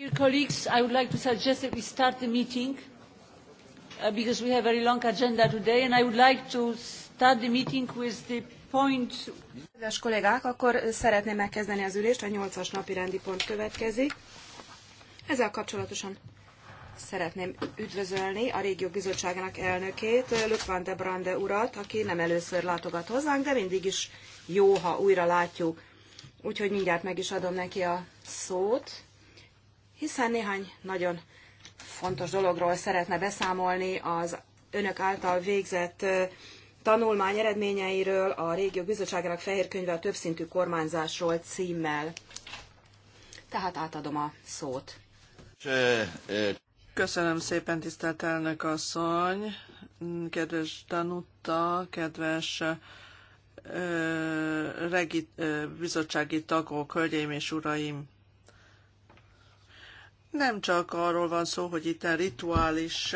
Dear colleagues, I would like to suggest that we start the meeting uh, because we have a very long agenda today and I would like to start the meeting with the point... Kedves kollégák, akkor szeretném megkezdeni az ülést, a nyolcas napi rendi pont következik. Ezzel kapcsolatosan szeretném üdvözölni a Régió Bizottságának elnökét, Luc de Brande urat, aki nem először látogat hozzánk, de mindig is jó, ha újra látjuk. Úgyhogy mindjárt meg is adom neki a szót hiszen néhány nagyon fontos dologról szeretne beszámolni az önök által végzett tanulmány eredményeiről a Régió Bizottságának Fehér Könyve a többszintű kormányzásról címmel. Tehát átadom a szót. Köszönöm szépen, tisztelt elnök asszony, kedves tanutta, kedves regi, bizottsági tagok, hölgyeim és uraim! nem csak arról van szó, hogy itt a rituális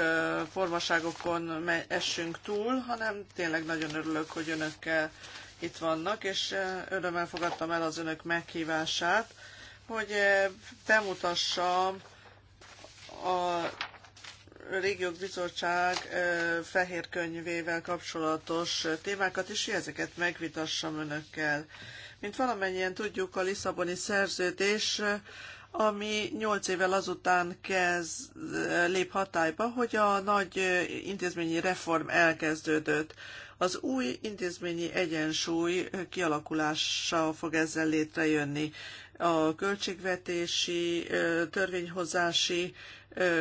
formaságokon essünk túl, hanem tényleg nagyon örülök, hogy önökkel itt vannak, és örömmel fogadtam el az önök meghívását, hogy bemutassam a Régiók Bizottság fehér könyvével kapcsolatos témákat, és ezeket megvitassam önökkel. Mint valamennyien tudjuk, a Lisszaboni szerződés ami 8 évvel azután kezd, lép hatályba, hogy a nagy intézményi reform elkezdődött. Az új intézményi egyensúly kialakulása fog ezzel létrejönni. A költségvetési, törvényhozási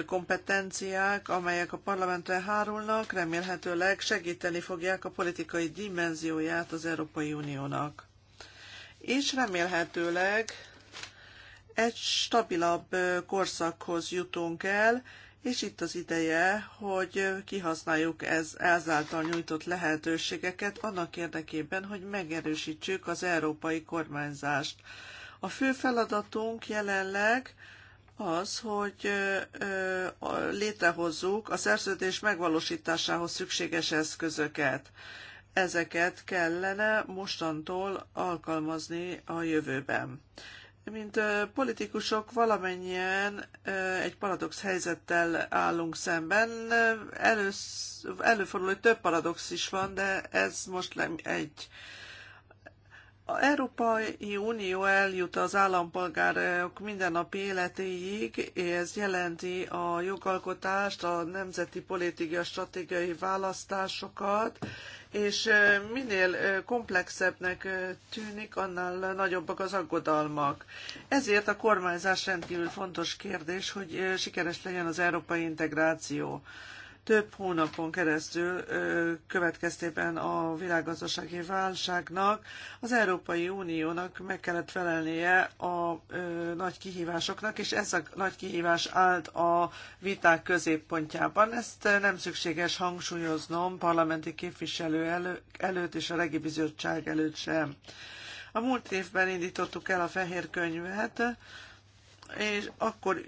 kompetenciák, amelyek a parlamentre hárulnak, remélhetőleg segíteni fogják a politikai dimenzióját az Európai Uniónak. És remélhetőleg egy stabilabb korszakhoz jutunk el, és itt az ideje, hogy kihasználjuk ez ezáltal nyújtott lehetőségeket annak érdekében, hogy megerősítsük az európai kormányzást. A fő feladatunk jelenleg az, hogy létrehozzuk a szerződés megvalósításához szükséges eszközöket. Ezeket kellene mostantól alkalmazni a jövőben mint politikusok valamennyien egy paradox helyzettel állunk szemben. Elősz, előfordul, hogy több paradox is van, de ez most egy. A Európai Unió eljut az állampolgárok mindennapi életéig, és ez jelenti a jogalkotást, a nemzeti politikai stratégiai választásokat, és minél komplexebbnek tűnik, annál nagyobbak az aggodalmak. Ezért a kormányzás rendkívül fontos kérdés, hogy sikeres legyen az európai integráció több hónapon keresztül következtében a világgazdasági válságnak az Európai Uniónak meg kellett felelnie a nagy kihívásoknak, és ez a nagy kihívás állt a viták középpontjában. Ezt nem szükséges hangsúlyoznom parlamenti képviselő elő, előtt és a Regi Bizottság előtt sem. A múlt évben indítottuk el a fehér könyvet, és akkor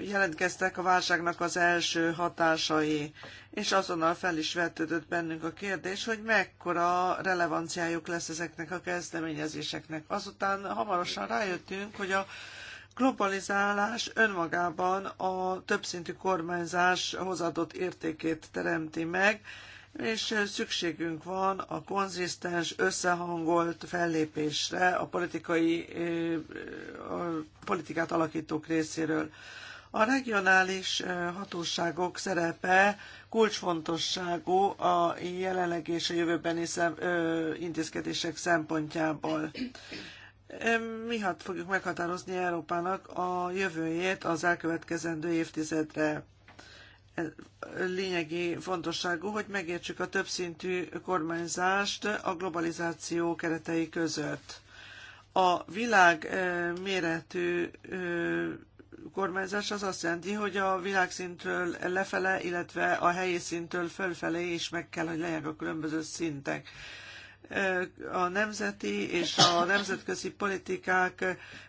jelentkeztek a válságnak az első hatásai, és azonnal fel is vetődött bennünk a kérdés, hogy mekkora relevanciájuk lesz ezeknek a kezdeményezéseknek. Azután hamarosan rájöttünk, hogy a globalizálás önmagában a többszintű kormányzás hozadott értékét teremti meg, és szükségünk van a konzisztens, összehangolt fellépésre a politikai a politikát alakítók részéről. A regionális hatóságok szerepe kulcsfontosságú a jelenlegi és a jövőbeni szem, ö, intézkedések szempontjából. Mi fogjuk meghatározni Európának a jövőjét az elkövetkezendő évtizedre lényegi fontosságú, hogy megértsük a többszintű kormányzást a globalizáció keretei között. A világ méretű kormányzás az azt jelenti, hogy a világszintről lefele, illetve a helyi szintől fölfelé is meg kell, hogy legyenek a különböző szintek a nemzeti és a nemzetközi politikák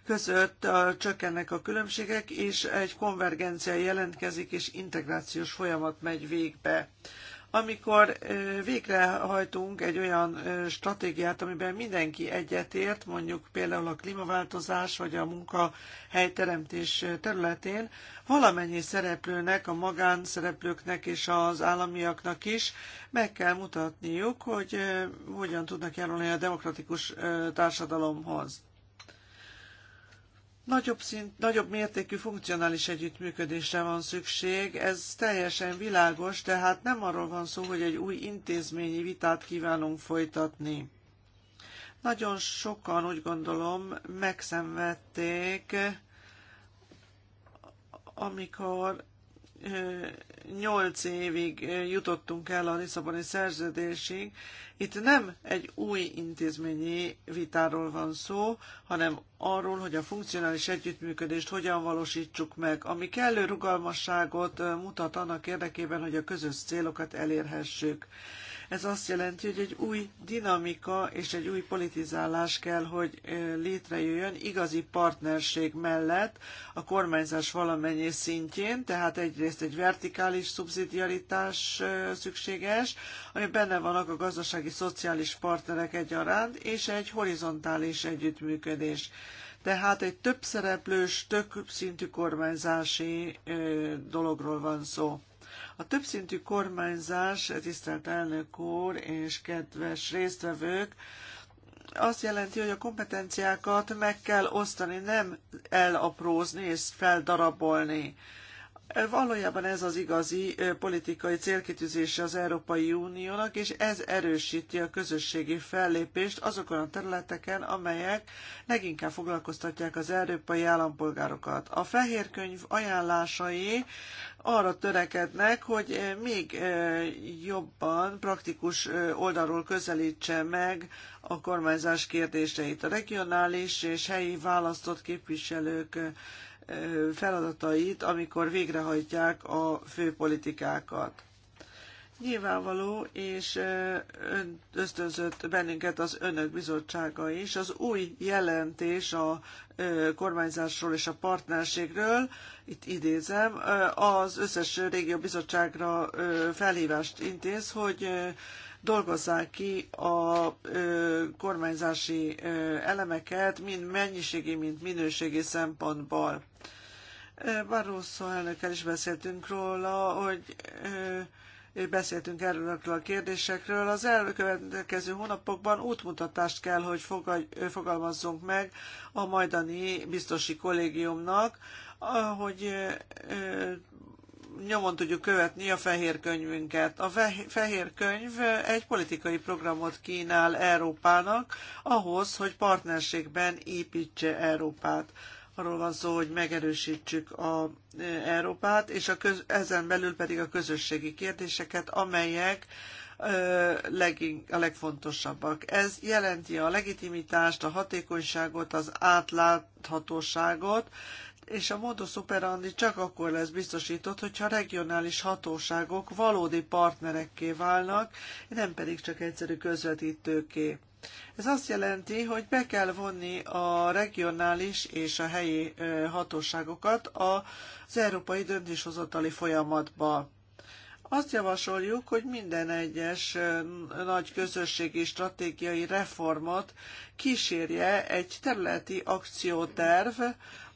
között csökkennek a különbségek, és egy konvergencia jelentkezik, és integrációs folyamat megy végbe amikor végrehajtunk egy olyan stratégiát, amiben mindenki egyetért, mondjuk például a klímaváltozás vagy a munkahelyteremtés területén, valamennyi szereplőnek, a magánszereplőknek és az államiaknak is meg kell mutatniuk, hogy hogyan tudnak járulni a demokratikus társadalomhoz. Nagyobb, szint, nagyobb mértékű funkcionális együttműködésre van szükség, ez teljesen világos, tehát nem arról van szó, hogy egy új intézményi vitát kívánunk folytatni. Nagyon sokan, úgy gondolom, megszenvedték, amikor nyolc évig jutottunk el a Lisszaboni szerződésig. Itt nem egy új intézményi vitáról van szó, hanem arról, hogy a funkcionális együttműködést hogyan valósítsuk meg, ami kellő rugalmasságot mutat annak érdekében, hogy a közös célokat elérhessük. Ez azt jelenti, hogy egy új dinamika és egy új politizálás kell, hogy létrejöjjön igazi partnerség mellett a kormányzás valamennyi szintjén, tehát egyrészt egy vertikális szubszidiaritás szükséges, ami benne vannak a gazdasági szociális partnerek egyaránt, és egy horizontális együttműködés tehát egy többszereplős, több szintű kormányzási dologról van szó. A többszintű kormányzás, tisztelt elnök úr és kedves résztvevők, azt jelenti, hogy a kompetenciákat meg kell osztani, nem elaprózni és feldarabolni Valójában ez az igazi politikai célkitűzése az Európai Uniónak, és ez erősíti a közösségi fellépést azokon a területeken, amelyek leginkább foglalkoztatják az európai állampolgárokat. A fehér könyv ajánlásai arra törekednek, hogy még jobban praktikus oldalról közelítse meg a kormányzás kérdéseit. A regionális és helyi választott képviselők feladatait, amikor végrehajtják a főpolitikákat. Nyilvánvaló és ösztönzött bennünket az Önök Bizottsága is. Az új jelentés a kormányzásról és a partnerségről, itt idézem, az összes régió bizottságra felhívást intéz, hogy dolgozzák ki a kormányzási elemeket, mind mennyiségi, mind minőségi szempontból. Barroso elnökkel is beszéltünk róla, hogy beszéltünk erről a kérdésekről. Az elkövetkező hónapokban útmutatást kell, hogy fogalmazzunk meg a majdani biztosi kollégiumnak, hogy nyomon tudjuk követni a fehér könyvünket. A fehér könyv egy politikai programot kínál Európának ahhoz, hogy partnerségben építse Európát. Arról van szó, hogy megerősítsük a e, Európát, és a köz, ezen belül pedig a közösségi kérdéseket, amelyek e, a legfontosabbak. Ez jelenti a legitimitást, a hatékonyságot, az átláthatóságot, és a modus operandi csak akkor lesz biztosított, hogyha a regionális hatóságok valódi partnerekké válnak, nem pedig csak egyszerű közvetítőké. Ez azt jelenti, hogy be kell vonni a regionális és a helyi hatóságokat az európai döntéshozatali folyamatba. Azt javasoljuk, hogy minden egyes nagy közösségi stratégiai reformot kísérje egy területi akcióterv,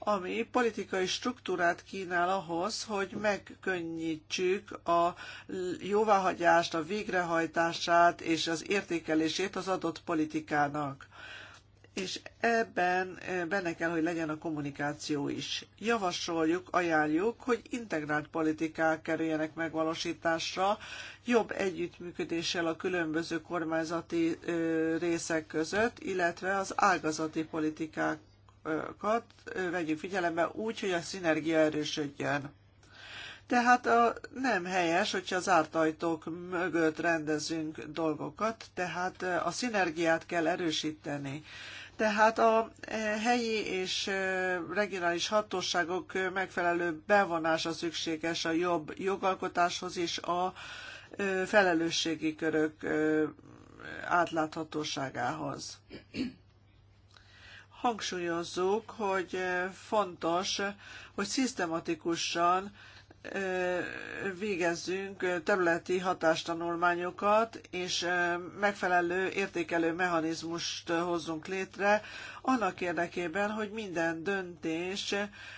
ami politikai struktúrát kínál ahhoz, hogy megkönnyítsük a jóváhagyást, a végrehajtását és az értékelését az adott politikának és ebben benne kell, hogy legyen a kommunikáció is. Javasoljuk, ajánljuk, hogy integrált politikák kerüljenek megvalósításra, jobb együttműködéssel a különböző kormányzati részek között, illetve az ágazati politikák szabályokat vegyük figyelembe úgy, hogy a szinergia erősödjön. Tehát a, nem helyes, hogyha az zárt ajtók mögött rendezünk dolgokat, tehát a szinergiát kell erősíteni. Tehát a e, helyi és regionális hatóságok megfelelő bevonása szükséges a jobb jogalkotáshoz és a felelősségi körök átláthatóságához hangsúlyozzuk, hogy fontos, hogy szisztematikusan végezzünk területi hatástanulmányokat, és megfelelő értékelő mechanizmust hozzunk létre, annak érdekében, hogy minden döntés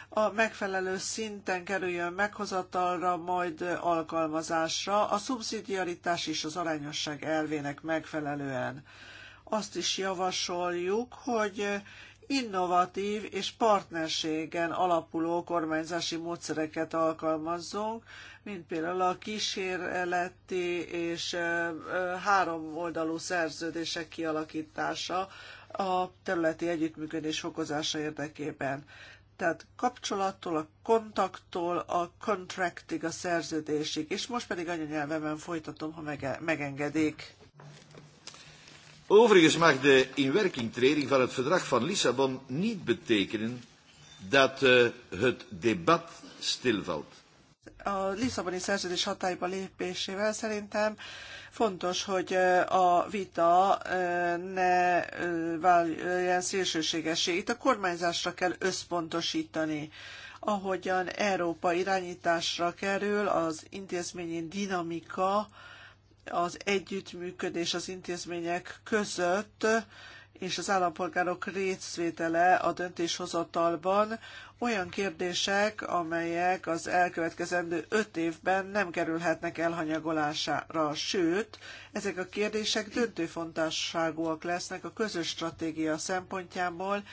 a megfelelő szinten kerüljön meghozatalra, majd alkalmazásra, a szubszidiaritás és az arányosság elvének megfelelően. Azt is javasoljuk, hogy innovatív és partnerségen alapuló kormányzási módszereket alkalmazzunk, mint például a kísérleti és háromoldalú szerződések kialakítása a területi együttműködés fokozása érdekében. Tehát kapcsolattól, a kontaktól, a contractig, a szerződésig. És most pedig anyanyelvemen folytatom, ha mege- megengedik. Overigens mag de inwerkingtreding van het verdrag van Lissabon niet betekenen dat uh, het debat stilvalt. A Lisszaboni szerződés hatályba lépésével szerintem fontos, hogy eh, a vita eh, ne váljon szélsőségesé. Itt a kormányzásra kell összpontosítani ahogyan Európa irányításra kerül, az intézményi dinamika az együttműködés az intézmények között és az állampolgárok részvétele a döntéshozatalban olyan kérdések, amelyek az elkövetkezendő öt évben nem kerülhetnek elhanyagolására, sőt, ezek a kérdések döntő fontosságúak lesznek a közös stratégia szempontjából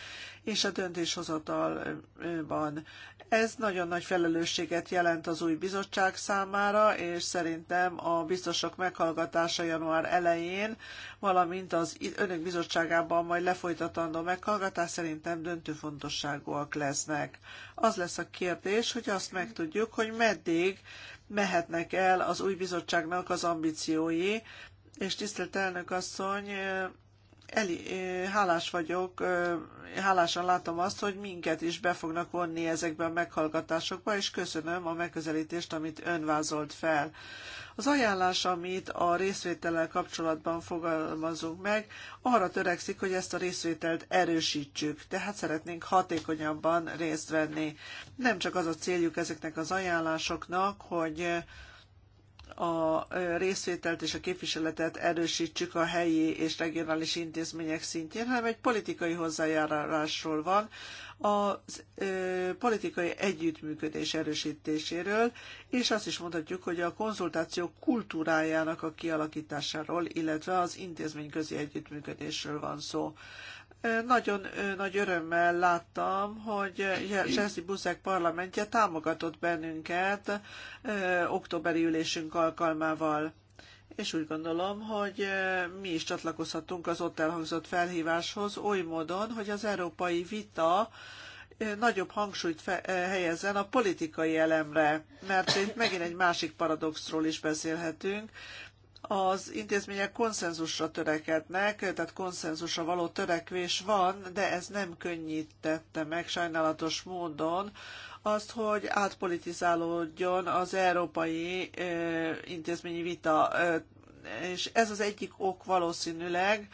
és a döntéshozatalban. Ez nagyon nagy felelősséget jelent az új bizottság számára, és szerintem a biztosok meghallgatása január elején, valamint az önök bizottságában majd lefolytatandó meghallgatás szerintem döntő fontosságúak lesznek. Az lesz a kérdés, hogy azt megtudjuk, hogy meddig mehetnek el az új bizottságnak az ambíciói, és tisztelt elnök asszony, Eli, hálás vagyok, hálásan látom azt, hogy minket is be fognak vonni ezekbe a meghallgatásokba, és köszönöm a megközelítést, amit ön vázolt fel. Az ajánlás, amit a részvétellel kapcsolatban fogalmazunk meg, arra törekszik, hogy ezt a részvételt erősítsük, tehát szeretnénk hatékonyabban részt venni. Nem csak az a céljuk ezeknek az ajánlásoknak, hogy a részvételt és a képviseletet erősítsük a helyi és regionális intézmények szintjén, hanem egy politikai hozzájárulásról van, a politikai együttműködés erősítéséről, és azt is mondhatjuk, hogy a konzultáció kultúrájának a kialakításáról, illetve az intézményközi együttműködésről van szó. Nagyon nagy örömmel láttam, hogy Jerzy Buzek parlamentje támogatott bennünket októberi ülésünk alkalmával. És úgy gondolom, hogy mi is csatlakozhatunk az ott elhangzott felhíváshoz oly módon, hogy az európai vita nagyobb hangsúlyt fe, helyezzen a politikai elemre, mert itt megint egy másik paradoxról is beszélhetünk, az intézmények konszenzusra törekednek, tehát konszenzusra való törekvés van, de ez nem könnyítette meg sajnálatos módon azt, hogy átpolitizálódjon az európai intézményi vita, és ez az egyik ok valószínűleg,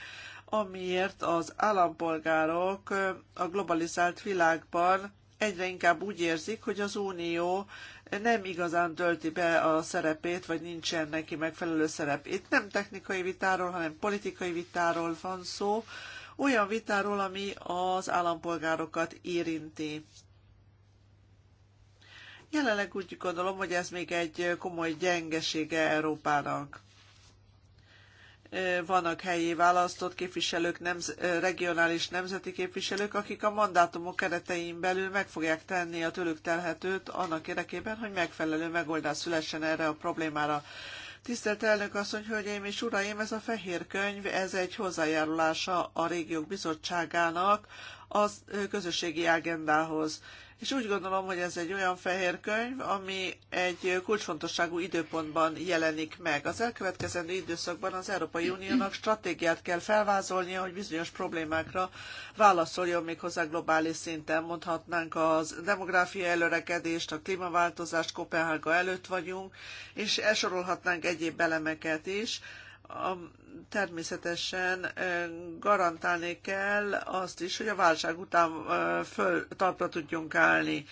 amiért az állampolgárok a globalizált világban egyre inkább úgy érzik, hogy az Unió nem igazán tölti be a szerepét, vagy nincsen neki megfelelő szerep. Itt nem technikai vitáról, hanem politikai vitáról van szó, olyan vitáról, ami az állampolgárokat érinti. Jelenleg úgy gondolom, hogy ez még egy komoly gyengesége Európának vannak helyi választott képviselők, nemz, regionális nemzeti képviselők, akik a mandátumok keretein belül meg fogják tenni a tőlük telhetőt annak érdekében, hogy megfelelő megoldás szülessen erre a problémára. Tisztelt elnök asszony, hölgyeim és uraim, ez a fehér könyv, ez egy hozzájárulása a régiók bizottságának a közösségi agendához és úgy gondolom, hogy ez egy olyan fehér könyv, ami egy kulcsfontosságú időpontban jelenik meg. Az elkövetkezendő időszakban az Európai Uniónak stratégiát kell felvázolnia, hogy bizonyos problémákra válaszoljon még hozzá globális szinten. Mondhatnánk az demográfia előrekedést, a klímaváltozást, Kopenhága előtt vagyunk, és elsorolhatnánk egyéb elemeket is, a, természetesen garantálni kell azt is, hogy a válság után föl talpra tudjunk állni.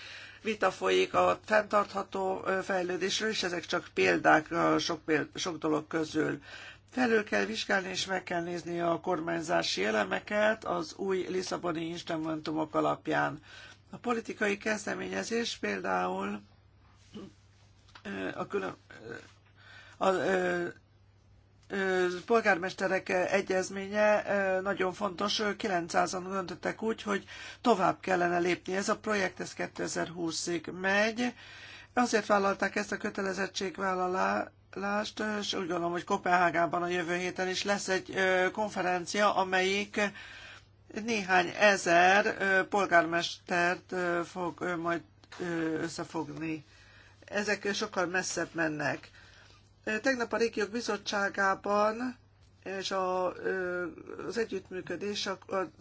Vita folyik a fenntartható fejlődésről, és ezek csak példák sok, sok dolog közül. Felül kell vizsgálni és meg kell nézni a kormányzási elemeket az új Lisszaboni instrumentumok alapján. A politikai kezdeményezés például a külön, a, a, polgármesterek egyezménye nagyon fontos, 900-an döntöttek úgy, hogy tovább kellene lépni. Ez a projekt, ez 2020-ig megy. Azért vállalták ezt a kötelezettségvállalást, és úgy gondolom, hogy Kopenhágában a jövő héten is lesz egy konferencia, amelyik néhány ezer polgármestert fog majd összefogni. Ezek sokkal messzebb mennek. Tegnap a Régiók Bizottságában és a, az együttműködés a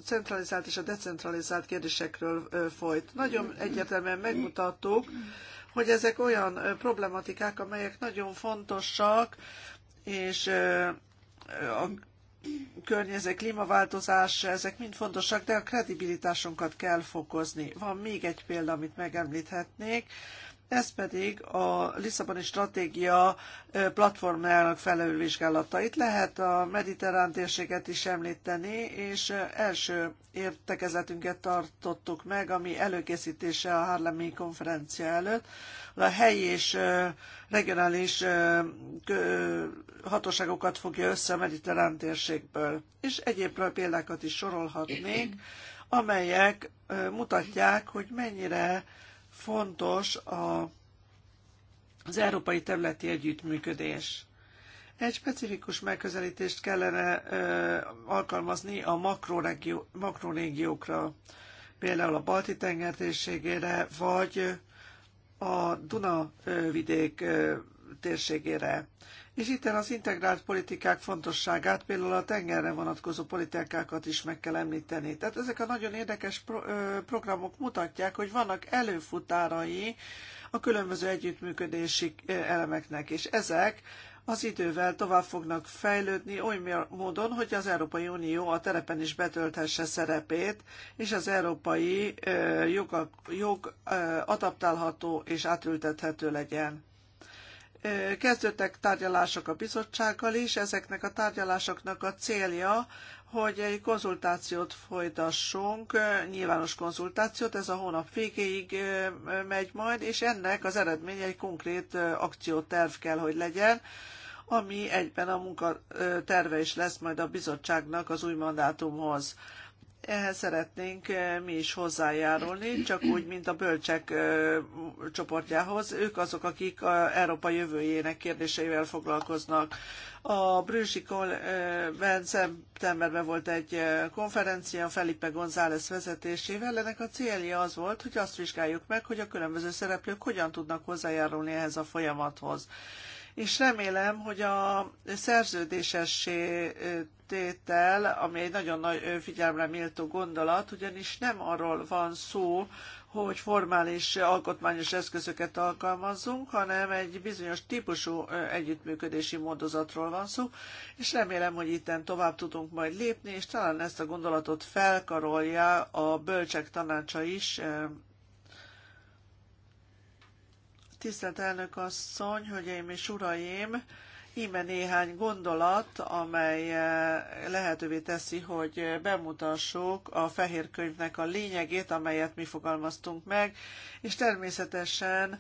centralizált és a decentralizált kérdésekről folyt. Nagyon egyértelműen megmutattuk, hogy ezek olyan problematikák, amelyek nagyon fontosak, és a környezet, klímaváltozás, ezek mind fontosak, de a kredibilitásunkat kell fokozni. Van még egy példa, amit megemlíthetnék, ez pedig a Lisszaboni Stratégia platformjának felülvizsgálata. Itt lehet a mediterrán térséget is említeni, és első értekezetünket tartottuk meg, ami előkészítése a Harlemi konferencia előtt. A helyi és regionális hatóságokat fogja össze a mediterrán térségből. És egyéb példákat is sorolhatnék, amelyek mutatják, hogy mennyire fontos a, az európai területi együttműködés. Egy specifikus megközelítést kellene ö, alkalmazni a makroregió, makrorégiókra, például a Balti tengertérségére, vagy a Duna vidék térségére és itt az integrált politikák fontosságát, például a tengerre vonatkozó politikákat is meg kell említeni. Tehát ezek a nagyon érdekes pro- programok mutatják, hogy vannak előfutárai a különböző együttműködési elemeknek, és ezek az idővel tovább fognak fejlődni oly módon, hogy az Európai Unió a terepen is betölthesse szerepét, és az európai jog, jog adaptálható és átültethető legyen. Kezdődtek tárgyalások a bizottsággal is, ezeknek a tárgyalásoknak a célja, hogy egy konzultációt folytassunk, nyilvános konzultációt, ez a hónap végéig megy majd, és ennek az eredménye egy konkrét akcióterv kell, hogy legyen, ami egyben a munkaterve is lesz majd a bizottságnak az új mandátumhoz. Ehhez szeretnénk eh, mi is hozzájárulni, csak úgy, mint a bölcsek eh, csoportjához. Ők azok, akik a Európa jövőjének kérdéseivel foglalkoznak. A Brüssi eh, ben szeptemberben volt egy konferencia Felipe González vezetésével. Ennek a célja az volt, hogy azt vizsgáljuk meg, hogy a különböző szereplők hogyan tudnak hozzájárulni ehhez a folyamathoz és remélem, hogy a szerződésessé tétel, ami egy nagyon nagy figyelmre méltó gondolat, ugyanis nem arról van szó, hogy formális alkotmányos eszközöket alkalmazzunk, hanem egy bizonyos típusú együttműködési módozatról van szó, és remélem, hogy itten tovább tudunk majd lépni, és talán ezt a gondolatot felkarolja a bölcsek tanácsa is Tisztelt elnök asszony, hölgyeim és uraim! Íme néhány gondolat, amely eh, lehetővé teszi, hogy bemutassuk a fehér könyvnek a lényegét, amelyet mi fogalmaztunk meg, és természetesen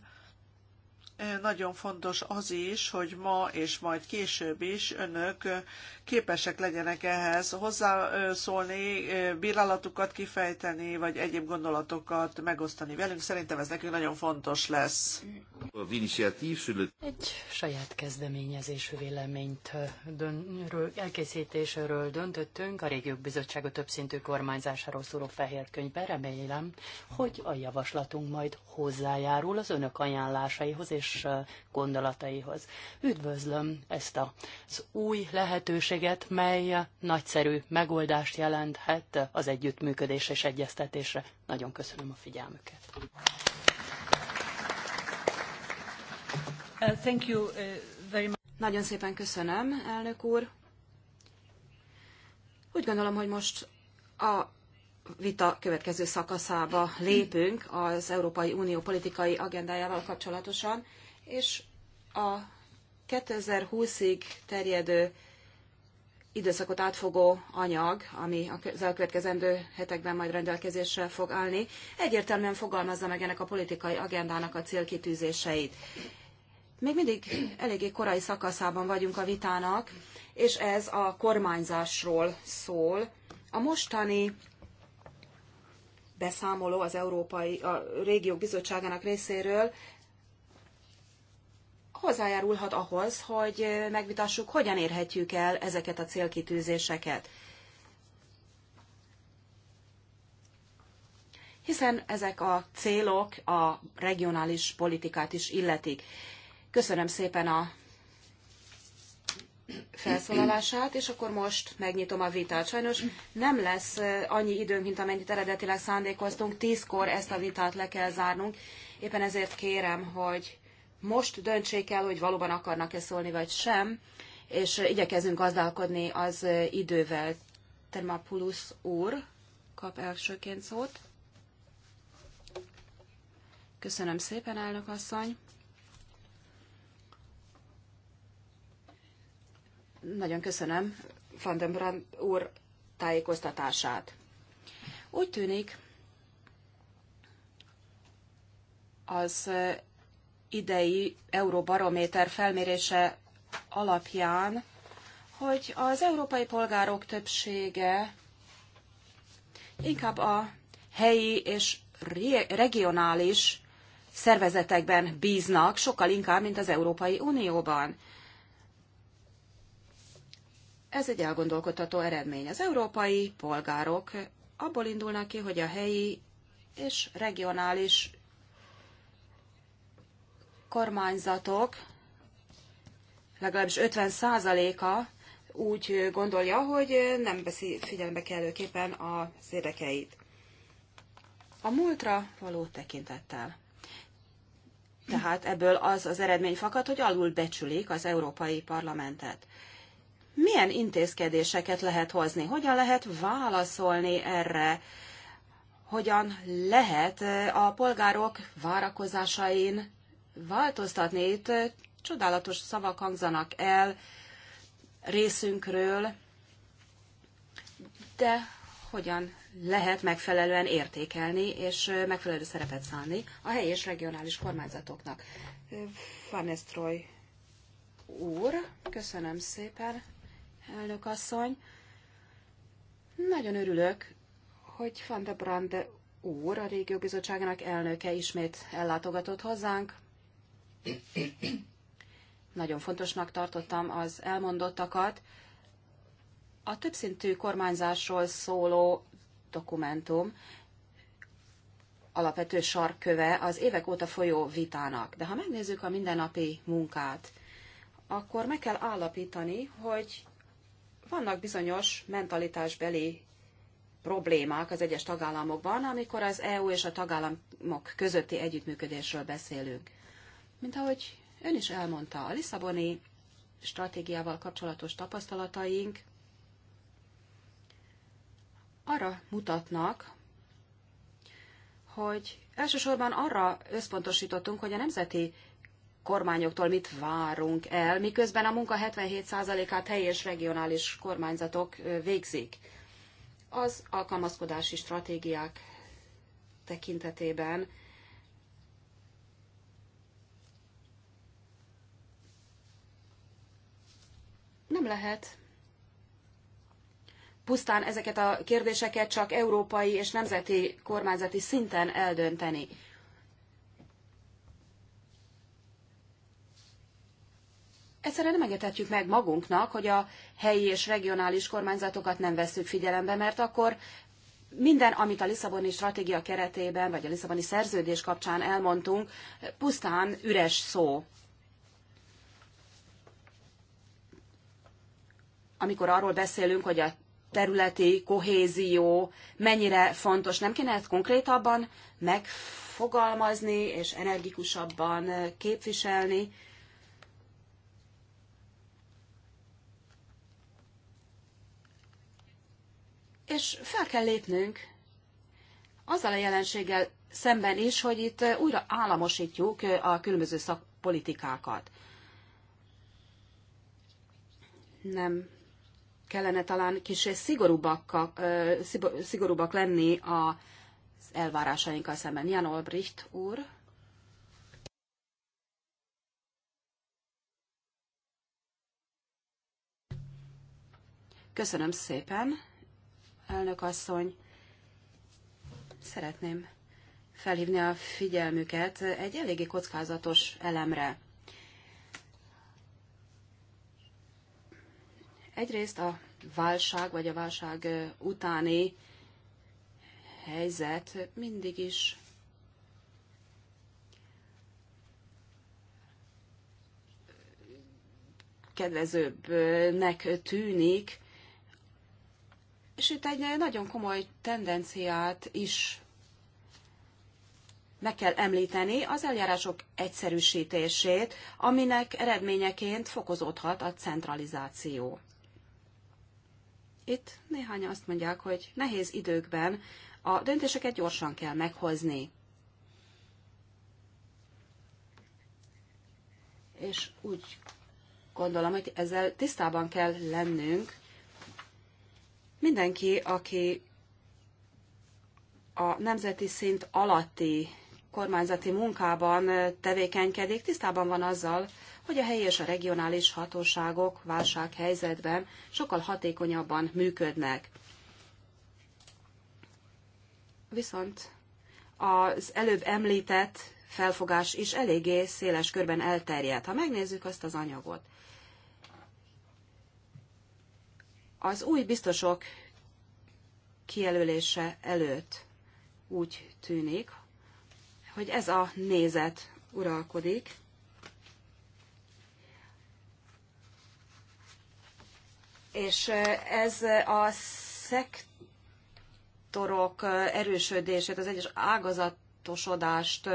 eh, nagyon fontos az is, hogy ma és majd később is önök képesek legyenek ehhez hozzászólni, bírálatukat kifejteni, vagy egyéb gondolatokat megosztani velünk. Szerintem ez nekünk nagyon fontos lesz. Egy saját kezdeményezésű véleményt dönről, elkészítéséről döntöttünk a Régiók Bizottsága többszintű kormányzásáról szóló fehér könyvben. Remélem, hogy a javaslatunk majd hozzájárul az önök ajánlásaihoz és gondolataihoz. Üdvözlöm ezt az új lehetőséget, lehetőséget, mely nagyszerű megoldást jelenthet az együttműködés és egyeztetésre. Nagyon köszönöm a figyelmüket. Uh, thank you uh, very much. Nagyon szépen köszönöm, elnök úr. Úgy gondolom, hogy most a vita következő szakaszába lépünk az Európai Unió politikai agendájával kapcsolatosan, és a 2020-ig terjedő időszakot átfogó anyag, ami az elkövetkezendő hetekben majd rendelkezésre fog állni, egyértelműen fogalmazza meg ennek a politikai agendának a célkitűzéseit. Még mindig eléggé korai szakaszában vagyunk a vitának, és ez a kormányzásról szól. A mostani beszámoló az Európai a Régiók Bizottságának részéről hozzájárulhat ahhoz, hogy megvitassuk, hogyan érhetjük el ezeket a célkitűzéseket. Hiszen ezek a célok a regionális politikát is illetik. Köszönöm szépen a felszólalását, és akkor most megnyitom a vitát. Sajnos nem lesz annyi időnk, mint amennyit eredetileg szándékoztunk. Tízkor ezt a vitát le kell zárnunk. Éppen ezért kérem, hogy most döntsék el, hogy valóban akarnak-e szólni, vagy sem, és igyekezünk gazdálkodni az idővel. Termapulus úr kap elsőként szót. Köszönöm szépen, elnök asszony. Nagyon köszönöm Van den Brand úr tájékoztatását. Úgy tűnik, az idei Euróbarométer felmérése alapján, hogy az európai polgárok többsége inkább a helyi és regionális szervezetekben bíznak, sokkal inkább, mint az Európai Unióban. Ez egy elgondolkodható eredmény. Az európai polgárok abból indulnak ki, hogy a helyi és regionális kormányzatok legalábbis 50%-a úgy gondolja, hogy nem veszi figyelembe kellőképpen az érdekeit. A múltra való tekintettel. Tehát ebből az az eredmény fakad, hogy alulbecsülik az Európai Parlamentet. Milyen intézkedéseket lehet hozni? Hogyan lehet válaszolni erre? Hogyan lehet a polgárok várakozásain változtatni. Itt csodálatos szavak hangzanak el részünkről, de hogyan lehet megfelelően értékelni és megfelelő szerepet szállni a helyi és regionális kormányzatoknak. Van Estroy úr, köszönöm szépen, elnök asszony. Nagyon örülök, hogy Van de Brande úr, a régió bizottságának elnöke ismét ellátogatott hozzánk. Nagyon fontosnak tartottam az elmondottakat. A többszintű kormányzásról szóló dokumentum alapvető sarköve az évek óta folyó vitának. De ha megnézzük a mindennapi munkát, akkor meg kell állapítani, hogy vannak bizonyos mentalitásbeli problémák az egyes tagállamokban, amikor az EU és a tagállamok közötti együttműködésről beszélünk. Mint ahogy ön is elmondta, a Lisszaboni stratégiával kapcsolatos tapasztalataink arra mutatnak, hogy elsősorban arra összpontosítottunk, hogy a nemzeti kormányoktól mit várunk el, miközben a munka 77%-át helyi és regionális kormányzatok végzik. Az alkalmazkodási stratégiák tekintetében Nem lehet pusztán ezeket a kérdéseket csak európai és nemzeti kormányzati szinten eldönteni. Egyszerűen nem engedhetjük meg magunknak, hogy a helyi és regionális kormányzatokat nem veszük figyelembe, mert akkor minden, amit a Lisszaboni stratégia keretében, vagy a Lisszaboni szerződés kapcsán elmondtunk, pusztán üres szó. amikor arról beszélünk, hogy a területi kohézió mennyire fontos, nem kéne ezt konkrétabban megfogalmazni és energikusabban képviselni. És fel kell lépnünk azzal a jelenséggel szemben is, hogy itt újra államosítjuk a különböző szakpolitikákat. Nem kellene talán kis szigorúbbak, szigorúbbak lenni az elvárásainkkal szemben. Jan Olbricht úr. Köszönöm szépen, elnök asszony. Szeretném felhívni a figyelmüket egy eléggé kockázatos elemre. Egyrészt a válság vagy a válság utáni helyzet mindig is kedvezőbbnek tűnik, és itt egy nagyon komoly tendenciát is meg kell említeni az eljárások egyszerűsítését, aminek eredményeként fokozódhat a centralizáció. Itt néhány azt mondják, hogy nehéz időkben a döntéseket gyorsan kell meghozni. És úgy gondolom, hogy ezzel tisztában kell lennünk. Mindenki, aki a nemzeti szint alatti kormányzati munkában tevékenykedik, tisztában van azzal, hogy a helyi és a regionális hatóságok válsághelyzetben sokkal hatékonyabban működnek. Viszont az előbb említett felfogás is eléggé széles körben elterjedt. Ha megnézzük azt az anyagot, az új biztosok kijelölése előtt úgy tűnik, hogy ez a nézet uralkodik, És ez a szektorok erősödését, az egyes ágazatosodást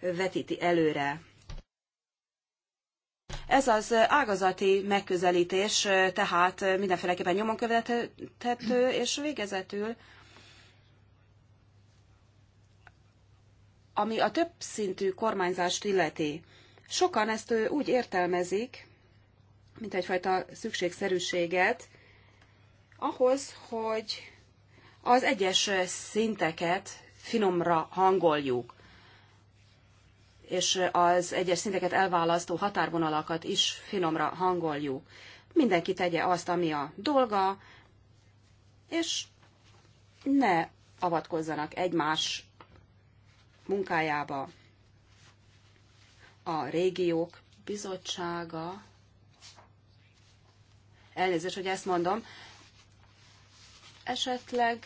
vetíti előre. Ez az ágazati megközelítés tehát mindenféleképpen nyomon követhető, és végezetül, ami a többszintű kormányzást illeti, sokan ezt úgy értelmezik, mint egyfajta szükségszerűséget ahhoz, hogy az egyes szinteket finomra hangoljuk, és az egyes szinteket elválasztó határvonalakat is finomra hangoljuk. Mindenki tegye azt, ami a dolga, és ne avatkozzanak egymás munkájába. A régiók bizottsága Elnézést, hogy ezt mondom. Esetleg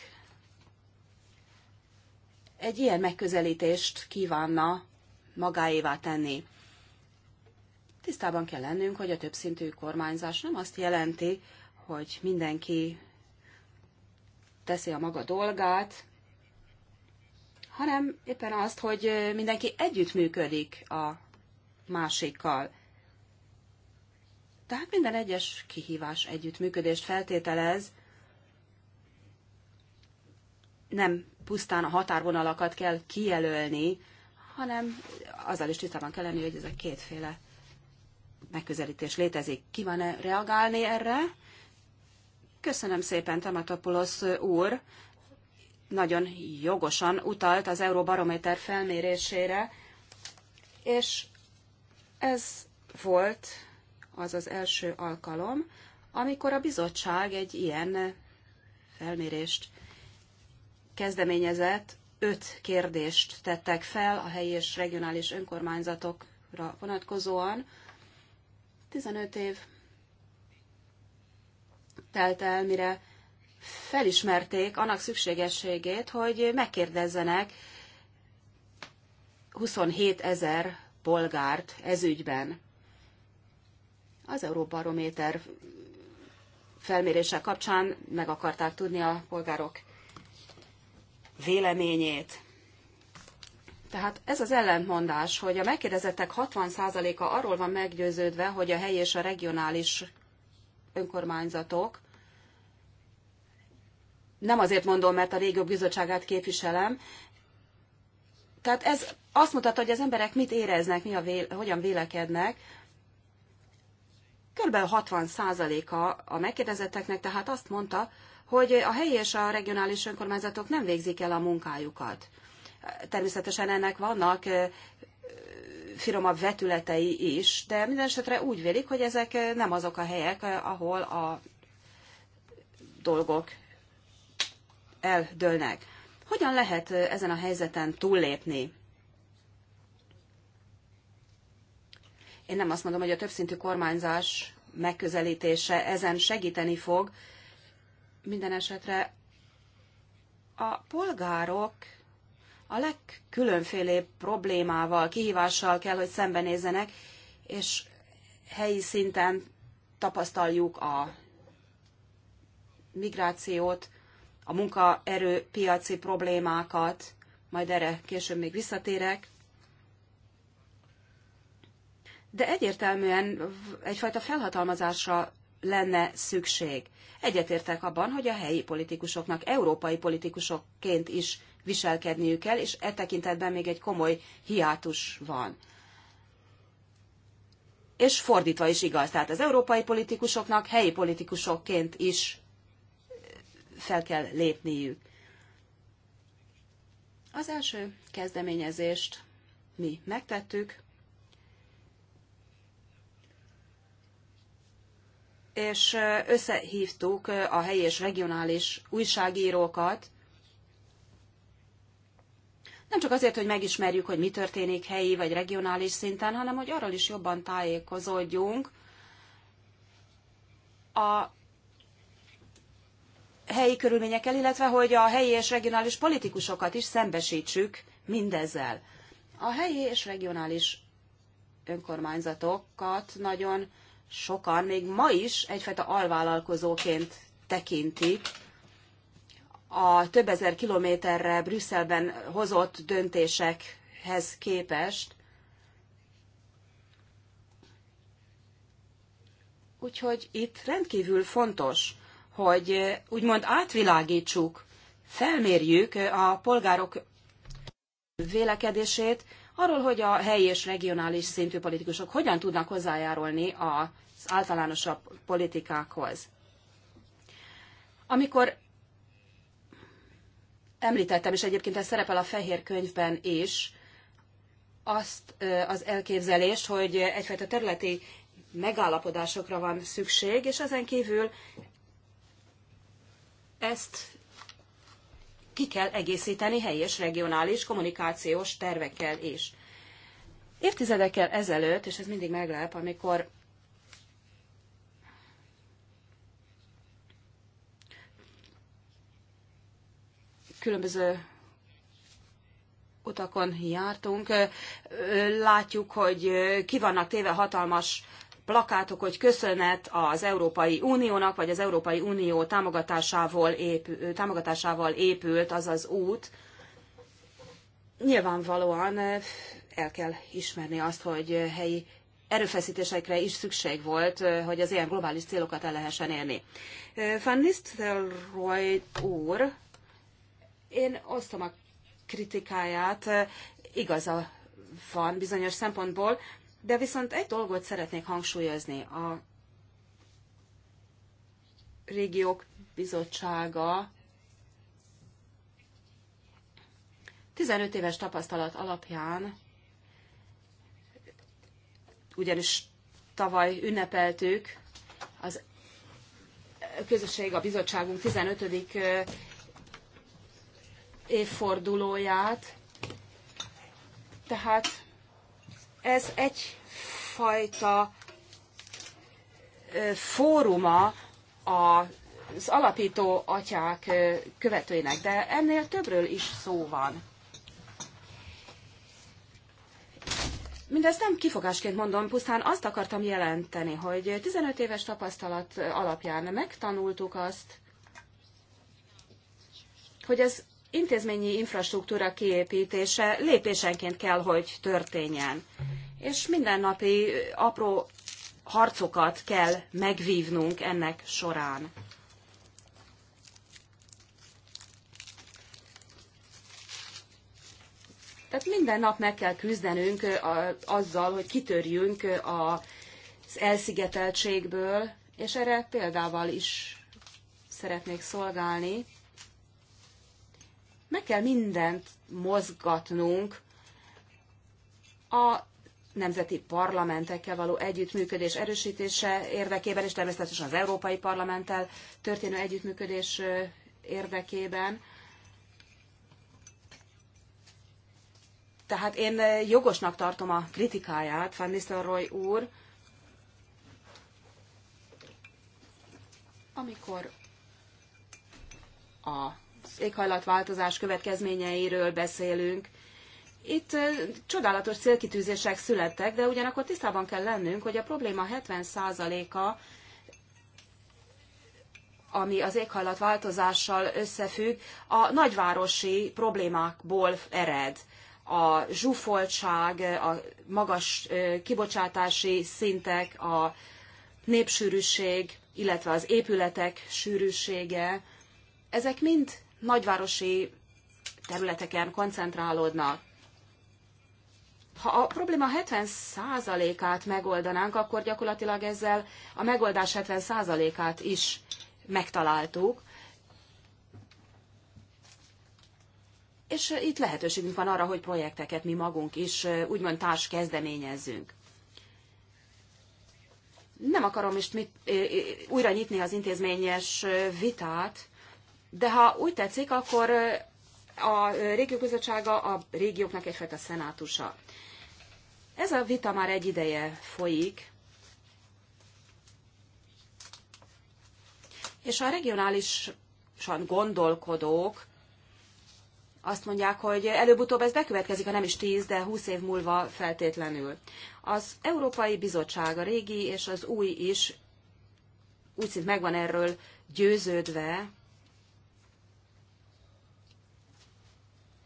egy ilyen megközelítést kívánna magáévá tenni. Tisztában kell lennünk, hogy a többszintű kormányzás nem azt jelenti, hogy mindenki teszi a maga dolgát, hanem éppen azt, hogy mindenki együttműködik a másikkal. Tehát minden egyes kihívás együttműködést feltételez, nem pusztán a határvonalakat kell kijelölni, hanem azzal is tisztában kell lenni, hogy ez a kétféle megközelítés létezik. Ki van e reagálni erre? Köszönöm szépen, Tematopoulos úr. Nagyon jogosan utalt az Euróbarométer felmérésére, és ez volt az az első alkalom, amikor a bizottság egy ilyen felmérést kezdeményezett, öt kérdést tettek fel a helyi és regionális önkormányzatokra vonatkozóan. 15 év telt el, mire felismerték annak szükségességét, hogy megkérdezzenek 27 ezer polgárt ezügyben. Az Euróbarométer felmérése kapcsán meg akarták tudni a polgárok véleményét. Tehát ez az ellentmondás, hogy a megkérdezettek 60%-a arról van meggyőződve, hogy a helyi és a regionális önkormányzatok, nem azért mondom, mert a régió bizottságát képviselem, tehát ez azt mutatja, hogy az emberek mit éreznek, mi a véle, hogyan vélekednek, Kb. 60%-a a megkérdezetteknek tehát azt mondta, hogy a helyi és a regionális önkormányzatok nem végzik el a munkájukat. Természetesen ennek vannak finomabb vetületei is, de minden esetre úgy vélik, hogy ezek nem azok a helyek, ahol a dolgok eldőlnek. Hogyan lehet ezen a helyzeten túllépni? Én nem azt mondom, hogy a többszintű kormányzás megközelítése ezen segíteni fog. Minden esetre a polgárok a legkülönfélébb problémával, kihívással kell, hogy szembenézzenek, és helyi szinten tapasztaljuk a migrációt, a munkaerőpiaci problémákat, majd erre később még visszatérek de egyértelműen egyfajta felhatalmazásra lenne szükség. Egyetértek abban, hogy a helyi politikusoknak európai politikusokként is viselkedniük kell, és e tekintetben még egy komoly hiátus van. És fordítva is igaz, tehát az európai politikusoknak helyi politikusokként is fel kell lépniük. Az első kezdeményezést mi megtettük, és összehívtuk a helyi és regionális újságírókat, nem csak azért, hogy megismerjük, hogy mi történik helyi vagy regionális szinten, hanem hogy arról is jobban tájékozódjunk. A helyi körülményekkel, illetve hogy a helyi és regionális politikusokat is szembesítsük mindezzel. A helyi és regionális önkormányzatokat nagyon sokan még ma is egyfajta alvállalkozóként tekintik a több ezer kilométerre Brüsszelben hozott döntésekhez képest. Úgyhogy itt rendkívül fontos, hogy eh, úgymond átvilágítsuk, felmérjük eh, a polgárok vélekedését, arról, hogy a helyi és regionális szintű politikusok hogyan tudnak hozzájárulni az általánosabb politikákhoz. Amikor említettem, és egyébként ez szerepel a fehér könyvben is, azt az elképzelést, hogy egyfajta területi megállapodásokra van szükség, és ezen kívül ezt ki kell egészíteni helyes és regionális kommunikációs tervekkel is. Évtizedekkel ezelőtt, és ez mindig meglep, amikor különböző utakon jártunk, látjuk, hogy ki vannak téve hatalmas plakátok, hogy köszönet az Európai Uniónak, vagy az Európai Unió támogatásával, épül, támogatásával épült az az út. Nyilvánvalóan el kell ismerni azt, hogy helyi erőfeszítésekre is szükség volt, hogy az ilyen globális célokat el lehessen érni. Van Nistelrooy úr, én osztom a kritikáját, igaza van bizonyos szempontból, de viszont egy dolgot szeretnék hangsúlyozni. A régiók bizottsága 15 éves tapasztalat alapján, ugyanis tavaly ünnepeltük az közösség, a bizottságunk 15. évfordulóját, tehát ez egyfajta fóruma az alapító atyák követőinek, de ennél többről is szó van. Mindezt nem kifogásként mondom, pusztán azt akartam jelenteni, hogy 15 éves tapasztalat alapján megtanultuk azt, hogy ez intézményi infrastruktúra kiépítése lépésenként kell, hogy történjen. És mindennapi apró harcokat kell megvívnunk ennek során. Tehát minden nap meg kell küzdenünk azzal, hogy kitörjünk az elszigeteltségből, és erre példával is szeretnék szolgálni meg kell mindent mozgatnunk a nemzeti parlamentekkel való együttműködés erősítése érdekében, és természetesen az Európai Parlamenttel történő együttműködés érdekében. Tehát én jogosnak tartom a kritikáját, Van Nistelrooy úr, amikor a éghajlatváltozás következményeiről beszélünk. Itt csodálatos célkitűzések születtek, de ugyanakkor tisztában kell lennünk, hogy a probléma 70%-a, ami az éghajlatváltozással összefügg, a nagyvárosi problémákból ered. A zsúfoltság, a magas kibocsátási szintek, a népsűrűség, illetve az épületek sűrűsége, ezek mind nagyvárosi területeken koncentrálódnak. Ha a probléma 70%-át megoldanánk, akkor gyakorlatilag ezzel a megoldás 70%-át is megtaláltuk. És itt lehetőségünk van arra, hogy projekteket mi magunk is úgymond társ kezdeményezzünk. Nem akarom most mit, újra nyitni az intézményes vitát, de ha úgy tetszik, akkor a régiók bizottsága a régióknak egyfajta szenátusa. Ez a vita már egy ideje folyik, és a regionálisan gondolkodók azt mondják, hogy előbb-utóbb ez bekövetkezik, ha nem is 10, de 20 év múlva feltétlenül. Az Európai Bizottság, a régi és az új is úgy szint megvan erről győződve,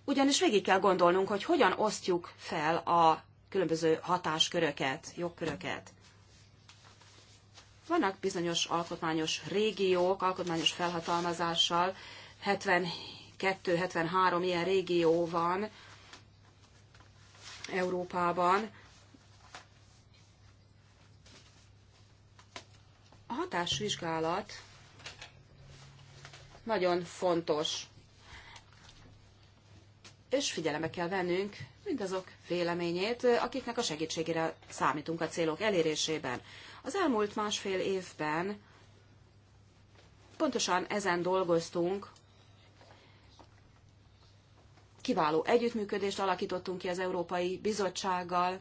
Ugyanis végig kell gondolnunk, hogy hogyan osztjuk fel a különböző hatásköröket, jogköröket. Vannak bizonyos alkotmányos régiók, alkotmányos felhatalmazással, 72-73 ilyen régió van Európában. A hatásvizsgálat nagyon fontos és figyelembe kell vennünk mindazok véleményét, akiknek a segítségére számítunk a célok elérésében. Az elmúlt másfél évben pontosan ezen dolgoztunk, kiváló együttműködést alakítottunk ki az Európai Bizottsággal,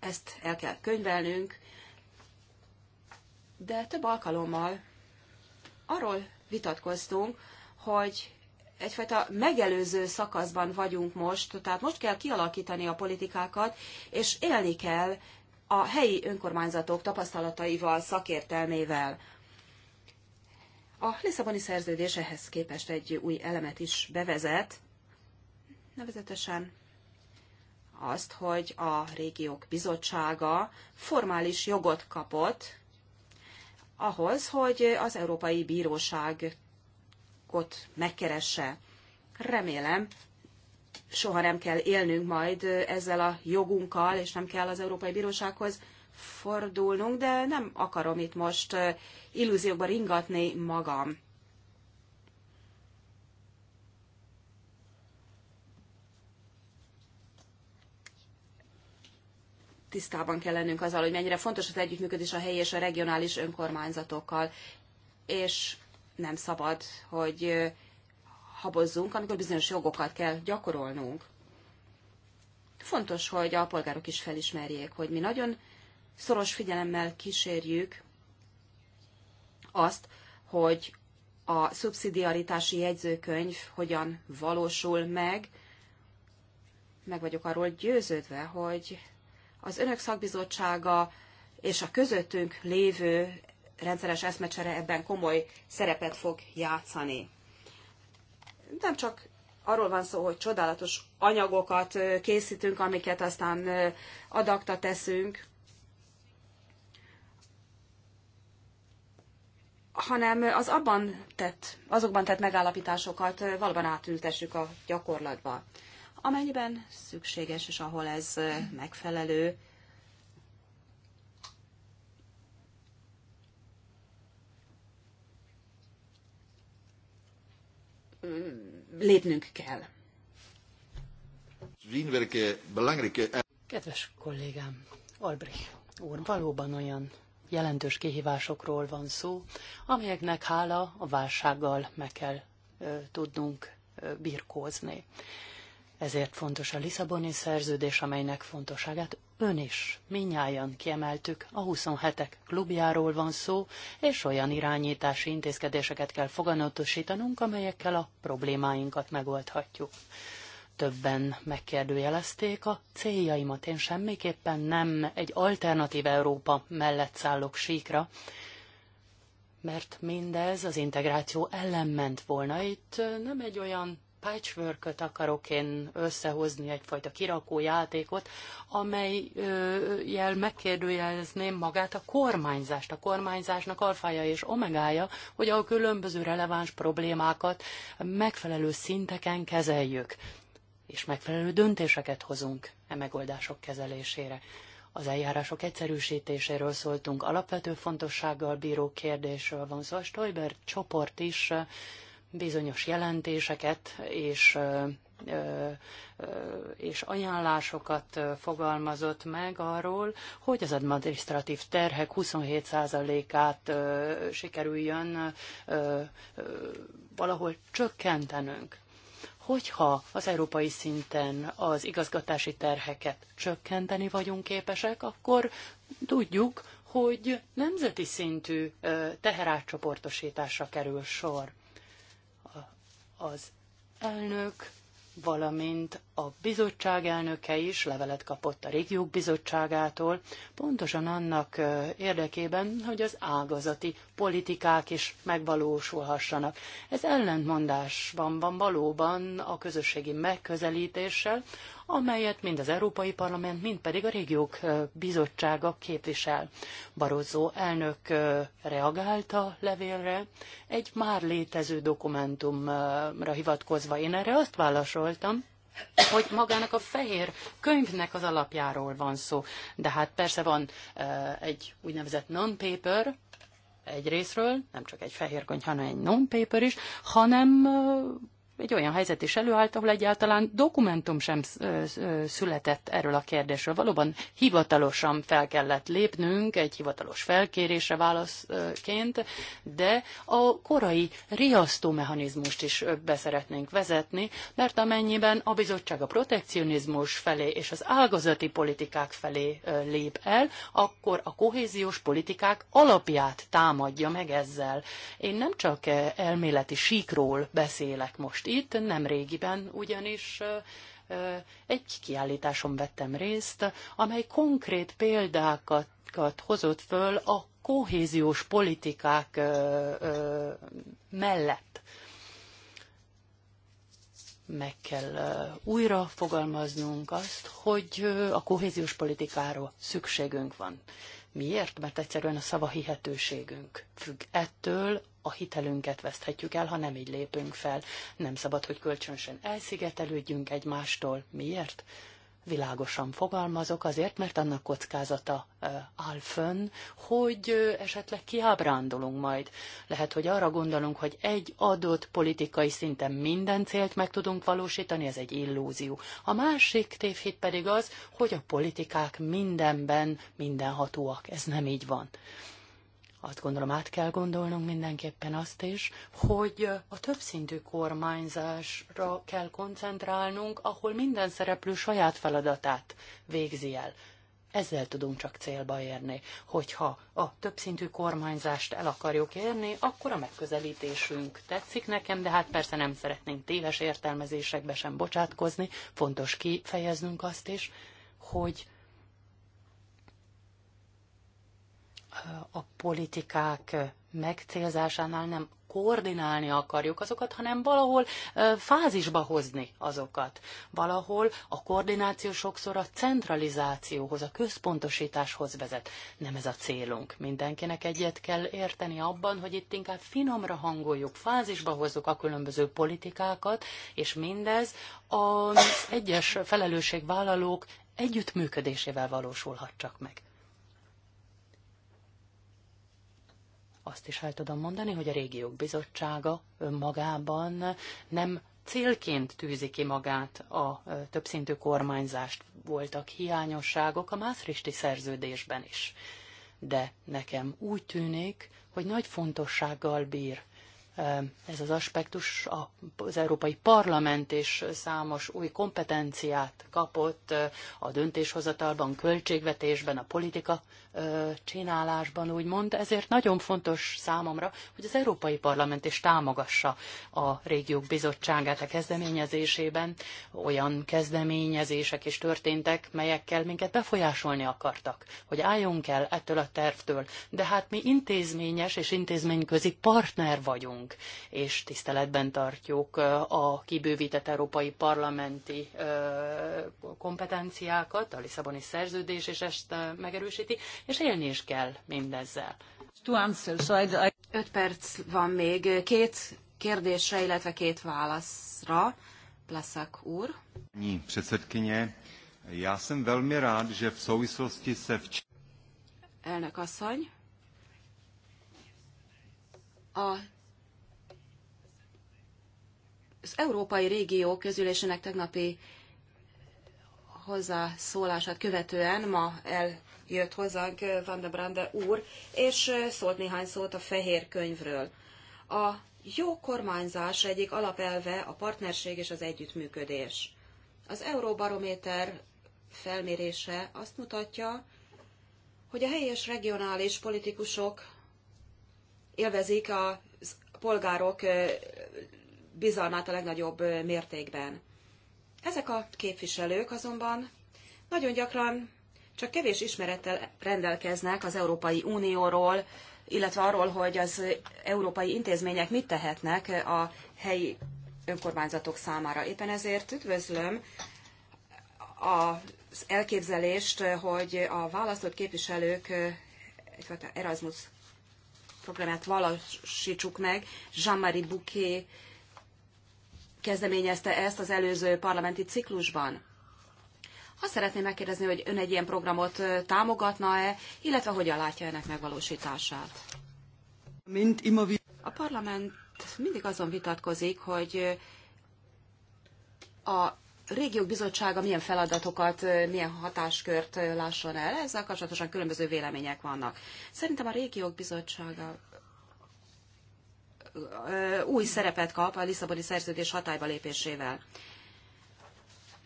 ezt el kell könyvelnünk, de több alkalommal arról vitatkoztunk, hogy egyfajta megelőző szakaszban vagyunk most, tehát most kell kialakítani a politikákat, és élni kell a helyi önkormányzatok tapasztalataival, szakértelmével. A Lisszaboni szerződés ehhez képest egy új elemet is bevezet, nevezetesen azt, hogy a régiók bizottsága formális jogot kapott ahhoz, hogy az Európai Bíróságot megkeresse. Remélem, soha nem kell élnünk majd ezzel a jogunkkal, és nem kell az Európai Bírósághoz fordulnunk, de nem akarom itt most illúziókba ringatni magam. tisztában kell lennünk azzal, hogy mennyire fontos az együttműködés a helyi és a regionális önkormányzatokkal, és nem szabad, hogy habozzunk, amikor bizonyos jogokat kell gyakorolnunk. Fontos, hogy a polgárok is felismerjék, hogy mi nagyon szoros figyelemmel kísérjük azt, hogy a szubszidiaritási jegyzőkönyv hogyan valósul meg. Meg vagyok arról győződve, hogy az önök szakbizottsága és a közöttünk lévő rendszeres eszmecsere ebben komoly szerepet fog játszani. Nem csak arról van szó, hogy csodálatos anyagokat készítünk, amiket aztán adakta teszünk, hanem az abban tett, azokban tett megállapításokat valóban átültessük a gyakorlatba amennyiben szükséges, és ahol ez megfelelő. Lépnünk kell. Kedves kollégám, Albrecht úr, valóban olyan jelentős kihívásokról van szó, amelyeknek hála a válsággal meg kell ö, tudnunk ö, birkózni. Ezért fontos a Lisszaboni szerződés, amelynek fontosságát ön is, minnyáján kiemeltük, a 27-ek klubjáról van szó, és olyan irányítási intézkedéseket kell foganatosítanunk, amelyekkel a problémáinkat megoldhatjuk. Többen megkérdőjelezték a céljaimat, én semmiképpen nem egy alternatív Európa mellett szállok síkra, mert mindez az integráció ellen ment volna. Itt nem egy olyan patchwork akarok én összehozni, egyfajta kirakójátékot, amelyel megkérdőjelezném magát a kormányzást, a kormányzásnak alfája és omegája, hogy a különböző releváns problémákat megfelelő szinteken kezeljük, és megfelelő döntéseket hozunk e megoldások kezelésére. Az eljárások egyszerűsítéséről szóltunk, alapvető fontossággal bíró kérdésről van szó, szóval a Stoiber csoport is bizonyos jelentéseket és és ajánlásokat fogalmazott meg arról, hogy az administratív terhek 27%-át sikerüljön valahol csökkentenünk. Hogyha az európai szinten az igazgatási terheket csökkenteni vagyunk képesek, akkor tudjuk, hogy nemzeti szintű teherátcsoportosításra kerül sor az elnök, valamint a bizottság elnöke is levelet kapott a régiók bizottságától, pontosan annak érdekében, hogy az ágazati politikák is megvalósulhassanak. Ez ellentmondásban van valóban a közösségi megközelítéssel, amelyet mind az Európai Parlament, mind pedig a régiók bizottsága képvisel. Barozó elnök reagált a levélre, egy már létező dokumentumra hivatkozva. Én erre azt válaszoltam, hogy magának a fehér könyvnek az alapjáról van szó. De hát persze van egy úgynevezett non-paper, egy részről, nem csak egy fehér könyv, hanem egy non-paper is, hanem egy olyan helyzet is előállt, ahol egyáltalán dokumentum sem született erről a kérdésről. Valóban hivatalosan fel kellett lépnünk egy hivatalos felkérésre válaszként, de a korai riasztó mechanizmust is beszeretnénk vezetni, mert amennyiben a bizottság a protekcionizmus felé és az ágazati politikák felé lép el, akkor a kohéziós politikák alapját támadja meg ezzel. Én nem csak elméleti síkról beszélek most most itt, nem régiben ugyanis egy kiállításon vettem részt, amely konkrét példákat hozott föl a kohéziós politikák mellett meg kell újra fogalmaznunk azt, hogy a kohéziós politikára szükségünk van. Miért? Mert egyszerűen a szava hihetőségünk függ ettől, a hitelünket veszthetjük el, ha nem így lépünk fel. Nem szabad, hogy kölcsönösen elszigetelődjünk egymástól. Miért? világosan fogalmazok, azért, mert annak kockázata áll fönn, hogy esetleg kiábrándulunk majd. Lehet, hogy arra gondolunk, hogy egy adott politikai szinten minden célt meg tudunk valósítani, ez egy illúzió. A másik tévhit pedig az, hogy a politikák mindenben mindenhatóak. Ez nem így van azt gondolom át kell gondolnunk mindenképpen azt is, hogy a többszintű kormányzásra kell koncentrálnunk, ahol minden szereplő saját feladatát végzi el. Ezzel tudunk csak célba érni. Hogyha a többszintű kormányzást el akarjuk érni, akkor a megközelítésünk tetszik nekem, de hát persze nem szeretnénk téves értelmezésekbe sem bocsátkozni. Fontos kifejeznünk azt is, hogy a politikák megcélzásánál nem koordinálni akarjuk azokat, hanem valahol fázisba hozni azokat. Valahol a koordináció sokszor a centralizációhoz, a központosításhoz vezet. Nem ez a célunk. Mindenkinek egyet kell érteni abban, hogy itt inkább finomra hangoljuk, fázisba hozzuk a különböző politikákat, és mindez az egyes felelősségvállalók együttműködésével valósulhat csak meg. azt is el tudom mondani, hogy a régiók bizottsága önmagában nem célként tűzi ki magát a többszintű kormányzást. Voltak hiányosságok a Mászristi szerződésben is. De nekem úgy tűnik, hogy nagy fontossággal bír ez az aspektus, az Európai Parlament is számos új kompetenciát kapott a döntéshozatalban, költségvetésben, a politika csinálásban, úgymond. Ezért nagyon fontos számomra, hogy az Európai Parlament is támogassa a régiók bizottságát a kezdeményezésében. Olyan kezdeményezések is történtek, melyekkel minket befolyásolni akartak, hogy álljunk el ettől a tervtől. De hát mi intézményes és intézményközi partner vagyunk tisztelünk és tiszteletben tartjuk a kibővített európai parlamenti kompetenciákat, a Lisszaboni szerződés, és ezt megerősíti, és élni is kell mindezzel. Öt perc van még két kérdésre, illetve két válaszra. Plaszak úr. já jsem velmi rád, že v souvislosti se vč... Elnök asszony. A az európai régió közülésének tegnapi hozzászólását követően ma eljött hozzánk eh, Van de Brande úr, és eh, szólt néhány szót a fehér könyvről. A jó kormányzás egyik alapelve a partnerség és az együttműködés. Az Euróbarométer felmérése azt mutatja, hogy a helyi és regionális politikusok élvezik a polgárok eh, bizalmát a legnagyobb mértékben. Ezek a képviselők azonban nagyon gyakran csak kevés ismerettel rendelkeznek az Európai Unióról, illetve arról, hogy az európai intézmények mit tehetnek a helyi önkormányzatok számára. Éppen ezért üdvözlöm az elképzelést, hogy a választott képviselők egyfajta Erasmus programját valósítsuk meg. Jean-Marie Bouquet kezdeményezte ezt az előző parlamenti ciklusban. Azt szeretném megkérdezni, hogy ön egy ilyen programot támogatna-e, illetve hogyan látja ennek megvalósítását? A parlament mindig azon vitatkozik, hogy a régiók bizottsága milyen feladatokat, milyen hatáskört lásson el. Ezzel kapcsolatosan különböző vélemények vannak. Szerintem a régiók bizottsága új szerepet kap a Lisszaboni szerződés hatályba lépésével.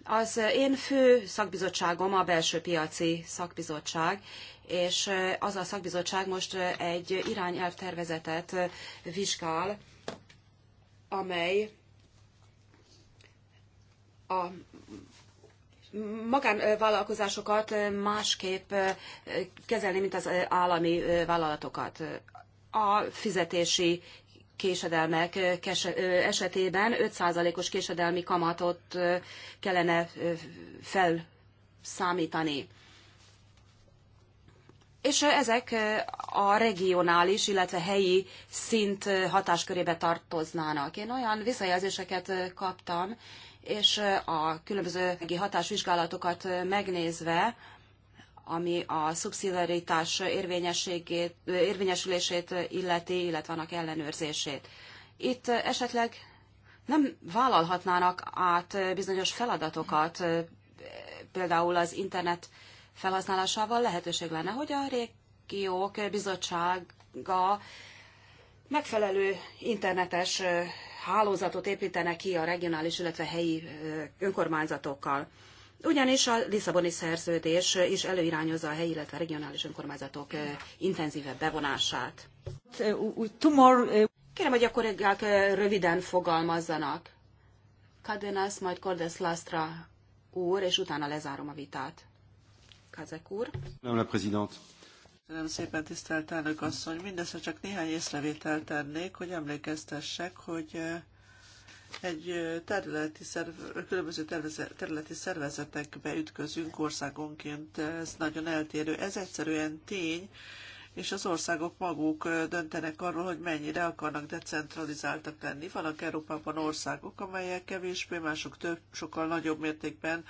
Az én fő szakbizottságom a belső piaci szakbizottság, és az a szakbizottság most egy irányelvtervezetet vizsgál, amely a magánvállalkozásokat másképp kezelni, mint az állami vállalatokat. A fizetési késedelmek esetében 5%-os késedelmi kamatot kellene felszámítani. És ezek a regionális, illetve helyi szint hatáskörébe tartoznának. Én olyan visszajelzéseket kaptam, és a különböző hatásvizsgálatokat megnézve, ami a szubszidiaritás érvényesülését illeti, illetve annak ellenőrzését. Itt esetleg nem vállalhatnának át bizonyos feladatokat, például az internet felhasználásával lehetőség lenne, hogy a régiók bizottsága megfelelő internetes hálózatot építenek ki a regionális, illetve helyi önkormányzatokkal. Ugyanis a Lisszaboni szerződés is előirányozza a helyi, illetve regionális önkormányzatok intenzívebb bevonását. Kérem, hogy a kollégák röviden fogalmazzanak. Kadenas, majd Cordes Lastra úr, és utána lezárom a vitát. Kazek úr. Köszönöm szépen, tisztelt elnök asszony. Mindössze csak néhány észrevételt tennék, hogy emlékeztessek, hogy egy területi szerv, különböző területi szervezetekbe ütközünk országonként, ez nagyon eltérő. Ez egyszerűen tény, és az országok maguk döntenek arról, hogy mennyire akarnak decentralizáltak lenni. Vannak Európában országok, amelyek kevésbé, mások több, sokkal nagyobb mértékben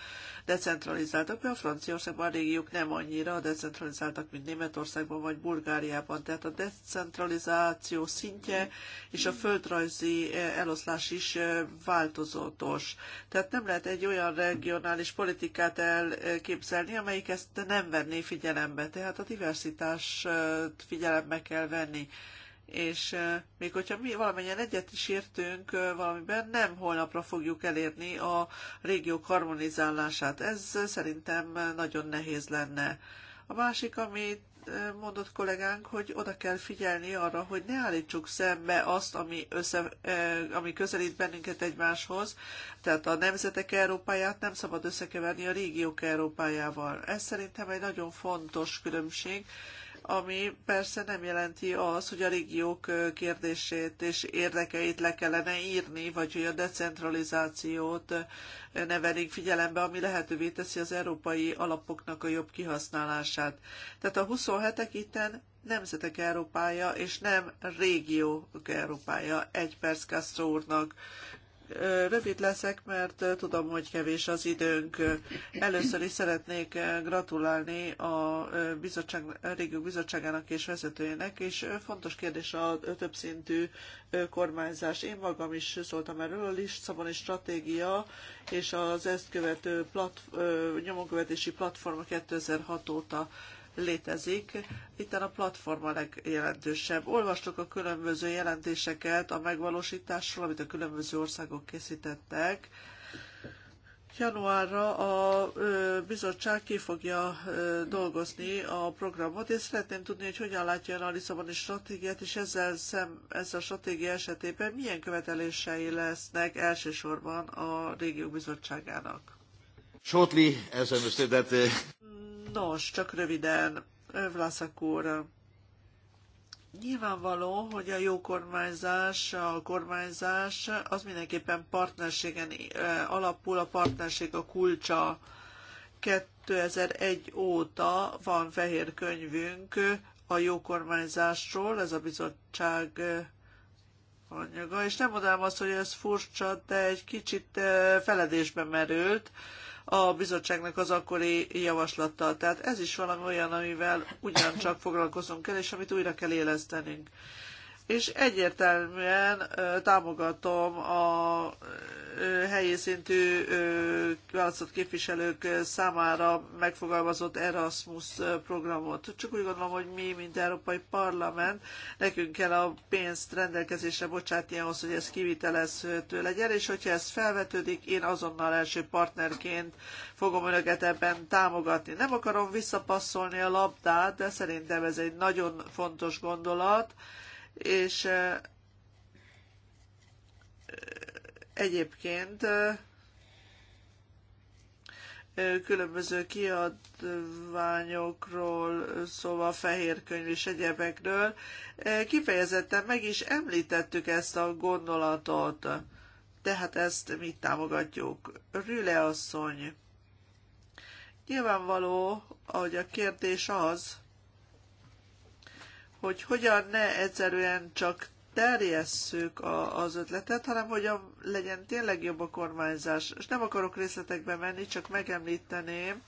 decentralizáltak, például Franciaországban a régiók nem annyira decentralizáltak, mint Németországban vagy Bulgáriában. Tehát a decentralizáció szintje és a földrajzi eloszlás is változatos. Tehát nem lehet egy olyan regionális politikát elképzelni, amelyik ezt nem venné figyelembe. Tehát a diversitás figyelembe kell venni. És még hogyha mi valamennyien egyet is értünk valamiben, nem holnapra fogjuk elérni a régiók harmonizálását. Ez szerintem nagyon nehéz lenne. A másik, amit mondott kollégánk, hogy oda kell figyelni arra, hogy ne állítsuk szembe azt, ami, össze, ami közelít bennünket egymáshoz, tehát a nemzetek Európáját nem szabad összekeverni a régiók Európájával. Ez szerintem egy nagyon fontos különbség, ami persze nem jelenti az, hogy a régiók kérdését és érdekeit le kellene írni, vagy hogy a decentralizációt ne vennénk figyelembe, ami lehetővé teszi az európai alapoknak a jobb kihasználását. Tehát a 27-ek itten nemzetek Európája és nem régiók Európája. Egy perc Castro úrnak rövid leszek, mert tudom, hogy kevés az időnk. Először is szeretnék gratulálni a bizottság, a régió bizottságának és vezetőjének, és fontos kérdés a többszintű kormányzás. Én magam is szóltam erről, Lisszaboni stratégia és az ezt követő plat, nyomonkövetési platforma 2006 óta létezik. Itt a platform a legjelentősebb. Olvastuk a különböző jelentéseket a megvalósításról, amit a különböző országok készítettek. Januárra a bizottság ki fogja dolgozni a programot, és szeretném tudni, hogy hogyan látja a Lisszaboni stratégiát, és ezzel, szem, ez a stratégia esetében milyen követelései lesznek elsősorban a régió bizottságának. Shortly, as I understood that, uh, Nos, csak röviden, Vlaszak úr, Nyilvánvaló, hogy a jó kormányzás, a kormányzás az mindenképpen partnerségen alapul, a partnerség a kulcsa. 2001 óta van fehér könyvünk a jó kormányzásról, ez a bizottság anyaga, és nem mondanám azt, hogy ez furcsa, de egy kicsit feledésbe merült, a bizottságnak az akkori javaslattal. Tehát ez is valami olyan, amivel ugyancsak foglalkozunk kell, és amit újra kell élesztenünk és egyértelműen támogatom a helyi szintű választott képviselők számára megfogalmazott Erasmus programot. Csak úgy gondolom, hogy mi, mint Európai Parlament, nekünk kell a pénzt rendelkezésre bocsátni ahhoz, hogy ez kivitelezhető legyen, és hogyha ez felvetődik, én azonnal első partnerként fogom önöket ebben támogatni. Nem akarom visszapasszolni a labdát, de szerintem ez egy nagyon fontos gondolat, és egyébként különböző kiadványokról, szóval fehér könyv és egyebekről. Kifejezetten meg is említettük ezt a gondolatot, tehát ezt mi támogatjuk. Rüle asszony. Nyilvánvaló, hogy a kérdés az, hogy hogyan ne egyszerűen csak terjesszük a, az ötletet, hanem hogy legyen tényleg jobb a kormányzás. És nem akarok részletekbe menni, csak megemlíteném,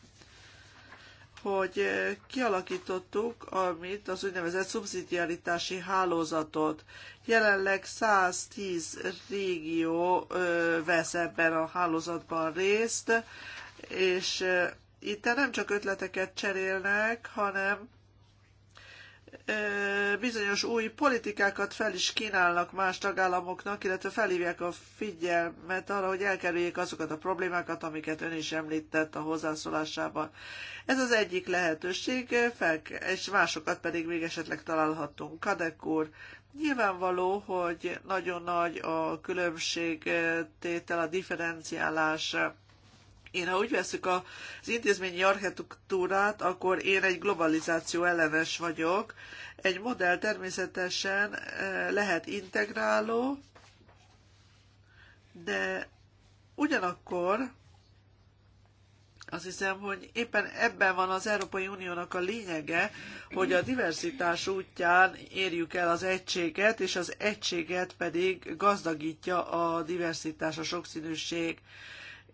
hogy kialakítottuk, amit az úgynevezett szubszidiaritási hálózatot. Jelenleg 110 régió vesz ebben a hálózatban részt, és itt nem csak ötleteket cserélnek, hanem bizonyos új politikákat fel is kínálnak más tagállamoknak, illetve felhívják a figyelmet arra, hogy elkerüljék azokat a problémákat, amiket ön is említett a hozzászólásában. Ez az egyik lehetőség, és másokat pedig még esetleg találhatunk. Kadek úr, nyilvánvaló, hogy nagyon nagy a különbségtétel, a differenciálás én ha úgy veszük az intézményi architektúrát, akkor én egy globalizáció ellenes vagyok. Egy modell természetesen eh, lehet integráló, de ugyanakkor azt hiszem, hogy éppen ebben van az Európai Uniónak a lényege, hogy a diversitás útján érjük el az egységet, és az egységet pedig gazdagítja a diversitás, a sokszínűség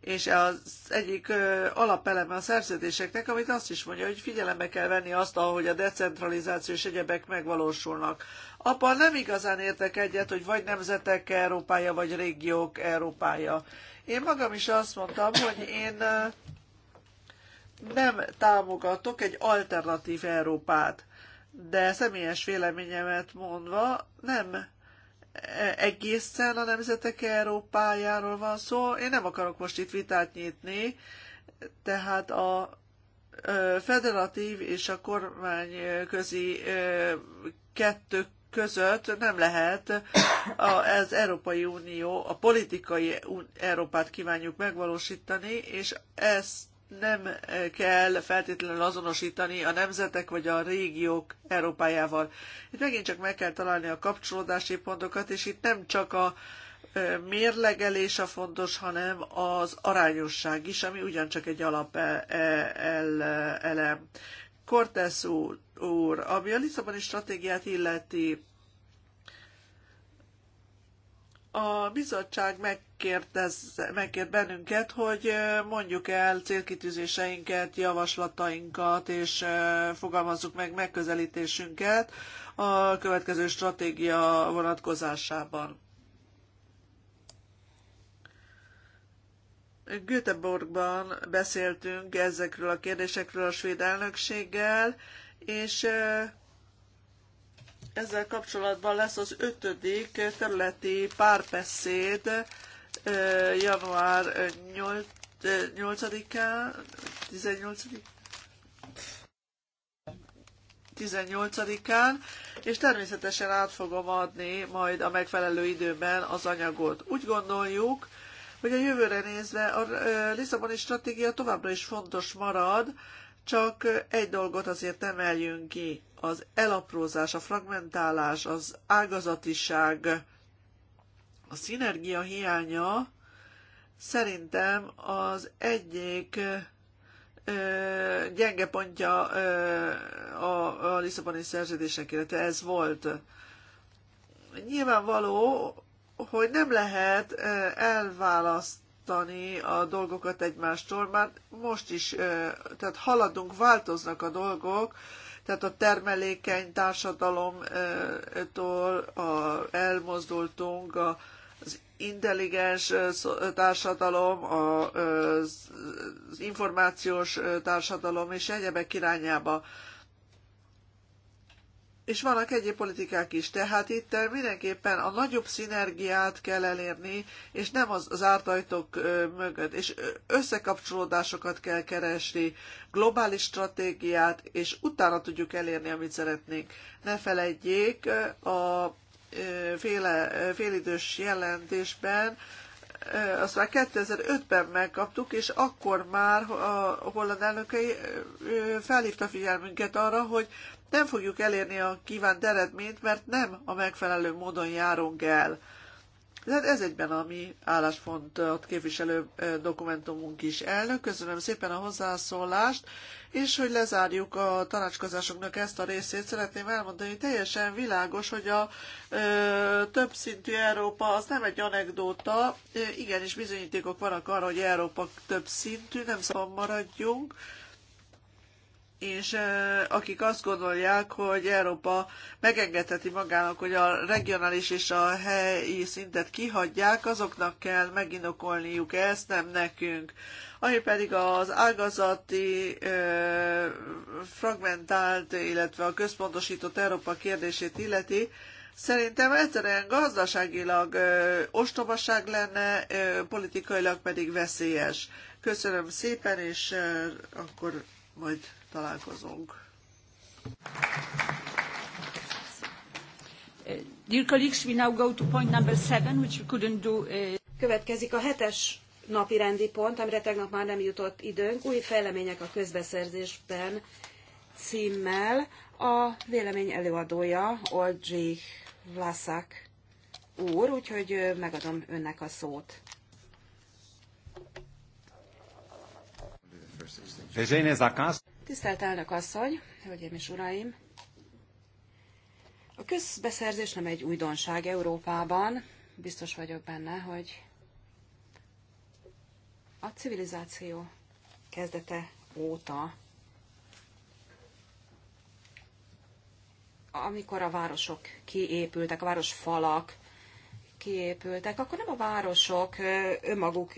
és az egyik alapeleme a szerződéseknek, amit azt is mondja, hogy figyelembe kell venni azt, ahogy a decentralizáció és egyebek megvalósulnak. Apa nem igazán értek egyet, hogy vagy nemzetek Európája, vagy régiók Európája. Én magam is azt mondtam, hogy én nem támogatok egy alternatív Európát, de személyes véleményemet mondva nem egészen a nemzetek Európájáról van szó. Én nem akarok most itt vitát nyitni, tehát a federatív és a kormányközi kettő között nem lehet az Európai Unió, a politikai Európát kívánjuk megvalósítani, és ezt nem kell feltétlenül azonosítani a nemzetek vagy a régiók Európájával. Itt megint csak meg kell találni a kapcsolódási pontokat, és itt nem csak a mérlegelés a fontos, hanem az arányosság is, ami ugyancsak egy alapelem. E, e, elem. Cortez úr, ami a Lisszaboni stratégiát illeti, a bizottság megkért bennünket, hogy mondjuk el célkitűzéseinket, javaslatainkat, és fogalmazzuk meg megközelítésünket a következő stratégia vonatkozásában. Göteborgban beszéltünk ezekről a kérdésekről a svéd elnökséggel, és ezzel kapcsolatban lesz az ötödik területi párbeszéd január 8, 8-án, 18-án, és természetesen át fogom adni majd a megfelelő időben az anyagot. Úgy gondoljuk, hogy a jövőre nézve a Lisszaboni stratégia továbbra is fontos marad, csak egy dolgot azért emeljünk ki az elaprózás, a fragmentálás, az ágazatiság, a szinergia hiánya szerintem az egyik ö, gyenge pontja ö, a, a Lisszaboni szerződésnek, illetve ez volt. Nyilvánvaló, hogy nem lehet ö, elválasztani a dolgokat egymástól, már most is, ö, tehát haladunk, változnak a dolgok, ö, tehát a termelékeny társadalomtól a, elmozdultunk, a, az intelligens társadalom, a, az információs társadalom és egyebek irányába és vannak egyéb politikák is, tehát itt mindenképpen a nagyobb szinergiát kell elérni, és nem az zárt ajtók mögött, és összekapcsolódásokat kell keresni, globális stratégiát, és utána tudjuk elérni, amit szeretnénk. Ne felejtjék, a féle, félidős jelentésben azt már 2005-ben megkaptuk, és akkor már a holland elnökei felhívta figyelmünket arra, hogy nem fogjuk elérni a kívánt eredményt, mert nem a megfelelő módon járunk el. Tehát ez egyben a mi álláspontot képviselő dokumentumunk is. Elnök, köszönöm szépen a hozzászólást, és hogy lezárjuk a tanácskozásunknak ezt a részét, szeretném elmondani, hogy teljesen világos, hogy a ö, többszintű Európa az nem egy anekdóta, igenis bizonyítékok vannak arra, hogy Európa többszintű, nem szabad maradjunk, és akik azt gondolják, hogy Európa megengedheti magának, hogy a regionális és a helyi szintet kihagyják, azoknak kell meginokolniuk ezt, nem nekünk. Ami pedig az ágazati fragmentált, illetve a központosított Európa kérdését illeti, Szerintem egyszerűen gazdaságilag ö, ostobaság lenne, ö, politikailag pedig veszélyes. Köszönöm szépen, és ö, akkor majd találkozunk. Következik a hetes napi rendi pont, amire tegnap már nem jutott időnk, új fejlemények a közbeszerzésben címmel. A vélemény előadója Olgyi Vlaszak úr, úgyhogy megadom önnek a szót. a kász. Tisztelt elnök asszony, hölgyeim és uraim! A közbeszerzés nem egy újdonság Európában. Biztos vagyok benne, hogy a civilizáció kezdete óta, amikor a városok kiépültek, a városfalak kiépültek, akkor nem a városok önmaguk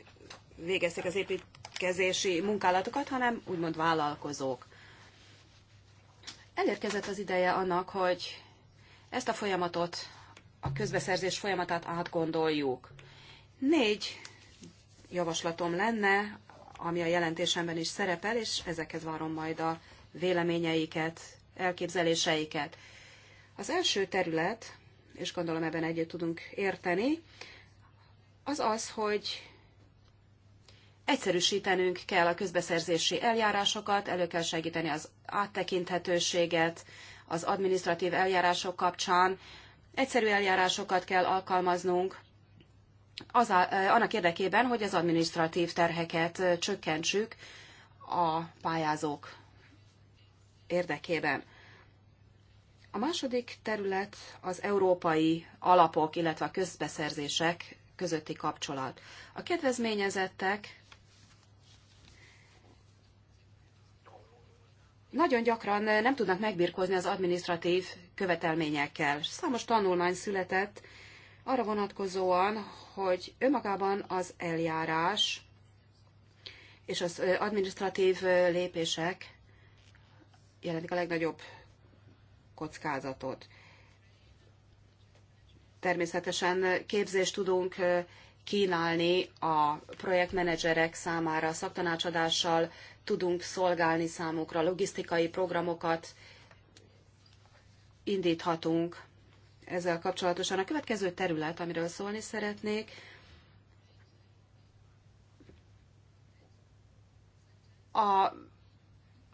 végezték az épít, építkezési munkálatokat, hanem úgymond vállalkozók. Elérkezett az ideje annak, hogy ezt a folyamatot, a közbeszerzés folyamatát átgondoljuk. Négy javaslatom lenne, ami a jelentésemben is szerepel, és ezekhez várom majd a véleményeiket, elképzeléseiket. Az első terület, és gondolom ebben egyet tudunk érteni, az az, hogy Egyszerűsítenünk kell a közbeszerzési eljárásokat, elő kell segíteni az áttekinthetőséget az administratív eljárások kapcsán. Egyszerű eljárásokat kell alkalmaznunk az, eh, annak érdekében, hogy az administratív terheket eh, csökkentsük a pályázók érdekében. A második terület az európai alapok, illetve a közbeszerzések közötti kapcsolat. A kedvezményezettek nagyon gyakran eh, nem tudnak megbírkozni az administratív követelményekkel. Számos tanulmány született arra vonatkozóan, hogy önmagában az eljárás és az eh, administratív eh, lépések jelentik a legnagyobb kockázatot. Természetesen képzést tudunk kínálni a projektmenedzserek számára, szaktanácsadással tudunk szolgálni számukra, logisztikai programokat indíthatunk ezzel kapcsolatosan. A következő terület, amiről szólni szeretnék, a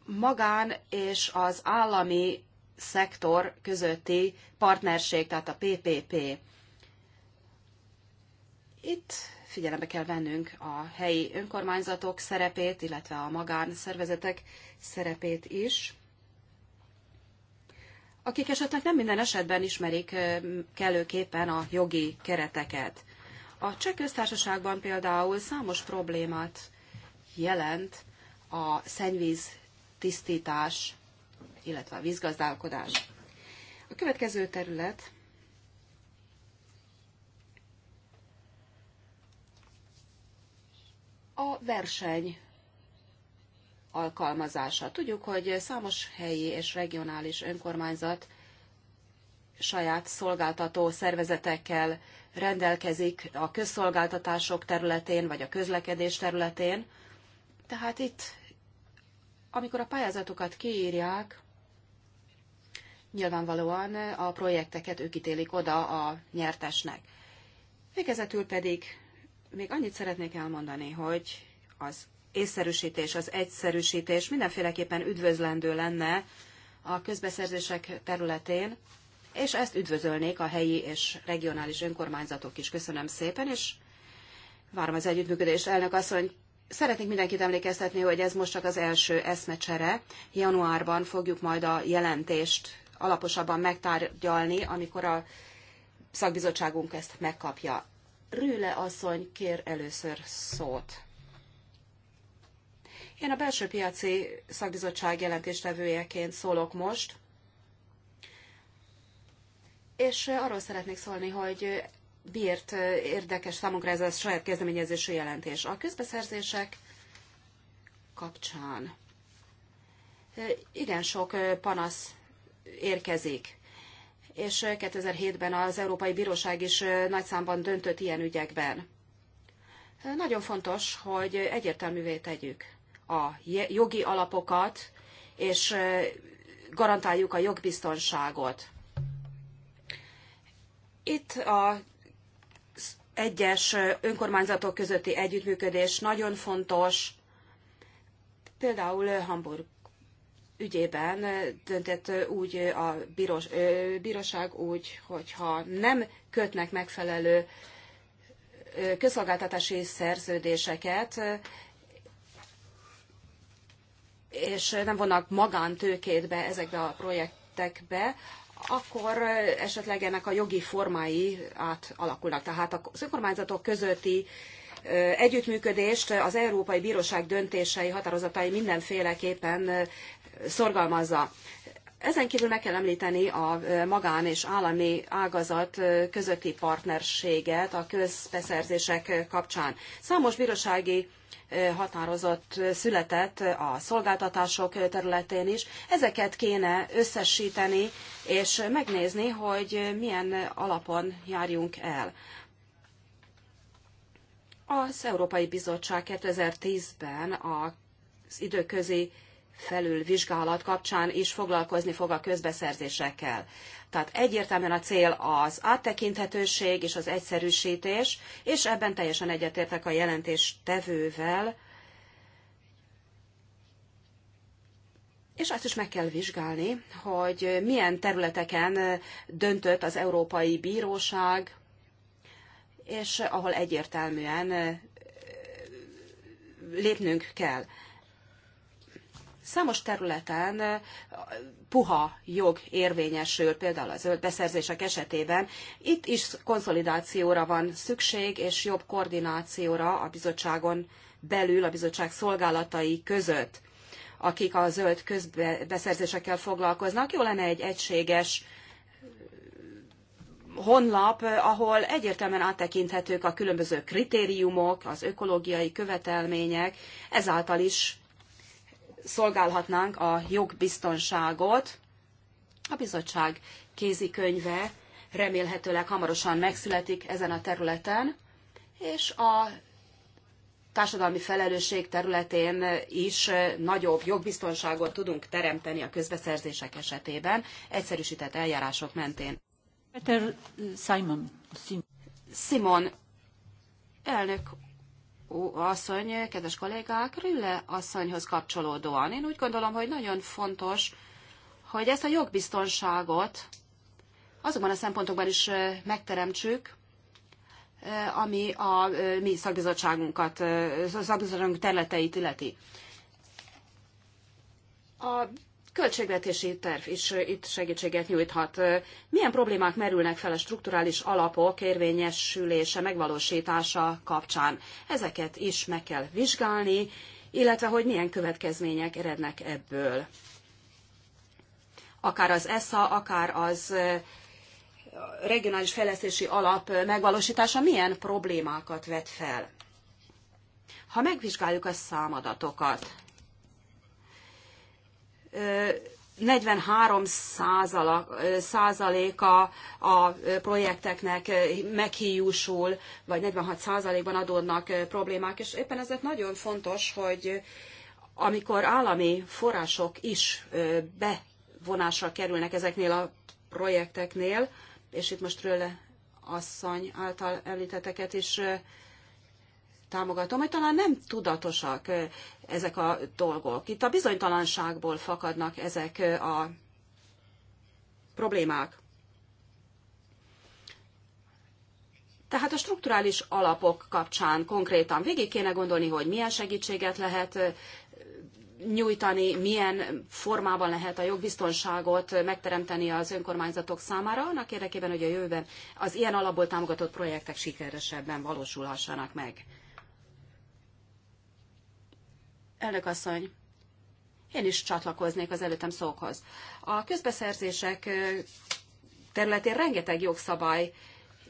magán és az állami szektor közötti partnerség, tehát a PPP. Itt figyelembe kell vennünk a helyi önkormányzatok szerepét, illetve a magánszervezetek szerepét is, akik esetleg nem minden esetben ismerik kellőképpen a jogi kereteket. A cseh köztársaságban például számos problémát jelent a szennyvíz tisztítás, illetve a vízgazdálkodás. A következő terület a verseny alkalmazása. Tudjuk, hogy számos helyi és regionális önkormányzat saját szolgáltató szervezetekkel rendelkezik a közszolgáltatások területén, vagy a közlekedés területén. Tehát itt, amikor a pályázatokat kiírják, nyilvánvalóan a projekteket ők ítélik oda a nyertesnek. Végezetül pedig még annyit szeretnék elmondani, hogy az észszerűsítés, az egyszerűsítés mindenféleképpen üdvözlendő lenne a közbeszerzések területén, és ezt üdvözölnék a helyi és regionális önkormányzatok is. Köszönöm szépen, és várom az együttműködést. Elnök asszony, Szeretnék mindenkit emlékeztetni, hogy ez most csak az első eszmecsere. Januárban fogjuk majd a jelentést alaposabban megtárgyalni, amikor a szakbizottságunk ezt megkapja. Rüle asszony kér először szót. Én a belső piaci szakbizottság jelentéstevőjeként szólok most, és arról szeretnék szólni, hogy miért érdekes számunkra ez a saját kezdeményezésű jelentés. A közbeszerzések kapcsán igen sok panasz érkezik és 2007-ben az Európai Bíróság is nagyszámban döntött ilyen ügyekben. Nagyon fontos, hogy egyértelművé tegyük a jogi alapokat, és garantáljuk a jogbiztonságot. Itt a egyes önkormányzatok közötti együttműködés nagyon fontos. Például Hamburg ügyében döntett úgy a ö, bíróság úgy, hogyha nem kötnek megfelelő közszolgáltatási szerződéseket, és nem vonnak magántőkét be ezekbe a projektekbe, akkor esetleg ennek a jogi formái átalakulnak. Tehát az önkormányzatok közötti együttműködést az Európai Bíróság döntései, határozatai mindenféleképpen szorgalmazza. Ezen kívül meg kell említeni a magán és állami ágazat közötti partnerséget a közbeszerzések kapcsán. Számos bírósági határozott született a szolgáltatások területén is. Ezeket kéne összesíteni és megnézni, hogy milyen alapon járjunk el. Az Európai Bizottság 2010-ben az időközi felülvizsgálat kapcsán is foglalkozni fog a közbeszerzésekkel. Tehát egyértelműen a cél az áttekinthetőség és az egyszerűsítés, és ebben teljesen egyetértek a jelentés tevővel, És azt is meg kell vizsgálni, hogy milyen területeken döntött az Európai Bíróság, és ahol egyértelműen lépnünk kell. Számos területen eh, puha jog érvényesül, például az zöld beszerzések esetében. Itt is konszolidációra van szükség, és jobb koordinációra a bizottságon belül, a bizottság szolgálatai között, akik a zöld közbeszerzésekkel foglalkoznak. Jó lenne egy egységes eh, honlap, eh, ahol egyértelműen áttekinthetők a különböző kritériumok, az ökológiai követelmények, ezáltal is szolgálhatnánk a jogbiztonságot. A bizottság kézikönyve remélhetőleg hamarosan megszületik ezen a területen, és a társadalmi felelősség területén is nagyobb jogbiztonságot tudunk teremteni a közbeszerzések esetében, egyszerűsített eljárások mentén. Peter Simon. Simon elnök asszony, kedves kollégák, Rülle asszonyhoz kapcsolódóan. Én úgy gondolom, hogy nagyon fontos, hogy ezt a jogbiztonságot azokban a szempontokban is megteremtsük, ami a mi szakbizottságunkat, szakbizottságunk területeit illeti. A költségvetési terv is itt segítséget nyújthat. Milyen problémák merülnek fel a strukturális alapok érvényesülése, megvalósítása kapcsán? Ezeket is meg kell vizsgálni, illetve hogy milyen következmények erednek ebből. Akár az ESZA, akár az regionális fejlesztési alap megvalósítása milyen problémákat vet fel. Ha megvizsgáljuk a számadatokat, 43 százaléka a projekteknek meghiúsul, vagy 46 százalékban adódnak problémák, és éppen ezért nagyon fontos, hogy amikor állami források is bevonásra kerülnek ezeknél a projekteknél, és itt most Rölle asszony által említeteket is támogatom, hogy talán nem tudatosak ezek a dolgok. Itt a bizonytalanságból fakadnak ezek a problémák. Tehát a strukturális alapok kapcsán konkrétan végig kéne gondolni, hogy milyen segítséget lehet nyújtani, milyen formában lehet a jogbiztonságot megteremteni az önkormányzatok számára, annak érdekében, hogy a jövőben az ilyen alapból támogatott projektek sikeresebben valósulhassanak meg. Elnök asszony, én is csatlakoznék az előttem szókhoz. A közbeszerzések területén rengeteg jogszabály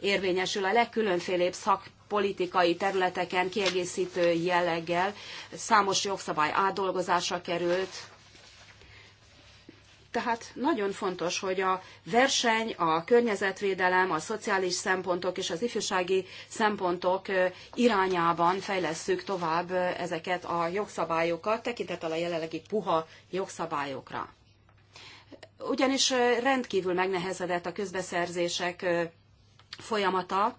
érvényesül a legkülönfélébb szakpolitikai területeken kiegészítő jelleggel. Számos jogszabály átdolgozásra került, tehát nagyon fontos, hogy a verseny, a környezetvédelem, a szociális szempontok és az ifjúsági szempontok irányában fejlesszük tovább ezeket a jogszabályokat, tekintettel a jelenlegi puha jogszabályokra. Ugyanis rendkívül megnehezedett a közbeszerzések folyamata,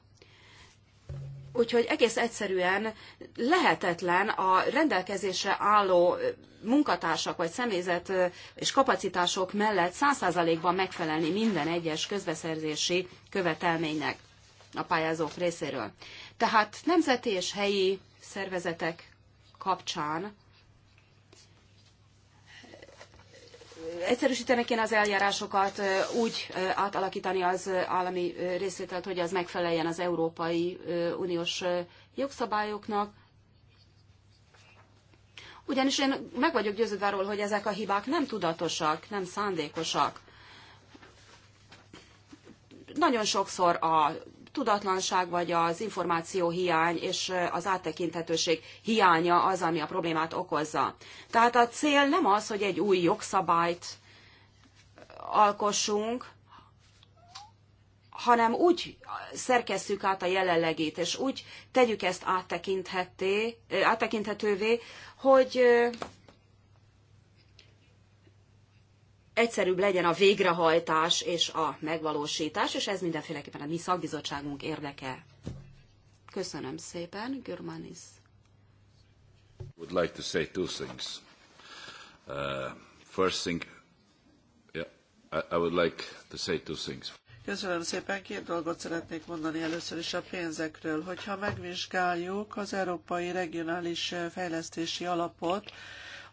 Úgyhogy egész egyszerűen lehetetlen a rendelkezésre álló munkatársak vagy személyzet és kapacitások mellett 100%-ban megfelelni minden egyes közbeszerzési követelménynek a pályázók részéről. Tehát nemzeti és helyi szervezetek kapcsán egyszerűsíteni kéne az eljárásokat, úgy átalakítani az állami részvételt, hogy az megfeleljen az Európai Uniós jogszabályoknak. Ugyanis én meg vagyok győződve arról, hogy ezek a hibák nem tudatosak, nem szándékosak. Nagyon sokszor a tudatlanság vagy az információ hiány és az áttekinthetőség hiánya az, ami a problémát okozza. Tehát a cél nem az, hogy egy új jogszabályt alkossunk, hanem úgy szerkesszük át a jelenlegét, és úgy tegyük ezt áttekinthetővé, hogy egyszerűbb legyen a végrehajtás és a megvalósítás, és ez mindenféleképpen a mi szakbizottságunk érdeke. Köszönöm szépen, Görmanis. Would like to say two things. Uh, first thing, yeah, I, I would like to say two things. Köszönöm szépen. Két dolgot szeretnék mondani először is a pénzekről. Hogyha megvizsgáljuk az Európai Regionális Fejlesztési Alapot,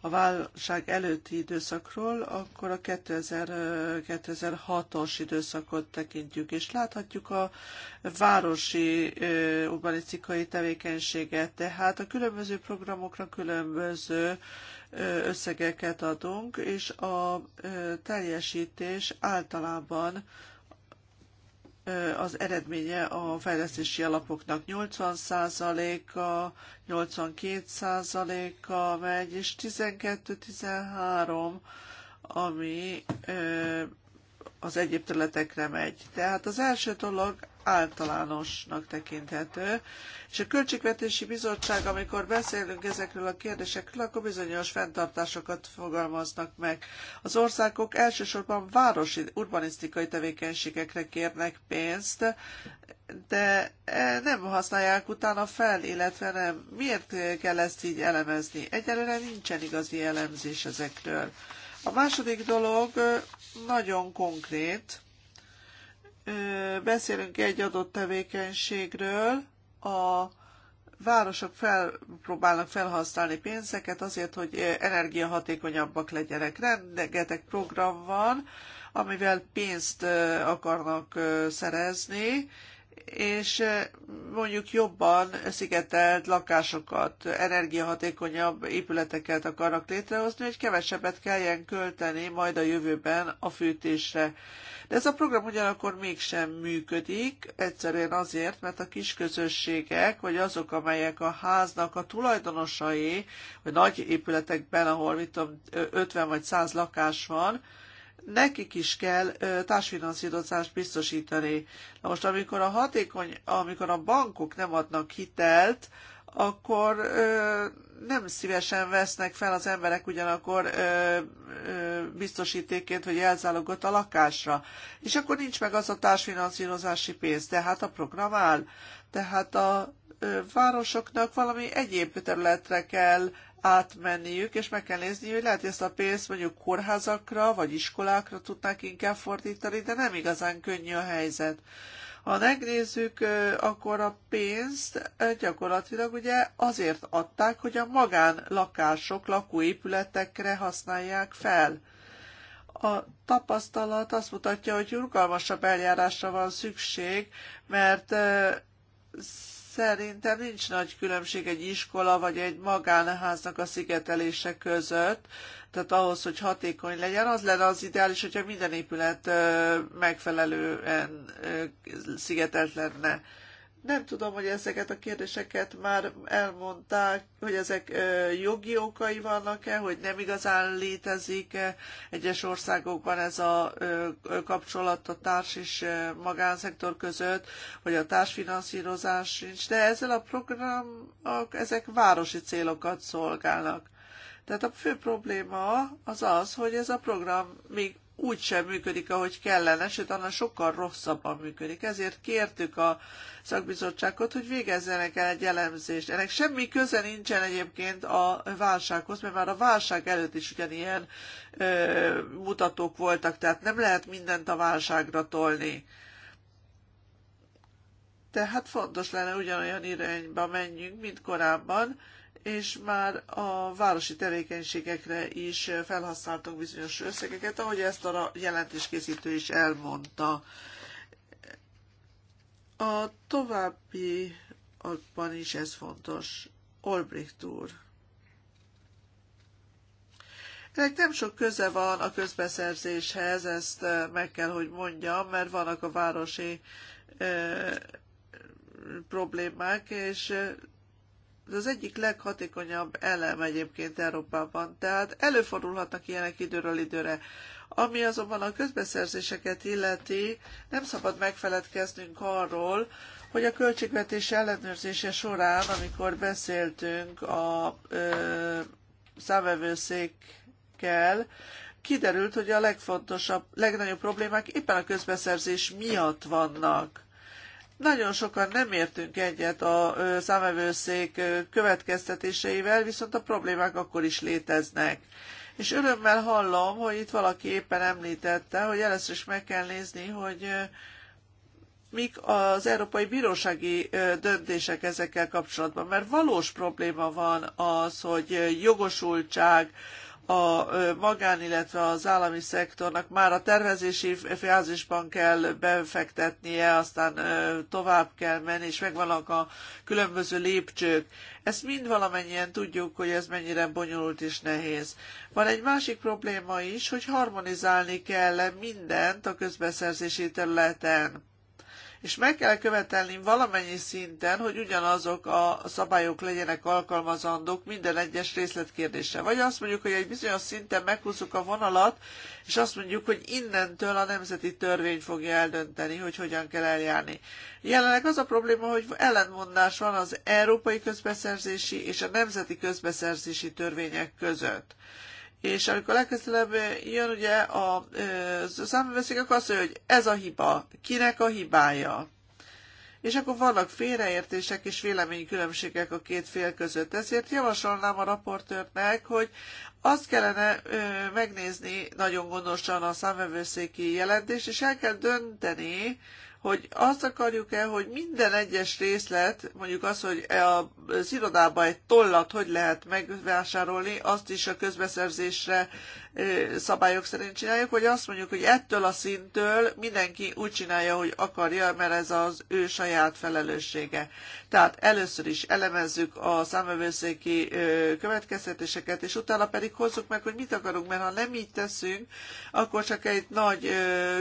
a válság előtti időszakról, akkor a 2006-os időszakot tekintjük, és láthatjuk a városi urbanisztikai tevékenységet, tehát a különböző programokra különböző összegeket adunk, és a teljesítés általában az eredménye a fejlesztési alapoknak 80%-a, 82%-a megy, és 12-13, ami az egyéb területekre megy. Tehát az első dolog általánosnak tekinthető, és a Költségvetési Bizottság, amikor beszélünk ezekről a kérdésekről, akkor bizonyos fenntartásokat fogalmaznak meg. Az országok elsősorban városi urbanisztikai tevékenységekre kérnek pénzt, de e, nem használják utána fel, illetve nem. Miért kell ezt így elemezni? Egyelőre nincsen igazi elemzés ezekről. A második dolog nagyon konkrét, beszélünk egy adott tevékenységről, a városok fel, próbálnak felhasználni pénzeket azért, hogy energiahatékonyabbak legyenek. Rengeteg program van, amivel pénzt akarnak szerezni, és eh, mondjuk jobban szigetelt lakásokat, energiahatékonyabb épületeket akarnak létrehozni, hogy kevesebbet kelljen költeni majd a jövőben a fűtésre. De ez a program ugyanakkor mégsem működik, egyszerűen azért, mert a kisközösségek, vagy azok, amelyek a háznak a tulajdonosai, vagy nagy épületekben, ahol mit tudom, 50 vagy 100 lakás van, nekik is kell társfinanszírozást biztosítani. Na most, amikor a hatékony, amikor a bankok nem adnak hitelt, akkor ö, nem szívesen vesznek fel az emberek ugyanakkor ö, ö, biztosítéként, hogy elzálogott a lakásra. És akkor nincs meg az a társfinanszírozási pénz, tehát a program áll. Tehát a ö, városoknak valami egyéb területre kell átmenniük, és meg kell nézni, hogy lehet, hogy ezt a pénzt mondjuk kórházakra vagy iskolákra tudnák inkább fordítani, de nem igazán könnyű a helyzet. Ha megnézzük, akkor a pénzt gyakorlatilag ugye azért adták, hogy a magánlakások, lakóépületekre használják fel. A tapasztalat azt mutatja, hogy rugalmasabb eljárásra van szükség, mert Szerintem nincs nagy különbség egy iskola vagy egy magánháznak a szigetelése között, tehát ahhoz, hogy hatékony legyen, az lenne az ideális, hogyha minden épület megfelelően szigetelt lenne. Nem tudom, hogy ezeket a kérdéseket már elmondták, hogy ezek jogi okai vannak-e, hogy nem igazán létezik -e egyes országokban ez a kapcsolat a társ és magánszektor között, hogy a társfinanszírozás sincs, de ezzel a programok, ezek városi célokat szolgálnak. Tehát a fő probléma az az, hogy ez a program még úgy sem működik, ahogy kellene, sőt, annál sokkal rosszabban működik. Ezért kértük a szakbizottságot, hogy végezzenek el egy elemzést. Ennek semmi köze nincsen egyébként a válsághoz, mert már a válság előtt is ugyanilyen ö, mutatók voltak, tehát nem lehet mindent a válságra tolni. Tehát fontos lenne ugyanolyan irányba menjünk, mint korábban, és már a városi tevékenységekre is felhasználtunk bizonyos összegeket, ahogy ezt a jelentéskészítő is elmondta. A további abban is ez fontos. Olbricht úr. Ennek nem sok köze van a közbeszerzéshez, ezt meg kell, hogy mondjam, mert vannak a városi problémák, és ez az egyik leghatékonyabb elem egyébként Európában, tehát előfordulhatnak ilyenek időről időre. Ami azonban a közbeszerzéseket illeti, nem szabad megfeledkeznünk arról, hogy a költségvetés ellenőrzése során, amikor beszéltünk a ö, számvevőszékkel, kiderült, hogy a legfontosabb, legnagyobb problémák éppen a közbeszerzés miatt vannak. Nagyon sokan nem értünk egyet a számevőszék következtetéseivel, viszont a problémák akkor is léteznek. És örömmel hallom, hogy itt valaki éppen említette, hogy először is meg kell nézni, hogy mik az Európai Bírósági döntések ezekkel kapcsolatban, mert valós probléma van az, hogy jogosultság, a magán, illetve az állami szektornak már a tervezési fázisban kell befektetnie, aztán tovább kell menni, és megvannak a különböző lépcsők. Ezt mind valamennyien tudjuk, hogy ez mennyire bonyolult és nehéz. Van egy másik probléma is, hogy harmonizálni kell mindent a közbeszerzési területen és meg kell követelni valamennyi szinten, hogy ugyanazok a szabályok legyenek alkalmazandók minden egyes részletkérdésre. Vagy azt mondjuk, hogy egy bizonyos szinten meghúzzuk a vonalat, és azt mondjuk, hogy innentől a nemzeti törvény fogja eldönteni, hogy hogyan kell eljárni. Jelenleg az a probléma, hogy ellentmondás van az európai közbeszerzési és a nemzeti közbeszerzési törvények között és amikor legközelebb jön ugye a számveszik, akkor azt mondja, hogy ez a hiba, kinek a hibája. És akkor vannak félreértések és véleménykülönbségek a két fél között. Ezért javasolnám a raportőrnek, hogy azt kellene ö, megnézni nagyon gondosan a számvevőszéki jelentést, és el kell dönteni, hogy azt akarjuk-e, hogy minden egyes részlet, mondjuk az, hogy e a irodában egy tollat hogy lehet megvásárolni, azt is a közbeszerzésre szabályok szerint csináljuk, hogy azt mondjuk, hogy ettől a szintől mindenki úgy csinálja, hogy akarja, mert ez az ő saját felelőssége. Tehát először is elemezzük a számövőszéki következtetéseket, és utána pedig hozzuk meg, hogy mit akarunk, mert ha nem így teszünk, akkor csak egy nagy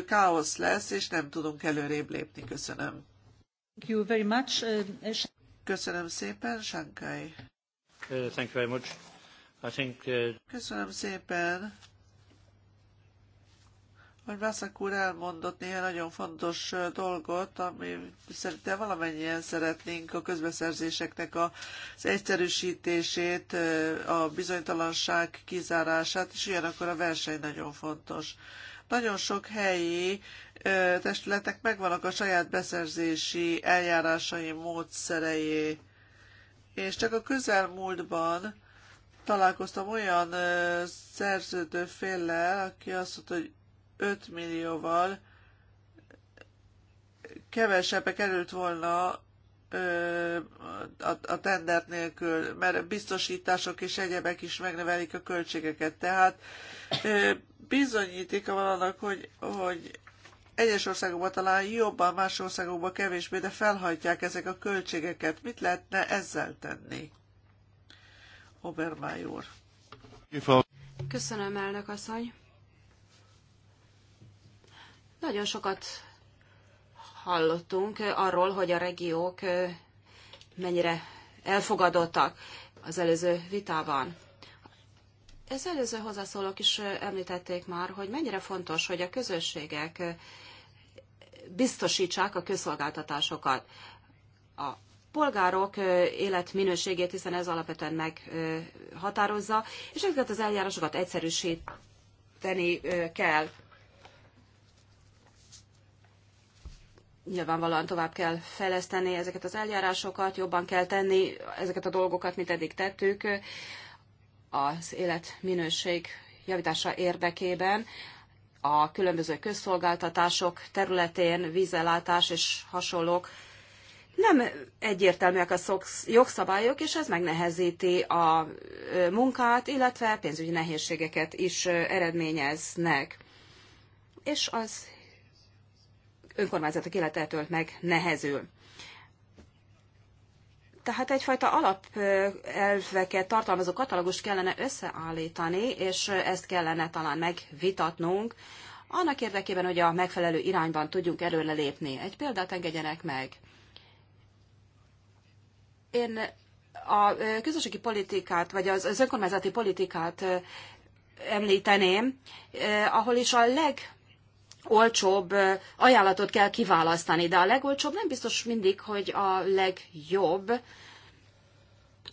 káosz lesz, és nem tudunk előrébb lépni. Köszönöm. Thank you very much. Köszönöm szépen, Sankai. Uh, thank you very much. Think, uh... Köszönöm szépen. Hogy Vászak úr elmondott néhány nagyon fontos dolgot, ami szerintem valamennyien szeretnénk a közbeszerzéseknek az egyszerűsítését, a bizonytalanság kizárását, és ugyanakkor a verseny nagyon fontos. Nagyon sok helyi testületek megvannak a saját beszerzési eljárásai, módszerei, és csak a közelmúltban találkoztam olyan szerződő féllel, aki azt mondta, hogy 5 millióval kevesebbe került volna a, a nélkül, mert biztosítások és egyebek is megnevelik a költségeket. Tehát bizonyítéka van annak, hogy, hogy egyes országokban talán jobban, más országokban kevésbé, de felhajtják ezek a költségeket. Mit lehetne ezzel tenni? Köszönöm, elnök asszony. Nagyon sokat hallottunk eh, arról, hogy a regiók eh, mennyire elfogadottak az előző vitában. Ez előző hozzászólók is eh, említették már, hogy mennyire fontos, hogy a közösségek biztosítsák a közszolgáltatásokat. A polgárok életminőségét, hiszen ez alapvetően meghatározza, és ezeket az eljárásokat egyszerűsíteni kell. Nyilvánvalóan tovább kell fejleszteni ezeket az eljárásokat, jobban kell tenni ezeket a dolgokat, mint eddig tettük az életminőség javítása érdekében a különböző közszolgáltatások területén, vízellátás és hasonlók nem egyértelműek a jogszabályok, és ez megnehezíti a munkát, illetve pénzügyi nehézségeket is eredményeznek. És az önkormányzatok életetől meg nehezül. Tehát egyfajta alapelveket tartalmazó katalógust kellene összeállítani, és ezt kellene talán megvitatnunk, annak érdekében, hogy a megfelelő irányban tudjunk előrelépni. Egy példát engedjenek meg. Én a közösségi politikát, vagy az, önkormányzati politikát említeném, ahol is a leg olcsóbb ajánlatot kell kiválasztani, de a legolcsóbb nem biztos mindig, hogy a legjobb,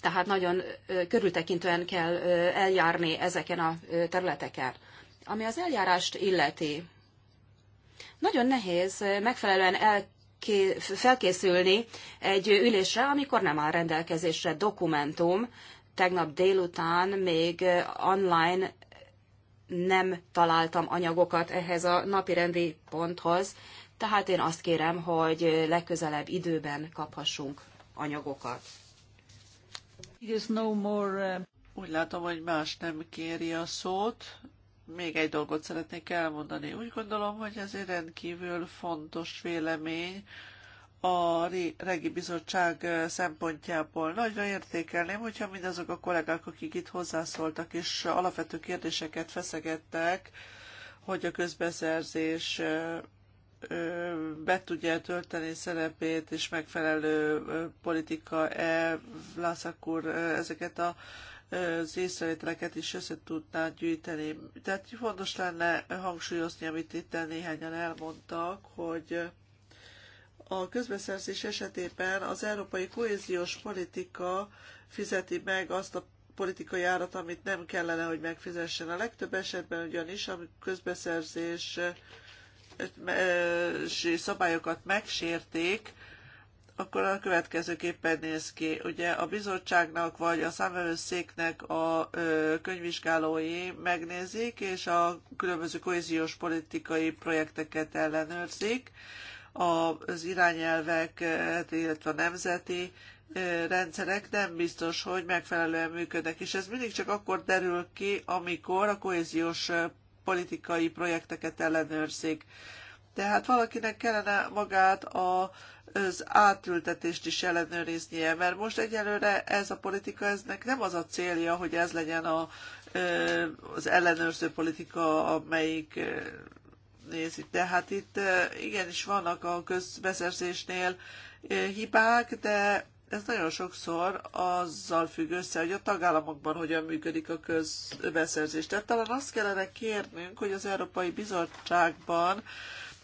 tehát nagyon körültekintően kell eljárni ezeken a területeken. Ami az eljárást illeti, nagyon nehéz megfelelően el felkészülni egy ülésre, amikor nem áll rendelkezésre dokumentum. Tegnap délután még online nem találtam anyagokat ehhez a napirendi ponthoz, tehát én azt kérem, hogy legközelebb időben kaphassunk anyagokat. It is no more, uh... Úgy látom, hogy más nem kéri a szót még egy dolgot szeretnék elmondani. Úgy gondolom, hogy ez egy rendkívül fontos vélemény a Regi Bizottság szempontjából. Nagyra értékelném, hogyha mindazok a kollégák, akik itt hozzászóltak és alapvető kérdéseket feszegettek, hogy a közbeszerzés be tudja tölteni szerepét, és megfelelő politika, e, Lászak úr, ezeket a az észrevételeket is össze tudnád gyűjteni. Tehát fontos lenne hangsúlyozni, amit itt néhányan elmondtak, hogy a közbeszerzés esetében az európai kohéziós politika fizeti meg azt a politikai árat, amit nem kellene, hogy megfizessen. A legtöbb esetben ugyanis a közbeszerzési szabályokat megsérték, akkor a következőképpen néz ki. Ugye a bizottságnak vagy a számvevőszéknek a könyvvizsgálói megnézik, és a különböző kohéziós politikai projekteket ellenőrzik, az irányelveket, illetve a nemzeti rendszerek nem biztos, hogy megfelelően működnek, és ez mindig csak akkor derül ki, amikor a kohéziós politikai projekteket ellenőrzik. Tehát valakinek kellene magát a az átültetést is ellenőriznie, mert most egyelőre ez a politika, eznek nem az a célja, hogy ez legyen a, az ellenőrző politika, amelyik nézi. De hát itt igenis vannak a közbeszerzésnél hibák, de ez nagyon sokszor azzal függ össze, hogy a tagállamokban hogyan működik a közbeszerzés. Tehát talán azt kellene kérnünk, hogy az Európai Bizottságban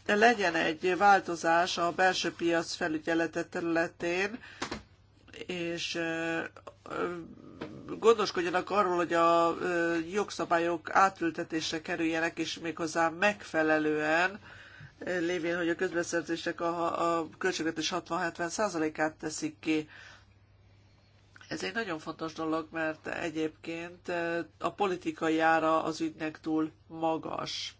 de legyen egy változás a belső piac felügyelete területén, és gondoskodjanak arról, hogy a jogszabályok átültetésre kerüljenek, és méghozzá megfelelően, lévén, hogy a közbeszerzések a, a költségvetés 60-70%-át teszik ki. Ez egy nagyon fontos dolog, mert egyébként a politikai ára az ügynek túl magas.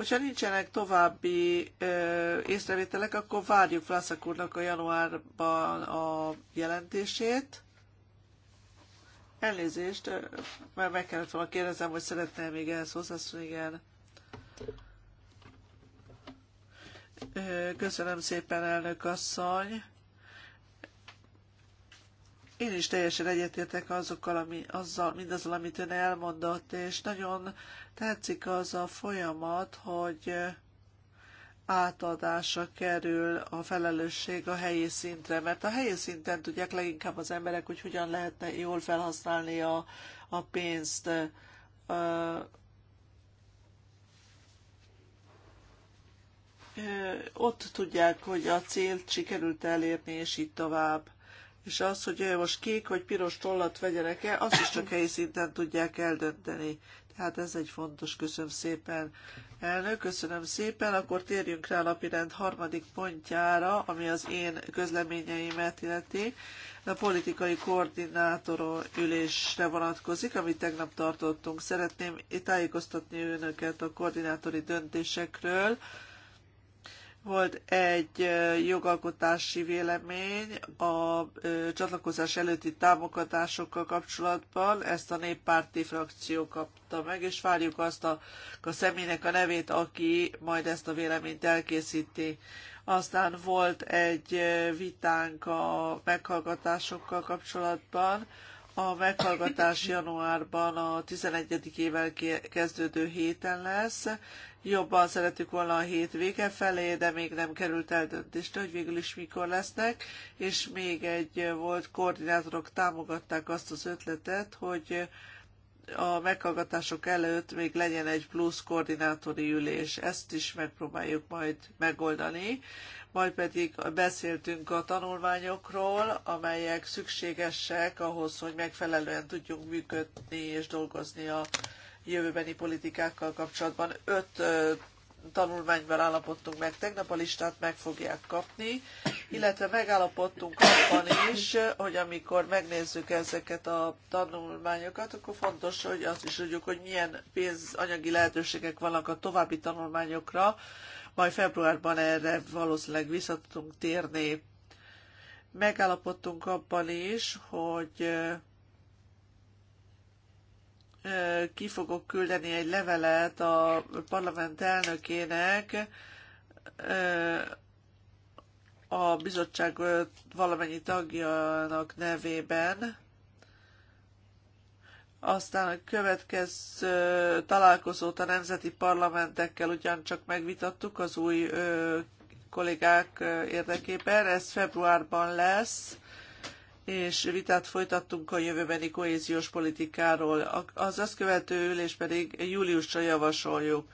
Hogyha nincsenek további ö, észrevételek, akkor várjuk Vlaszak úrnak a januárban a jelentését. Elnézést, mert meg kellett volna kérdezem, hogy szeretnél még ehhez hozzászólni, igen. Köszönöm szépen, elnök asszony. Én is teljesen egyetértek azokkal, ami, azzal, mindazzal, amit ön elmondott, és nagyon tetszik az a folyamat, hogy átadása kerül a felelősség a helyi szintre, mert a helyi szinten tudják leginkább az emberek, hogy hogyan lehetne jól felhasználni a, a pénzt. Ö, ott tudják, hogy a célt sikerült elérni, és így tovább és az, hogy most kék vagy piros tollat vegyenek el, azt is csak helyi szinten tudják eldönteni. Tehát ez egy fontos, köszönöm szépen. Elnök, köszönöm szépen. Akkor térjünk rá a napirend harmadik pontjára, ami az én közleményeimet illeti. A politikai koordinátor ülésre vonatkozik, amit tegnap tartottunk. Szeretném tájékoztatni önöket a koordinátori döntésekről volt egy jogalkotási vélemény a csatlakozás előtti támogatásokkal kapcsolatban, ezt a néppárti frakció kapta meg, és várjuk azt a, a személynek a nevét, aki majd ezt a véleményt elkészíti. Aztán volt egy vitánk a meghallgatásokkal kapcsolatban, a meghallgatás januárban a 11. ével kezdődő héten lesz, Jobban szeretük volna a hét vége felé, de még nem került el döntésre, hogy végül is mikor lesznek, és még egy volt, koordinátorok támogatták azt az ötletet, hogy a meghallgatások előtt még legyen egy plusz koordinátori ülés. Ezt is megpróbáljuk majd megoldani. Majd pedig beszéltünk a tanulmányokról, amelyek szükségesek ahhoz, hogy megfelelően tudjunk működni és dolgozni a jövőbeni politikákkal kapcsolatban. Öt tanulmányban állapodtunk meg, tegnap a listát meg fogják kapni, illetve megállapodtunk abban is, hogy amikor megnézzük ezeket a tanulmányokat, akkor fontos, hogy azt is tudjuk, hogy milyen pénzanyagi lehetőségek vannak a további tanulmányokra, majd februárban erre valószínűleg vissza tudunk térni. Megállapodtunk abban is, hogy ki fogok küldeni egy levelet a parlament elnökének a bizottság valamennyi tagjának nevében. Aztán a következő találkozót a nemzeti parlamentekkel ugyancsak megvitattuk az új kollégák érdekében. Ez februárban lesz és vitát folytattunk a jövőbeni kohéziós politikáról. Az azt követő ülés pedig júliusra javasoljuk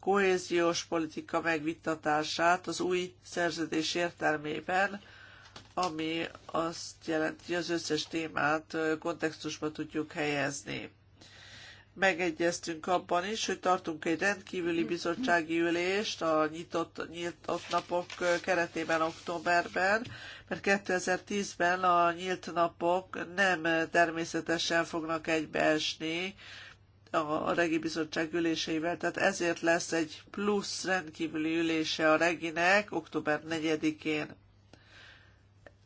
kohéziós politika megvittatását az új szerződés értelmében, ami azt jelenti, hogy az összes témát kontextusba tudjuk helyezni. Megegyeztünk abban is, hogy tartunk egy rendkívüli bizottsági ülést a nyitott, nyitott napok keretében októberben, mert 2010-ben a nyílt napok nem természetesen fognak egybeesni a regi bizottság üléseivel, tehát ezért lesz egy plusz rendkívüli ülése a reginek október 4-én.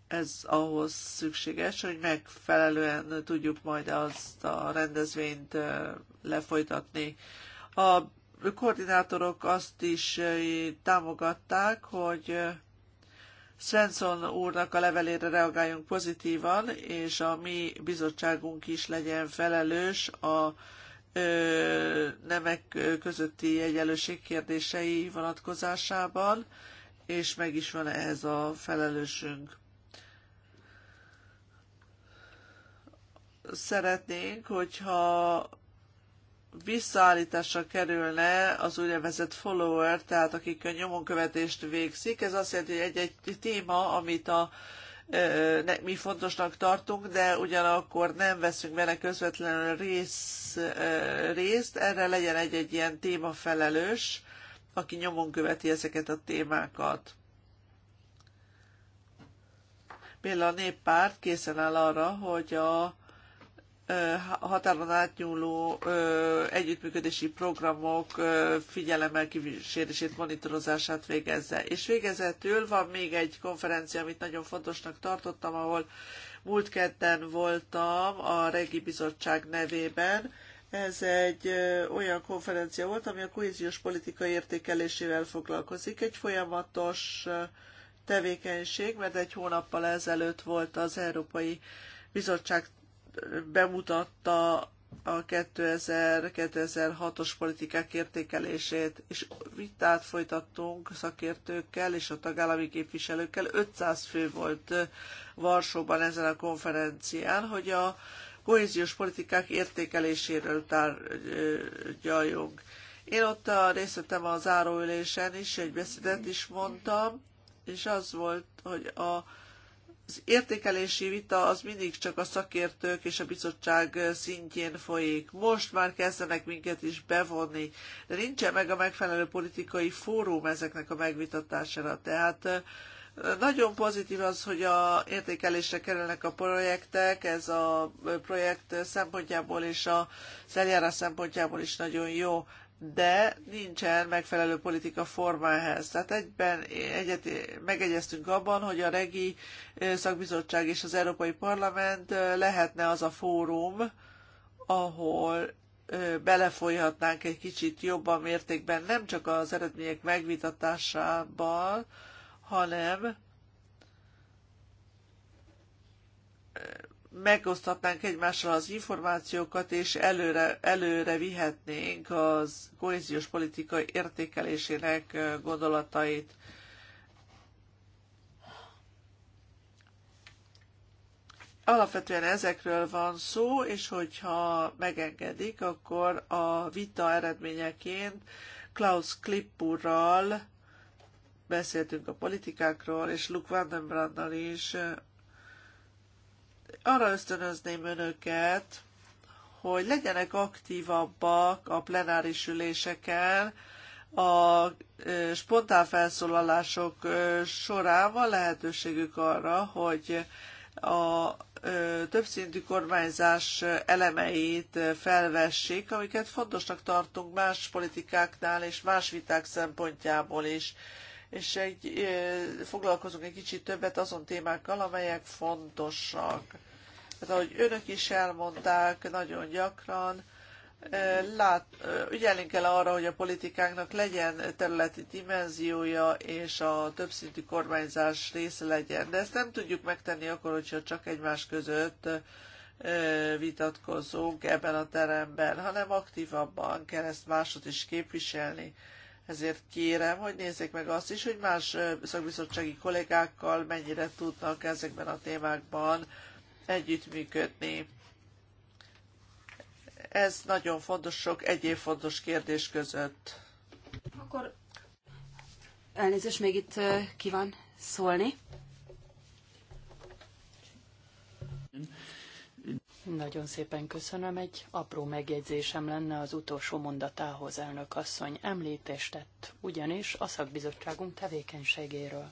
Ez ahhoz szükséges, hogy megfelelően tudjuk majd azt a rendezvényt lefolytatni. A koordinátorok azt is támogatták, hogy Svensson úrnak a levelére reagáljunk pozitívan, és a mi bizottságunk is legyen felelős a ö, nemek közötti egyenlőség kérdései vonatkozásában, és meg is van ehhez a felelősünk. Szeretnénk, hogyha visszaállításra kerülne az úgynevezett follower, tehát akik a nyomonkövetést végzik. Ez azt jelenti, hogy egy-egy téma, amit a mi fontosnak tartunk, de ugyanakkor nem veszünk benne közvetlenül rész, részt, erre legyen egy-egy ilyen témafelelős, aki nyomon követi ezeket a témákat. Például a néppárt készen áll arra, hogy a határon átnyúló együttműködési programok figyelemmel kísérését, monitorozását végezze. És végezetül van még egy konferencia, amit nagyon fontosnak tartottam, ahol múlt kedden voltam a Regi Bizottság nevében. Ez egy olyan konferencia volt, ami a kohéziós politika értékelésével foglalkozik. Egy folyamatos tevékenység, mert egy hónappal ezelőtt volt az Európai Bizottság bemutatta a 2000-2006-os politikák értékelését, és vitát folytattunk szakértőkkel és a tagállami képviselőkkel. 500 fő volt Varsóban ezen a konferencián, hogy a kohéziós politikák értékeléséről tárgyaljunk. Én ott a részletem a záróülésen is, egy beszédet is mondtam, és az volt, hogy a az értékelési vita az mindig csak a szakértők és a bizottság szintjén folyik. Most már kezdenek minket is bevonni, de nincsen meg a megfelelő politikai fórum ezeknek a megvitatására. Tehát nagyon pozitív az, hogy a értékelésre kerülnek a projektek, ez a projekt szempontjából és a eljárás szempontjából is nagyon jó de nincsen megfelelő politika forma ehhez. Tehát egyben egyet, megegyeztünk abban, hogy a Regi Szakbizottság és az Európai Parlament lehetne az a fórum, ahol belefolyhatnánk egy kicsit jobban mértékben, nem csak az eredmények megvitatásában, hanem megoszthatnánk egymással az információkat, és előre, előre vihetnénk az kohéziós politika értékelésének gondolatait. Alapvetően ezekről van szó, és hogyha megengedik, akkor a vita eredményeként Klaus Klippurral beszéltünk a politikákról, és Luke Vandenbrandnal is arra ösztönözném önöket, hogy legyenek aktívabbak a plenáris üléseken, a spontán felszólalások során van lehetőségük arra, hogy a többszintű kormányzás elemeit felvessék, amiket fontosnak tartunk más politikáknál és más viták szempontjából is. És egy, foglalkozunk egy kicsit többet azon témákkal, amelyek fontosak. Tehát ahogy önök is elmondták, nagyon gyakran, eh, lát, eh, ügyelnünk kell arra, hogy a politikánknak legyen területi dimenziója, és a többszintű kormányzás része legyen. De ezt nem tudjuk megtenni akkor, hogyha csak egymás között eh, vitatkozunk ebben a teremben, hanem aktívabban kell ezt másot is képviselni. Ezért kérem, hogy nézzék meg azt is, hogy más szakbizottsági kollégákkal mennyire tudnak ezekben a témákban együttműködni. Ez nagyon fontos sok egyéb fontos kérdés között. Akkor elnézést, még itt ki van szólni. Nagyon szépen köszönöm. Egy apró megjegyzésem lenne az utolsó mondatához, elnök asszony. Említést tett ugyanis a szakbizottságunk tevékenységéről.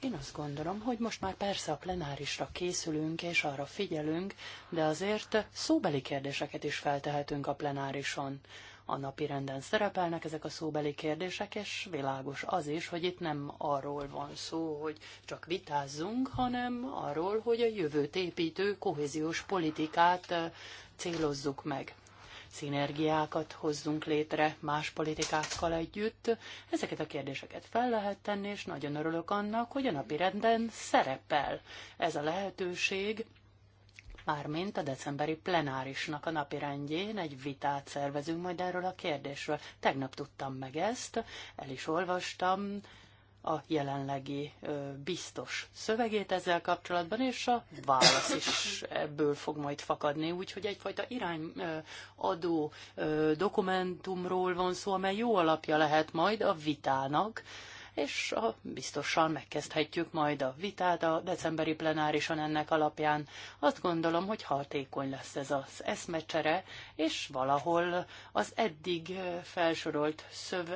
Én azt gondolom, hogy most már persze a plenárisra készülünk és arra figyelünk, de azért szóbeli kérdéseket is feltehetünk a plenárison. A napi renden szerepelnek ezek a szóbeli kérdések, és világos az is, hogy itt nem arról van szó, hogy csak vitázzunk, hanem arról, hogy a jövőt építő kohéziós politikát eh, célozzuk meg szinergiákat hozzunk létre más politikákkal együtt. Ezeket a kérdéseket fel lehet tenni, és nagyon örülök annak, hogy a napi renden szerepel ez a lehetőség, mármint a decemberi plenárisnak a rendjén egy vitát szervezünk majd erről a kérdésről. Tegnap tudtam meg ezt, el is olvastam, a jelenlegi biztos szövegét ezzel kapcsolatban, és a válasz is ebből fog majd fakadni, úgyhogy egyfajta irányadó dokumentumról van szó, amely jó alapja lehet majd a vitának, és a, biztosan megkezdhetjük majd a vitát a decemberi plenárison ennek alapján. Azt gondolom, hogy hatékony lesz ez az eszmecsere, és valahol az eddig felsorolt szöv,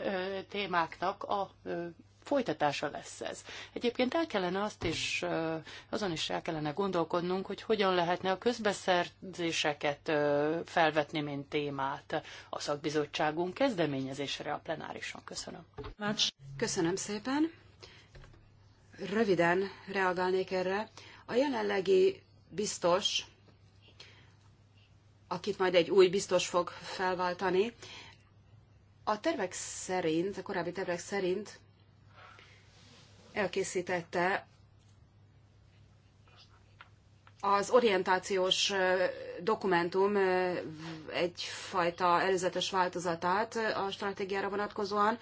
témáknak a folytatása lesz ez. Egyébként el kellene azt is, azon is el kellene gondolkodnunk, hogy hogyan lehetne a közbeszerzéseket felvetni, mint témát a szakbizottságunk kezdeményezésre a plenárison. Köszönöm. Köszönöm szépen. Röviden reagálnék erre. A jelenlegi biztos, akit majd egy új biztos fog felváltani, a tervek szerint, a korábbi tervek szerint elkészítette az orientációs dokumentum egyfajta előzetes változatát a stratégiára vonatkozóan.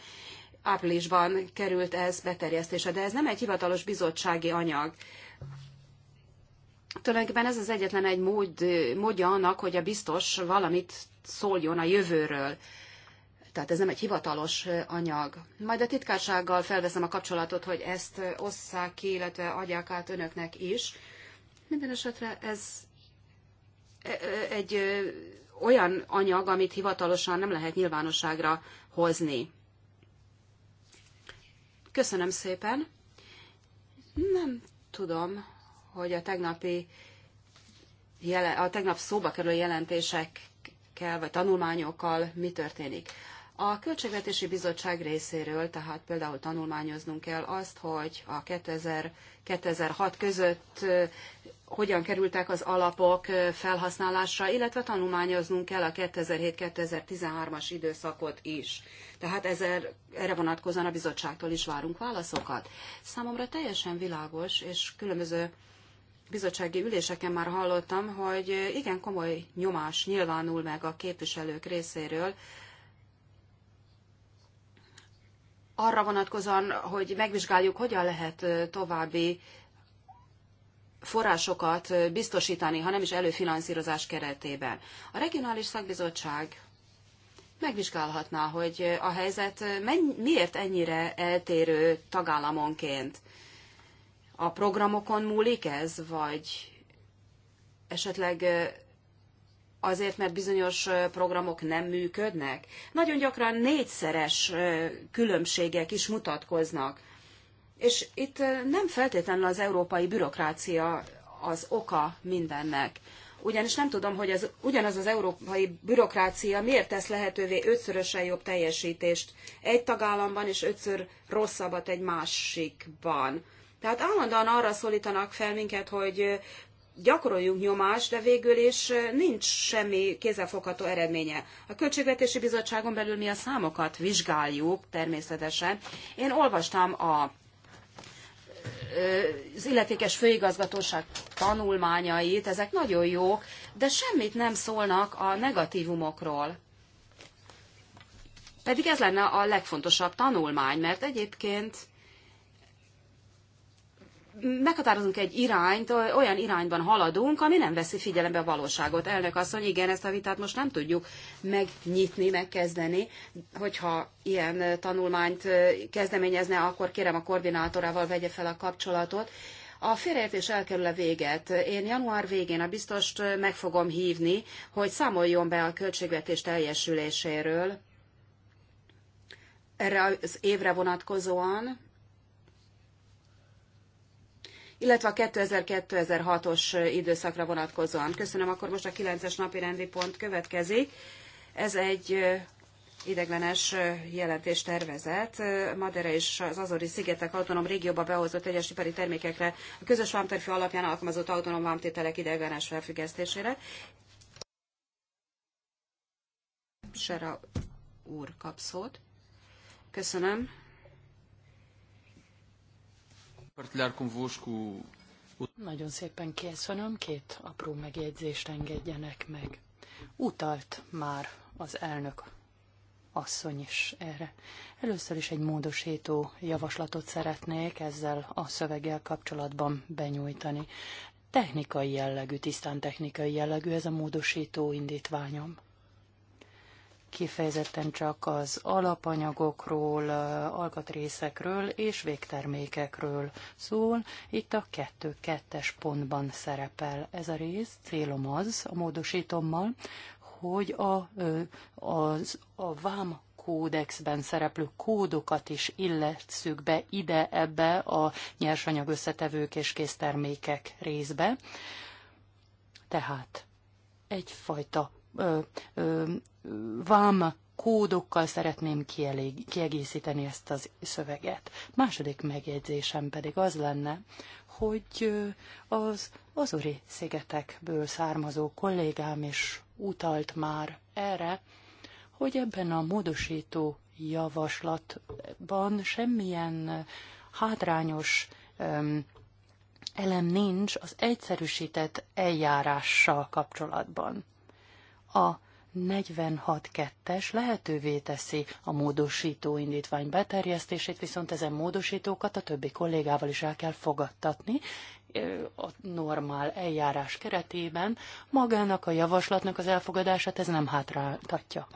Áprilisban került ez beterjesztése, de ez nem egy hivatalos bizottsági anyag. Tulajdonképpen ez az egyetlen egy mód, módja annak, hogy a biztos valamit szóljon a jövőről. Tehát ez nem egy hivatalos anyag. Majd a titkársággal felveszem a kapcsolatot, hogy ezt osszák ki, illetve adják át önöknek is. Minden esetre ez egy olyan anyag, amit hivatalosan nem lehet nyilvánosságra hozni. Köszönöm szépen. Nem tudom, hogy a tegnapi a tegnap szóba kerülő jelentésekkel vagy tanulmányokkal mi történik. A Költségvetési Bizottság részéről tehát például tanulmányoznunk kell azt, hogy a 2000, 2006 között hogyan kerültek az alapok felhasználásra, illetve tanulmányoznunk kell a 2007-2013-as időszakot is. Tehát ezzel, erre vonatkozóan a bizottságtól is várunk válaszokat. Számomra teljesen világos, és különböző bizottsági üléseken már hallottam, hogy igen komoly nyomás nyilvánul meg a képviselők részéről arra vonatkozóan, hogy megvizsgáljuk, hogyan lehet további forrásokat biztosítani, ha nem is előfinanszírozás keretében. A regionális szakbizottság megvizsgálhatná, hogy a helyzet miért ennyire eltérő tagállamonként. A programokon múlik ez, vagy esetleg azért, mert bizonyos programok nem működnek. Nagyon gyakran négyszeres különbségek is mutatkoznak. És itt nem feltétlenül az európai bürokrácia az oka mindennek. Ugyanis nem tudom, hogy az, ugyanaz az európai bürokrácia miért tesz lehetővé ötszörösen jobb teljesítést egy tagállamban, és ötször rosszabbat egy másikban. Tehát állandóan arra szólítanak fel minket, hogy gyakoroljunk nyomást, de végül is nincs semmi kézzelfogható eredménye. A Költségvetési Bizottságon belül mi a számokat vizsgáljuk természetesen. Én olvastam a az illetékes főigazgatóság tanulmányait, ezek nagyon jók, de semmit nem szólnak a negatívumokról. Pedig ez lenne a legfontosabb tanulmány, mert egyébként meghatározunk egy irányt, olyan irányban haladunk, ami nem veszi figyelembe a valóságot. Elnök mondja, igen, ezt a vitát most nem tudjuk megnyitni, megkezdeni. Hogyha ilyen tanulmányt kezdeményezne, akkor kérem a koordinátorával vegye fel a kapcsolatot. A félreértés elkerül a véget. Én január végén a biztost meg fogom hívni, hogy számoljon be a költségvetés teljesüléséről erre az évre vonatkozóan, illetve a 2000-2006-os időszakra vonatkozóan. Köszönöm, akkor most a 9-es napi rendi pont következik. Ez egy ideglenes jelentés tervezet. Madere és az Azori szigetek autonóm régióba behozott egyes ipari termékekre a közös vámterfi alapján alkalmazott autonóm vámtételek ideglenes felfüggesztésére. Sera úr kap szót. Köszönöm. Nagyon szépen köszönöm, két apró megjegyzést engedjenek meg. Utalt már az elnök asszony is erre. Először is egy módosító javaslatot szeretnék ezzel a szöveggel kapcsolatban benyújtani. Technikai jellegű, tisztán technikai jellegű ez a módosító indítványom kifejezetten csak az alapanyagokról, alkatrészekről és végtermékekről szól. Itt a 2.2-es pontban szerepel ez a rész. Célom az a módosítommal, hogy a, az, a vám kódexben szereplő kódokat is illetszük be ide ebbe a nyersanyag összetevők és késztermékek részbe. Tehát egyfajta vám kódokkal szeretném kielég, kiegészíteni ezt a szöveget. Második megjegyzésem pedig az lenne, hogy az Azori szigetekből származó kollégám is utalt már erre, hogy ebben a módosító javaslatban semmilyen hátrányos elem nincs az egyszerűsített eljárással kapcsolatban a 46.2-es lehetővé teszi a módosító indítvány beterjesztését, viszont ezen módosítókat a többi kollégával is el kell fogadtatni a normál eljárás keretében. Magának a javaslatnak az elfogadását ez nem hátráltatja.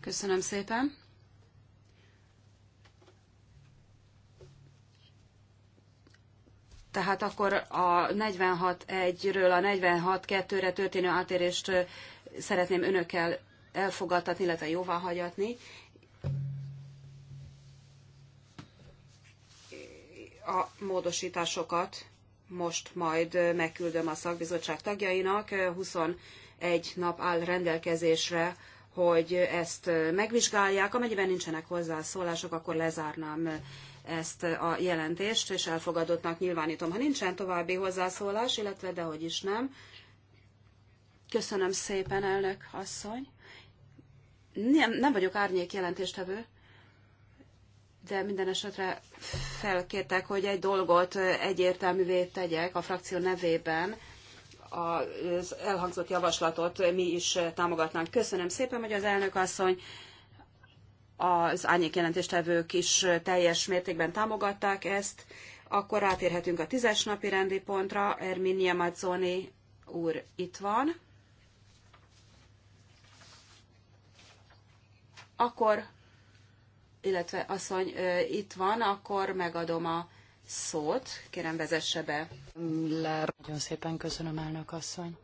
Köszönöm szépen. Tehát akkor a 46.1-ről a 46.2-re történő átérést szeretném önökkel elfogadtatni, illetve jóvá hagyatni. A módosításokat most majd megküldöm a szakbizottság tagjainak. 21 nap áll rendelkezésre, hogy ezt megvizsgálják. Amennyiben nincsenek hozzászólások, akkor lezárnám ezt a jelentést, és elfogadottnak nyilvánítom. Ha nincsen további hozzászólás, illetve dehogy is nem, Köszönöm szépen, elnök asszony. Nem, nem vagyok árnyék jelentéstevő, de minden esetre felkértek, hogy egy dolgot egyértelművé tegyek a frakció nevében az elhangzott javaslatot mi is támogatnánk. Köszönöm szépen, hogy az elnök asszony az árnyékjelentéstevők is teljes mértékben támogatták ezt. Akkor rátérhetünk a tízes napi rendi pontra. Erminia Mazzoni úr itt van. akkor, illetve asszony itt van, akkor megadom a szót. Kérem, vezesse be. Lár. Nagyon szépen köszönöm, elnök asszony.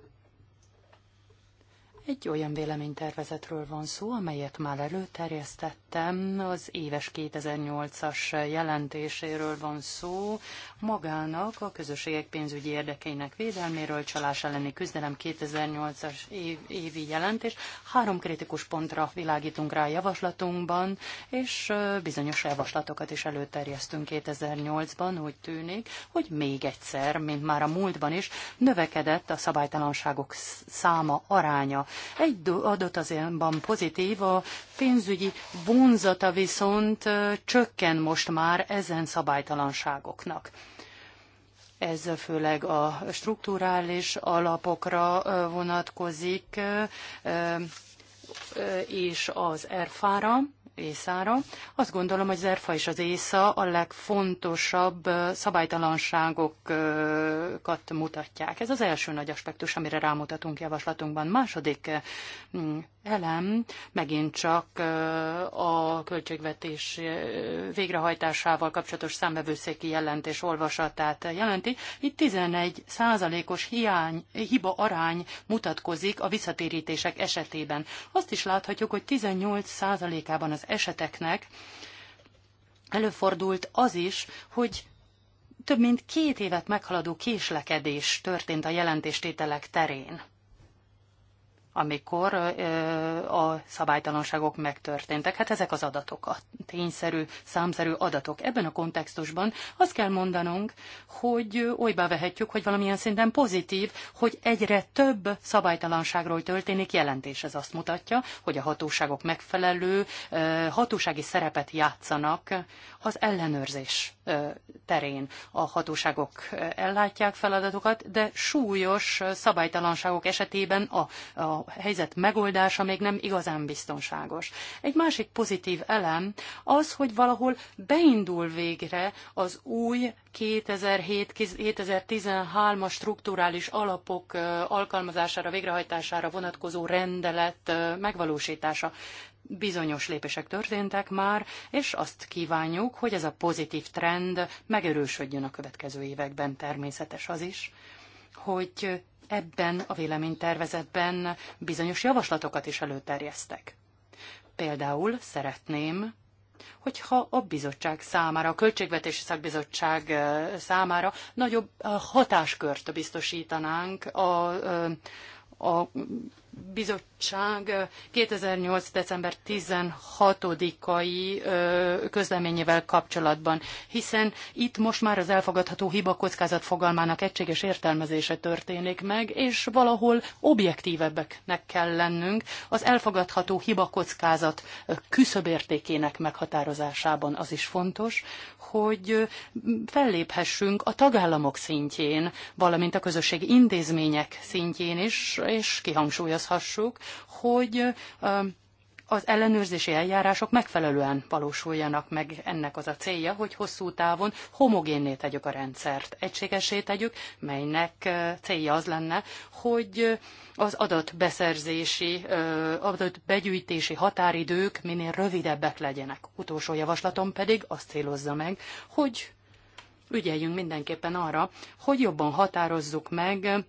Egy olyan véleménytervezetről van szó, amelyet már előterjesztettem, az éves 2008-as jelentéséről van szó, magának a közösségek pénzügyi érdekeinek védelméről, csalás elleni küzdelem 2008-as év, évi jelentés. Három kritikus pontra világítunk rá javaslatunkban, és bizonyos javaslatokat is előterjesztünk 2008-ban, úgy tűnik, hogy még egyszer, mint már a múltban is, növekedett a szabálytalanságok száma, aránya egy adat azonban pozitív, a pénzügyi vonzata viszont csökken most már ezen szabálytalanságoknak. Ez főleg a strukturális alapokra vonatkozik, és az erfára észára. Azt gondolom, hogy az ERFA és az ÉSZA a legfontosabb szabálytalanságokat mutatják. Ez az első nagy aspektus, amire rámutatunk javaslatunkban. Második elem megint csak a költségvetés végrehajtásával kapcsolatos számbevőszéki jelentés olvasatát jelenti. Itt 11 százalékos hiány, hiba arány mutatkozik a visszatérítések esetében. Azt is láthatjuk, hogy 18 százalékában az az eseteknek előfordult az is, hogy több mint két évet meghaladó késlekedés történt a jelentéstételek terén amikor a szabálytalanságok megtörténtek. Hát ezek az adatok, a tényszerű, számszerű adatok. Ebben a kontextusban azt kell mondanunk, hogy olybá vehetjük, hogy valamilyen szinten pozitív, hogy egyre több szabálytalanságról történik jelentés. Ez azt mutatja, hogy a hatóságok megfelelő hatósági szerepet játszanak az ellenőrzés terén. A hatóságok ellátják feladatokat, de súlyos szabálytalanságok esetében a, a helyzet megoldása még nem igazán biztonságos. Egy másik pozitív elem az, hogy valahol beindul végre az új 2007-2013-as strukturális alapok alkalmazására, végrehajtására vonatkozó rendelet megvalósítása bizonyos lépések történtek már, és azt kívánjuk, hogy ez a pozitív trend megerősödjön a következő években természetes az is, hogy ebben a véleménytervezetben bizonyos javaslatokat is előterjesztek. Például szeretném, hogyha a bizottság számára, a Költségvetési Szakbizottság számára nagyobb hatáskört biztosítanánk a, a bizottság 2008. december 16-ai közleményével kapcsolatban, hiszen itt most már az elfogadható hiba kockázat fogalmának egységes értelmezése történik meg, és valahol objektívebbeknek kell lennünk az elfogadható hiba kockázat küszöbértékének meghatározásában. Az is fontos, hogy felléphessünk a tagállamok szintjén, valamint a közösségi intézmények szintjén is, és kihangsúlyozunk, meghatározhassuk, hogy az ellenőrzési eljárások megfelelően valósuljanak meg. Ennek az a célja, hogy hosszú távon homogénné tegyük a rendszert, egységesé tegyük, melynek célja az lenne, hogy az adatbeszerzési, adatbegyűjtési határidők minél rövidebbek legyenek. Utolsó javaslatom pedig azt célozza meg, hogy ügyeljünk mindenképpen arra, hogy jobban határozzuk meg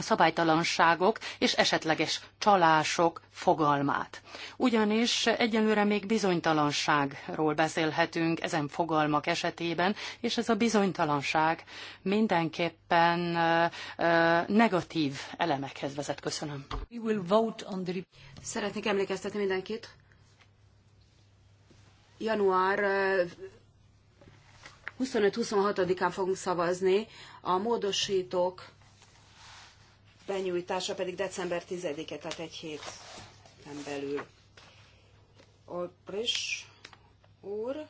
a szabálytalanságok és esetleges csalások fogalmát. Ugyanis egyelőre még bizonytalanságról beszélhetünk ezen fogalmak esetében, és ez a bizonytalanság mindenképpen uh, negatív elemekhez vezet. Köszönöm. The... Szeretnék emlékeztetni mindenkit. Január 25-26-án fogunk szavazni. A módosítók benyújtása pedig december 10-e, tehát egy héten belül. Olpris úr,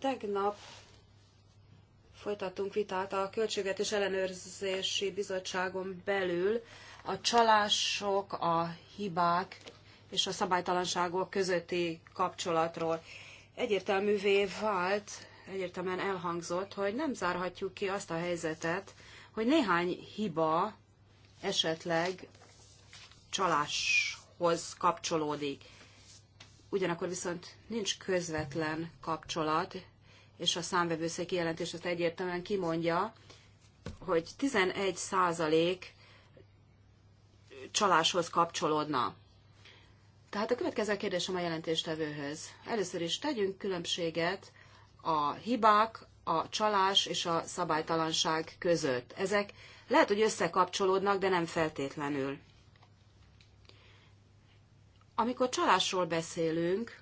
tegnap folytattunk vitát a Költségvetés Ellenőrzési Bizottságon belül a csalások, a hibák és a szabálytalanságok közötti kapcsolatról. Egyértelművé vált, egyértelműen elhangzott, hogy nem zárhatjuk ki azt a helyzetet, hogy néhány hiba esetleg csaláshoz kapcsolódik. Ugyanakkor viszont nincs közvetlen kapcsolat, és a számvevőszéki jelentés azt egyértelműen kimondja, hogy 11 százalék csaláshoz kapcsolódna. Tehát a következő kérdésem a jelentéstevőhöz. Először is tegyünk különbséget a hibák, a csalás és a szabálytalanság között. Ezek lehet, hogy összekapcsolódnak, de nem feltétlenül. Amikor csalásról beszélünk,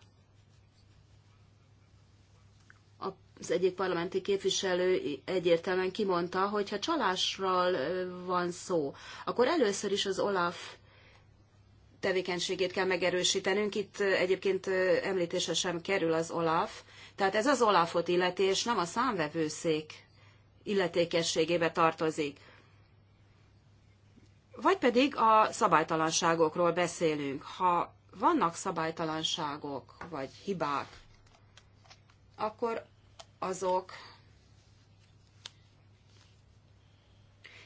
az egyik parlamenti képviselő egyértelműen kimondta, hogy ha csalásról van szó, akkor először is az Olaf tevékenységét kell megerősítenünk. Itt egyébként említése sem kerül az Olaf, tehát ez az Olafot illeti, és nem a számvevőszék illetékességébe tartozik. Vagy pedig a szabálytalanságokról beszélünk. Ha vannak szabálytalanságok vagy hibák, akkor azok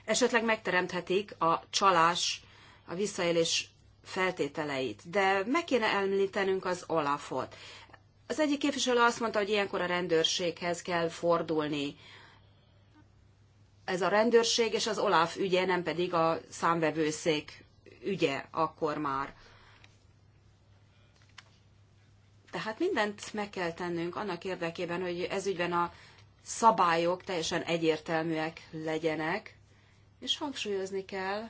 esetleg megteremthetik a csalás, a visszaélés feltételeit. De meg kéne említenünk az Olafot. Az egyik képviselő azt mondta, hogy ilyenkor a rendőrséghez kell fordulni. Ez a rendőrség és az Olaf ügye, nem pedig a számvevőszék ügye akkor már. Tehát mindent meg kell tennünk annak érdekében, hogy ez ügyben a szabályok teljesen egyértelműek legyenek, és hangsúlyozni kell,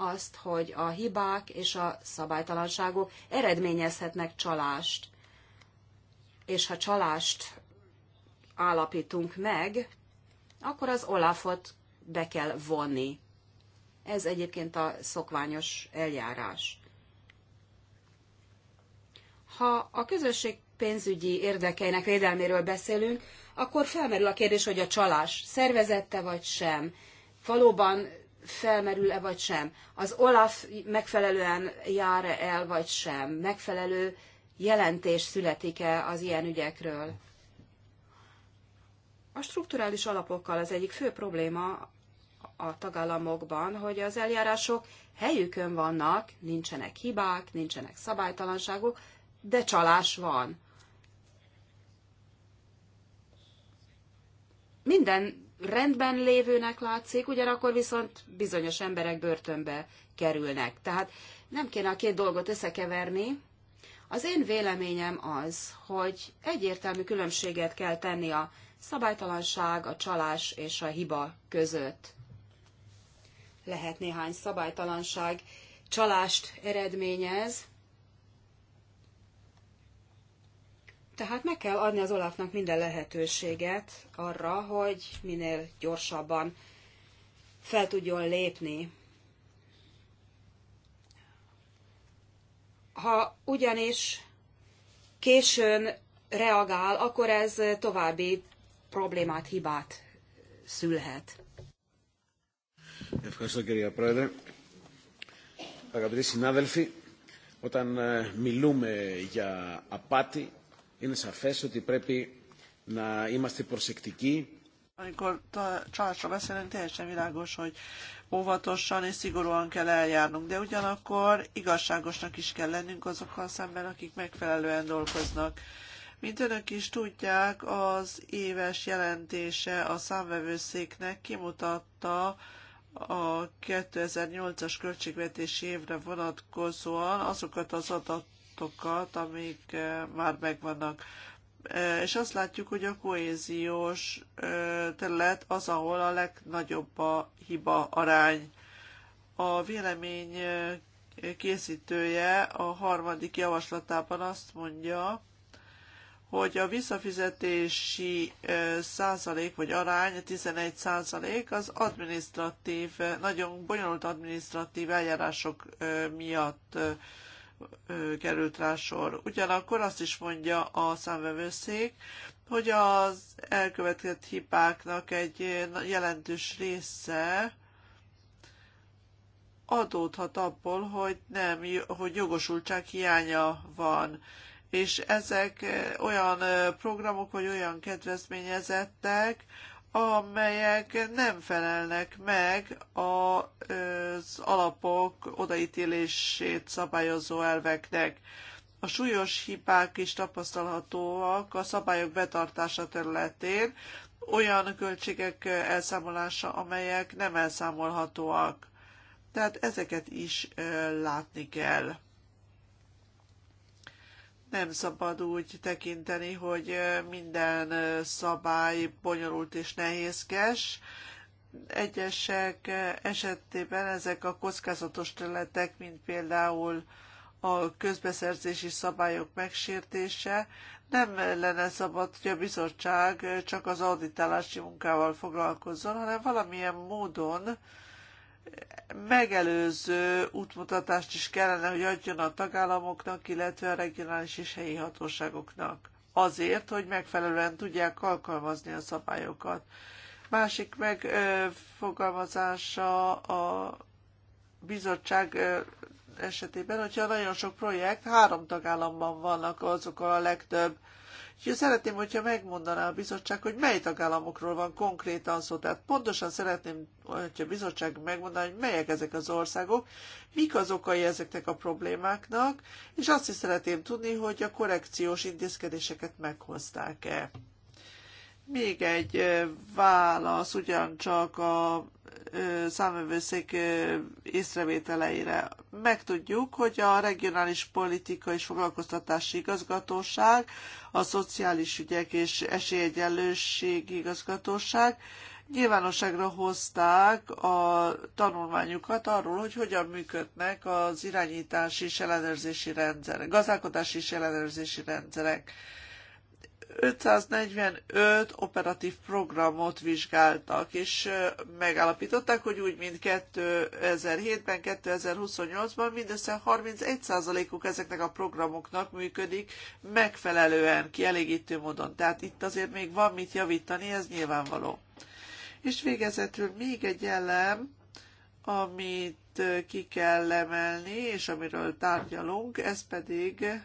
azt, hogy a hibák és a szabálytalanságok eredményezhetnek csalást. És ha csalást állapítunk meg, akkor az Olafot be kell vonni. Ez egyébként a szokványos eljárás. Ha a közösség pénzügyi érdekeinek védelméről beszélünk, akkor felmerül a kérdés, hogy a csalás szervezette vagy sem. Valóban felmerül-e vagy sem, az OLAF megfelelően jár -e el vagy sem, megfelelő jelentés születik-e az ilyen ügyekről. A strukturális alapokkal az egyik fő probléma a tagállamokban, hogy az eljárások helyükön vannak, nincsenek hibák, nincsenek szabálytalanságok, de csalás van. Minden rendben lévőnek látszik, ugyanakkor viszont bizonyos emberek börtönbe kerülnek. Tehát nem kéne a két dolgot összekeverni. Az én véleményem az, hogy egyértelmű különbséget kell tenni a szabálytalanság, a csalás és a hiba között. Lehet néhány szabálytalanság csalást eredményez, Tehát meg kell adni az Olafnak minden lehetőséget arra, hogy minél gyorsabban fel tudjon lépni. Ha ugyanis későn reagál, akkor ez további problémát, hibát szülhet. Ευχαριστώ κυρία Πρόεδρε. Αγαπητοί συνάδελφοι, όταν μιλούμε για απάτη είναι σαφές ότι πρέπει να είμαστε προσεκτικοί. Amikor csalásra beszélünk, teljesen világos, hogy óvatosan és szigorúan kell eljárnunk, de ugyanakkor igazságosnak is kell lennünk azokkal szemben, akik megfelelően dolgoznak. Mint önök is tudják, az éves jelentése a számvevőszéknek kimutatta, a 2008-as költségvetési évre vonatkozóan azokat az adatokat javaslatokat, amik eh, már megvannak. Eh, és azt látjuk, hogy a kohéziós eh, terület az, ahol a legnagyobb a hiba arány. A vélemény készítője a harmadik javaslatában azt mondja, hogy a visszafizetési százalék vagy arány, 11 százalék az administratív, nagyon bonyolult administratív eljárások miatt került rá sor. Ugyanakkor azt is mondja a számvevőszék, hogy az elkövetett hibáknak egy jelentős része adódhat abból, hogy nem, hogy jogosultság hiánya van. És ezek olyan programok vagy olyan kedvezményezettek, amelyek nem felelnek meg az alapok odaítélését szabályozó elveknek. A súlyos hibák is tapasztalhatóak a szabályok betartása területén, olyan költségek elszámolása, amelyek nem elszámolhatóak. Tehát ezeket is látni kell nem szabad úgy tekinteni, hogy minden szabály bonyolult és nehézkes. Egyesek esetében ezek a kockázatos területek, mint például a közbeszerzési szabályok megsértése, nem lenne szabad, hogy a bizottság csak az auditálási munkával foglalkozzon, hanem valamilyen módon megelőző útmutatást is kellene, hogy adjon a tagállamoknak, illetve a regionális és helyi hatóságoknak. Azért, hogy megfelelően tudják alkalmazni a szabályokat. Másik megfogalmazása a bizottság esetében, hogyha nagyon sok projekt, három tagállamban vannak azok a legtöbb Úgyhogy szeretném, hogyha megmondaná a bizottság, hogy mely tagállamokról van konkrétan szó. Tehát pontosan szeretném, hogyha a bizottság megmondaná, hogy melyek ezek az országok, mik az okai ezeknek a problémáknak, és azt is szeretném tudni, hogy a korrekciós intézkedéseket meghozták-e. Még egy válasz ugyancsak a számövőszék észrevételeire megtudjuk, hogy a regionális politika és foglalkoztatási igazgatóság, a szociális ügyek és esélyegyenlőség igazgatóság nyilvánosságra hozták a tanulmányukat arról, hogy hogyan működnek az irányítási és ellenőrzési rendszerek, gazdálkodási és ellenőrzési rendszerek. 545 operatív programot vizsgáltak, és megállapították, hogy úgy, mint 2007-ben, 2028-ban mindössze 31%-uk ezeknek a programoknak működik megfelelően, kielégítő módon. Tehát itt azért még van mit javítani, ez nyilvánvaló. És végezetül még egy elem, amit ki kell emelni, és amiről tárgyalunk, ez pedig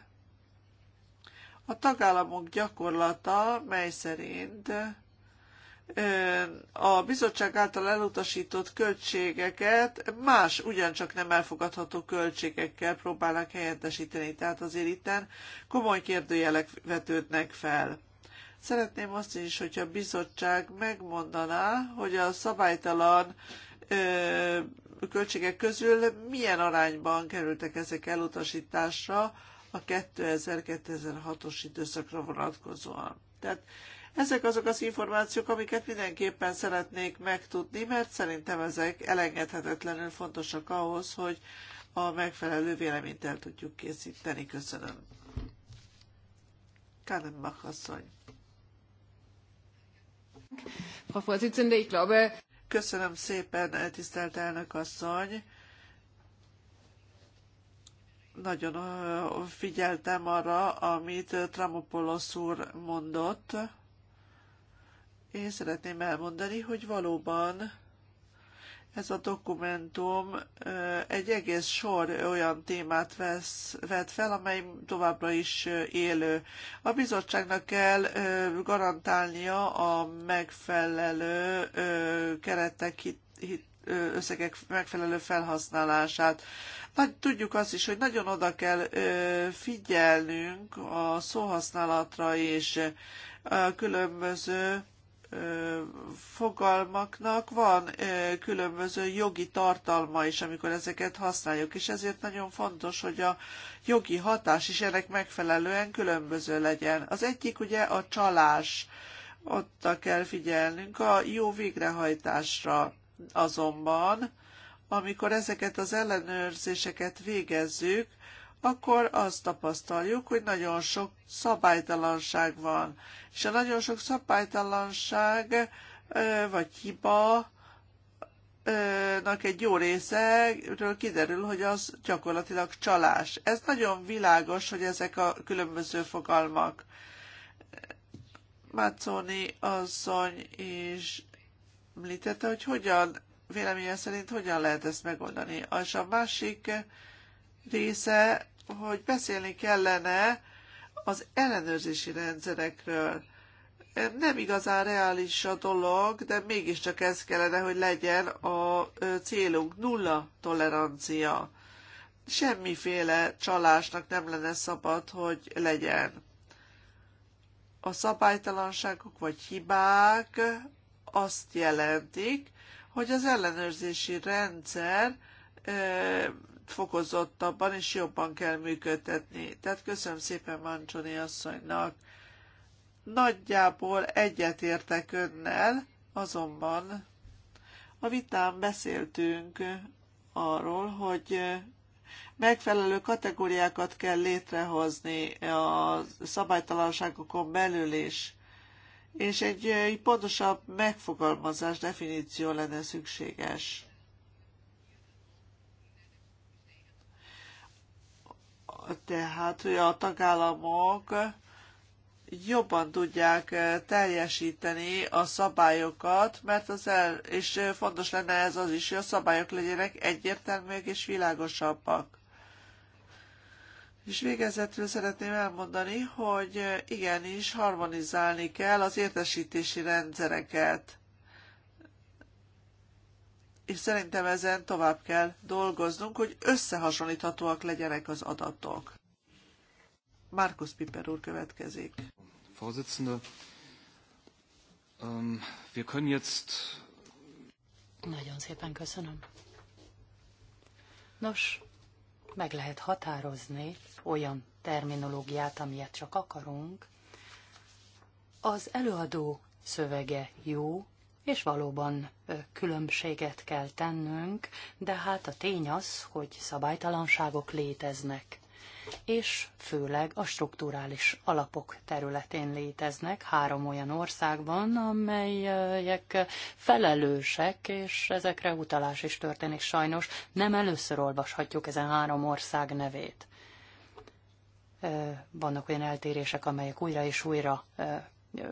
a tagállamok gyakorlata, mely szerint a bizottság által elutasított költségeket más, ugyancsak nem elfogadható költségekkel próbálnak helyettesíteni. Tehát azért itten komoly kérdőjelek vetődnek fel. Szeretném azt is, hogyha a bizottság megmondaná, hogy a szabálytalan költségek közül milyen arányban kerültek ezek elutasításra, a 2000-2006-os időszakra vonatkozóan. Tehát ezek azok az információk, amiket mindenképpen szeretnék megtudni, mert szerintem ezek elengedhetetlenül fontosak ahhoz, hogy a megfelelő véleményt el tudjuk készíteni. Köszönöm. Kálembach asszony. Frau Vorsitzende, Köszönöm szépen, tisztelt elnök asszony nagyon figyeltem arra, amit Tramopoulos úr mondott. Én szeretném elmondani, hogy valóban ez a dokumentum egy egész sor olyan témát vesz, vet fel, amely továbbra is élő. A bizottságnak kell garantálnia a megfelelő keretek hit összegek megfelelő felhasználását. Nagy, tudjuk azt is, hogy nagyon oda kell figyelnünk a szóhasználatra és a különböző fogalmaknak van különböző jogi tartalma is, amikor ezeket használjuk, és ezért nagyon fontos, hogy a jogi hatás is ennek megfelelően különböző legyen. Az egyik ugye a csalás, ott kell figyelnünk a jó végrehajtásra. Azonban, amikor ezeket az ellenőrzéseket végezzük, akkor azt tapasztaljuk, hogy nagyon sok szabálytalanság van. És a nagyon sok szabálytalanság vagy hiba nak egy jó részéről kiderül, hogy az gyakorlatilag csalás. Ez nagyon világos, hogy ezek a különböző fogalmak. Mácóni asszony is említette, hogy hogyan, véleménye szerint hogyan lehet ezt megoldani. És a másik része, hogy beszélni kellene az ellenőrzési rendszerekről. Nem igazán reális a dolog, de mégiscsak ez kellene, hogy legyen a célunk nulla tolerancia. Semmiféle csalásnak nem lenne szabad, hogy legyen. A szabálytalanságok vagy hibák azt jelentik, hogy az ellenőrzési rendszer fokozottabban és jobban kell működtetni. Tehát köszönöm szépen Mancsoni asszonynak. Nagyjából egyetértek önnel, azonban a vitán beszéltünk arról, hogy megfelelő kategóriákat kell létrehozni a szabálytalanságokon belül is és egy, egy pontosabb megfogalmazás, definíció lenne szükséges. Tehát, hogy a tagállamok jobban tudják teljesíteni a szabályokat, mert az el, és fontos lenne ez az is, hogy a szabályok legyenek egyértelműek és világosabbak. És végezetül szeretném elmondani, hogy igenis harmonizálni kell az értesítési rendszereket. És szerintem ezen tovább kell dolgoznunk, hogy összehasonlíthatóak legyenek az adatok. Markus Piper úr következik. Vorsitzende, um, wir können jetzt... Nagyon szépen köszönöm. Nos, meg lehet határozni olyan terminológiát, amilyet csak akarunk. Az előadó szövege jó, és valóban különbséget kell tennünk, de hát a tény az, hogy szabálytalanságok léteznek és főleg a strukturális alapok területén léteznek három olyan országban, amelyek felelősek, és ezekre utalás is történik sajnos. Nem először olvashatjuk ezen három ország nevét. Vannak olyan eltérések, amelyek újra és újra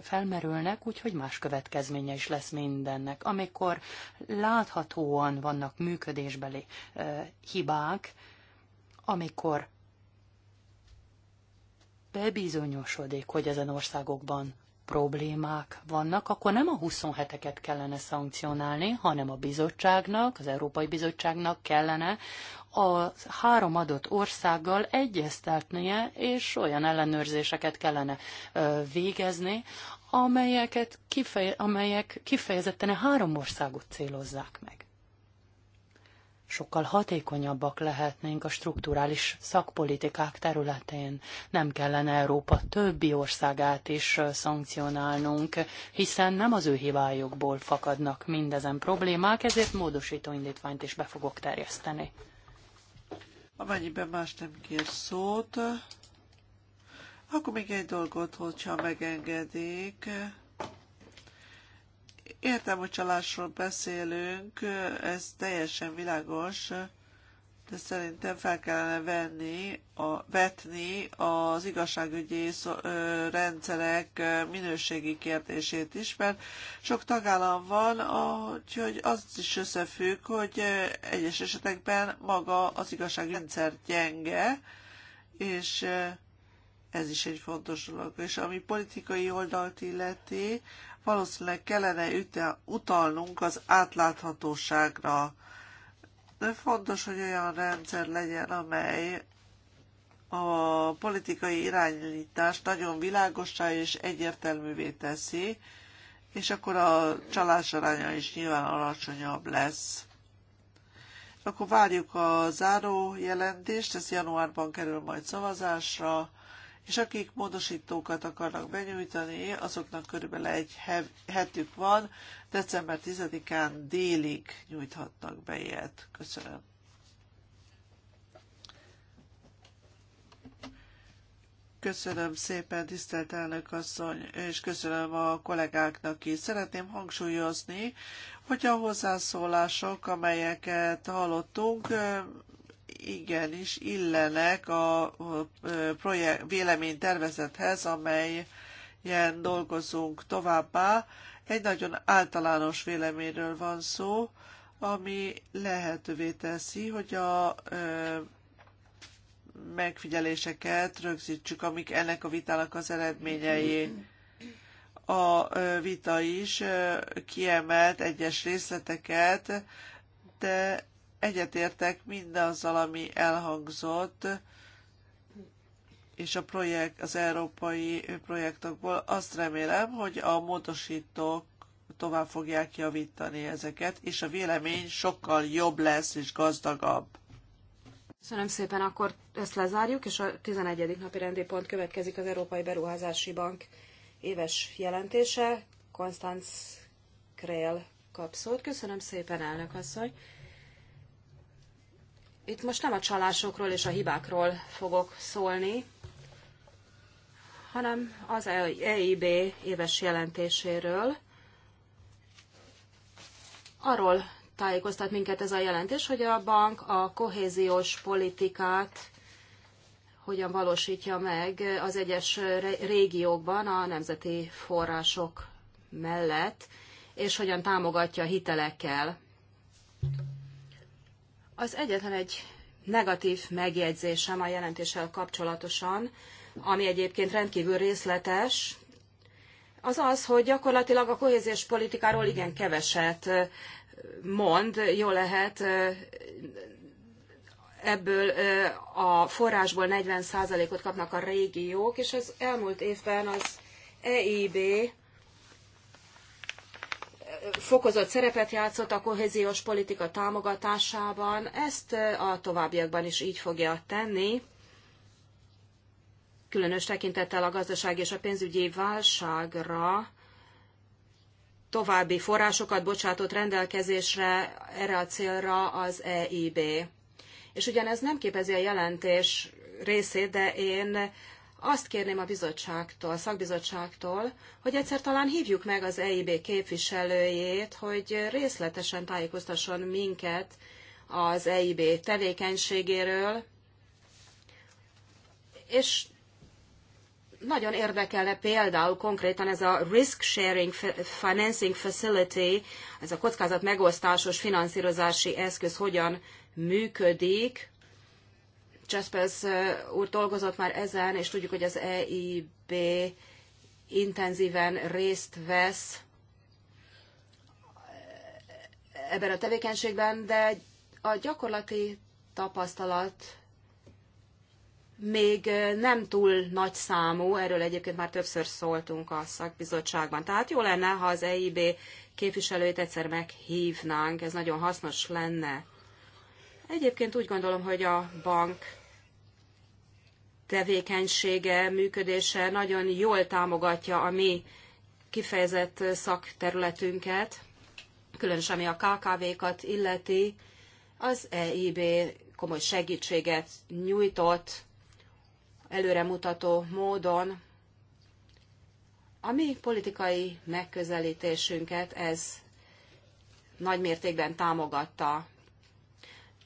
felmerülnek, úgyhogy más következménye is lesz mindennek. Amikor láthatóan vannak működésbeli hibák, amikor bebizonyosodik, hogy ezen országokban problémák vannak, akkor nem a 27-eket kellene szankcionálni, hanem a bizottságnak, az Európai Bizottságnak kellene a három adott országgal egyeztetnie, és olyan ellenőrzéseket kellene végezni, amelyeket kifeje, amelyek kifejezetten a három országot célozzák meg sokkal hatékonyabbak lehetnénk a strukturális szakpolitikák területén. Nem kellene Európa többi országát is szankcionálnunk, hiszen nem az ő hibájukból fakadnak mindezen problémák, ezért módosító indítványt is be fogok terjeszteni. Amennyiben más nem kér szót, akkor még egy dolgot, hogyha megengedik. Értem, hogy csalásról beszélünk, ez teljesen világos, de szerintem fel kellene venni, a, vetni az igazságügyi rendszerek minőségi kérdését is, mert sok tagállam van, úgyhogy az is összefügg, hogy egyes esetekben maga az igazságügyi rendszer gyenge, és ez is egy fontos dolog. És ami politikai oldalt illeti, valószínűleg kellene utalnunk az átláthatóságra. De fontos, hogy olyan rendszer legyen, amely a politikai irányítást nagyon világossá és egyértelművé teszi, és akkor a csalás aránya is nyilván alacsonyabb lesz. Akkor várjuk a záró jelentést, ez januárban kerül majd szavazásra, és akik módosítókat akarnak benyújtani, azoknak körülbelül egy hetük van, december 10-án délig nyújthatnak be ilyet. Köszönöm. Köszönöm szépen, tisztelt elnök asszony, és köszönöm a kollégáknak is. Szeretném hangsúlyozni, hogy a hozzászólások, amelyeket hallottunk, igenis illenek a projekt véleménytervezethez, amelyen dolgozunk továbbá. Egy nagyon általános véleményről van szó, ami lehetővé teszi, hogy a megfigyeléseket rögzítsük, amik ennek a vitának az eredményei. A vita is kiemelt egyes részleteket, de egyetértek mindazzal, ami elhangzott, és a projekt, az európai projektokból azt remélem, hogy a módosítók tovább fogják javítani ezeket, és a vélemény sokkal jobb lesz és gazdagabb. Köszönöm szépen, akkor ezt lezárjuk, és a 11. napi rendi pont következik az Európai Beruházási Bank éves jelentése. Konstanz Krél kapszót. Köszönöm szépen, elnök asszony. Itt most nem a csalásokról és a hibákról fogok szólni, hanem az EIB éves jelentéséről. Arról tájékoztat minket ez a jelentés, hogy a bank a kohéziós politikát hogyan valósítja meg az egyes régiókban a nemzeti források mellett, és hogyan támogatja hitelekkel az egyetlen egy negatív megjegyzésem a jelentéssel kapcsolatosan, ami egyébként rendkívül részletes, az az, hogy gyakorlatilag a kohéziós politikáról igen keveset mond, jó lehet, ebből a forrásból 40%-ot kapnak a régiók, és az elmúlt évben az EIB fokozott szerepet játszott a kohéziós politika támogatásában, ezt a továbbiakban is így fogja tenni, különös tekintettel a gazdaság és a pénzügyi válságra további forrásokat bocsátott rendelkezésre erre a célra az EIB. És ugyanez nem képezi a jelentés részét, de én azt kérném a bizottságtól, a szakbizottságtól, hogy egyszer talán hívjuk meg az EIB képviselőjét, hogy részletesen tájékoztasson minket az EIB tevékenységéről, és nagyon érdekelne például konkrétan ez a Risk Sharing Financing Facility, ez a kockázat megosztásos finanszírozási eszköz hogyan működik, Jaspers úr dolgozott már ezen, és tudjuk, hogy az EIB intenzíven részt vesz ebben a tevékenységben, de a gyakorlati tapasztalat még nem túl nagy számú, erről egyébként már többször szóltunk a szakbizottságban. Tehát jó lenne, ha az EIB képviselőit egyszer meghívnánk, ez nagyon hasznos lenne. Egyébként úgy gondolom, hogy a bank tevékenysége, működése nagyon jól támogatja a mi kifejezett szakterületünket, különösen ami a KKV-kat illeti, az EIB komoly segítséget nyújtott előremutató módon. A mi politikai megközelítésünket ez nagy mértékben támogatta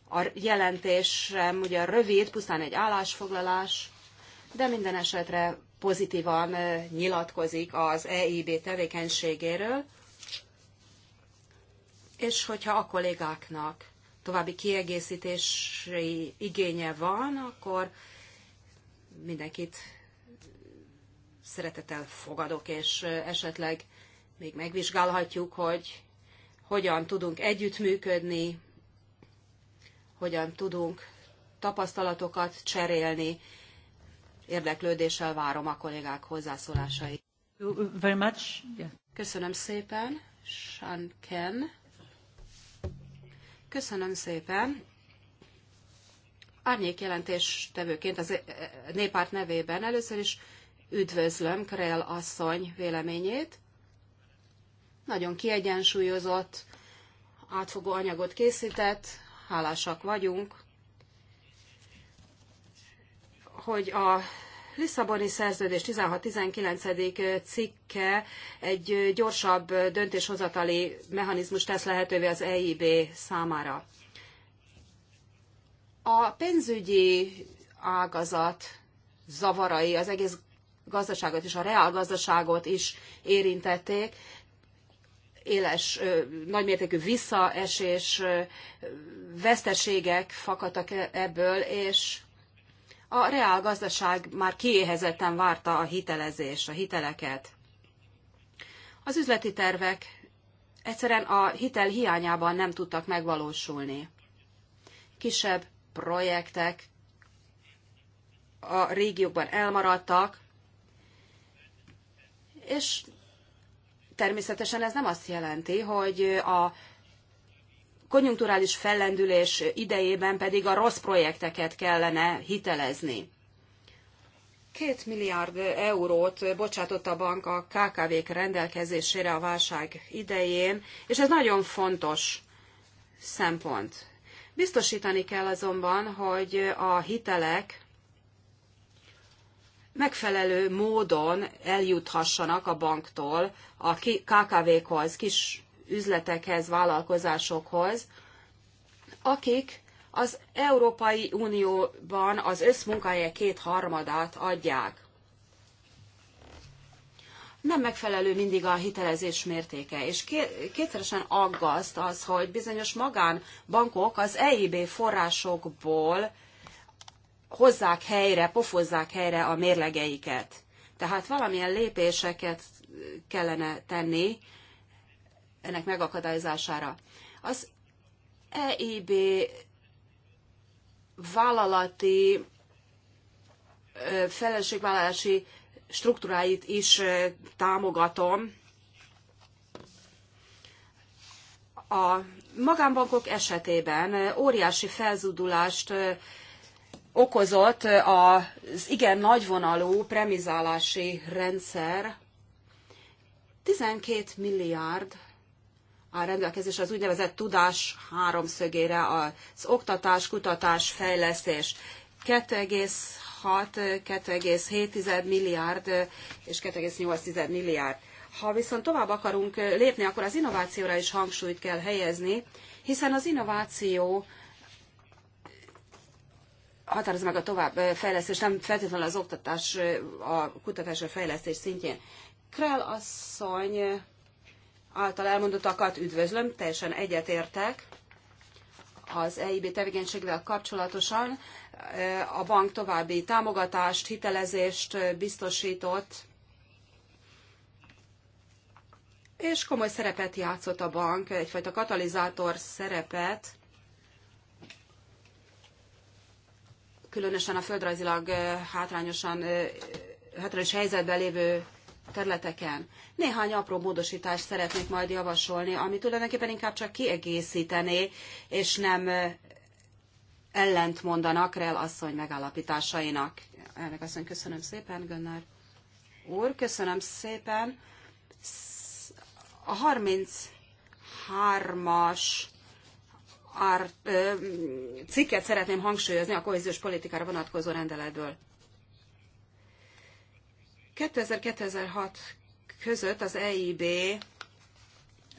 a jelentésem ugye rövid, pusztán egy állásfoglalás, de minden esetre pozitívan nyilatkozik az EIB tevékenységéről, és hogyha a kollégáknak további kiegészítési igénye van, akkor mindenkit szeretettel fogadok, és esetleg még megvizsgálhatjuk, hogy hogyan tudunk együttműködni hogyan tudunk tapasztalatokat cserélni. Érdeklődéssel várom a kollégák hozzászólásait. Very much. Yeah. Köszönöm szépen, Sean Ken. Köszönöm szépen. Árnyék jelentéstevőként az népárt nevében először is üdvözlöm Krell asszony véleményét. Nagyon kiegyensúlyozott, átfogó anyagot készített, hálásak vagyunk, hogy a Lisszaboni szerződés 16-19. cikke egy gyorsabb döntéshozatali mechanizmus tesz lehetővé az EIB számára. A pénzügyi ágazat zavarai az egész gazdaságot és a reálgazdaságot is érintették, éles, nagymértékű visszaesés, veszteségek fakadtak e- ebből, és a reál gazdaság már kiéhezetten várta a hitelezés, a hiteleket. Az üzleti tervek egyszerűen a hitel hiányában nem tudtak megvalósulni. Kisebb projektek a régióban elmaradtak, és Természetesen ez nem azt jelenti, hogy a konjunkturális fellendülés idejében pedig a rossz projekteket kellene hitelezni. Két milliárd eurót bocsátott a bank a KKV-k rendelkezésére a válság idején, és ez nagyon fontos szempont. Biztosítani kell azonban, hogy a hitelek megfelelő módon eljuthassanak a banktól a KKV-khoz, kis üzletekhez, vállalkozásokhoz, akik az Európai Unióban az összmunkahelyek kétharmadát adják. Nem megfelelő mindig a hitelezés mértéke, és kétszeresen aggaszt az, hogy bizonyos magánbankok az EIB forrásokból hozzák helyre, pofozzák helyre a mérlegeiket. Tehát valamilyen lépéseket kellene tenni ennek megakadályozására. Az EIB vállalati felelősségvállalási struktúráit is támogatom. A magánbankok esetében óriási felzudulást okozott az igen nagyvonalú premizálási rendszer. 12 milliárd a rendelkezés az úgynevezett tudás háromszögére, az oktatás, kutatás, fejlesztés. 2,6, 2,7 milliárd és 2,8 milliárd. Ha viszont tovább akarunk lépni, akkor az innovációra is hangsúlyt kell helyezni, hiszen az innováció határozza meg a fejlesztés, nem feltétlenül az oktatás, a kutatás, a fejlesztés szintjén. Krell asszony által elmondottakat üdvözlöm, teljesen egyetértek az EIB tevékenységvel kapcsolatosan. A bank további támogatást, hitelezést biztosított, és komoly szerepet játszott a bank, egyfajta katalizátor szerepet különösen a földrajzilag hátrányosan hátrányos helyzetben lévő területeken. Néhány apró módosítást szeretnék majd javasolni, ami tulajdonképpen inkább csak kiegészítené, és nem ellent mondanak Rel asszony megállapításainak. Elnök asszony, köszönöm szépen, Gönnár úr, köszönöm szépen. A 33-as ár, ö, cikket szeretném hangsúlyozni a kohéziós politikára vonatkozó rendeletből. 2000-2006 között az EIB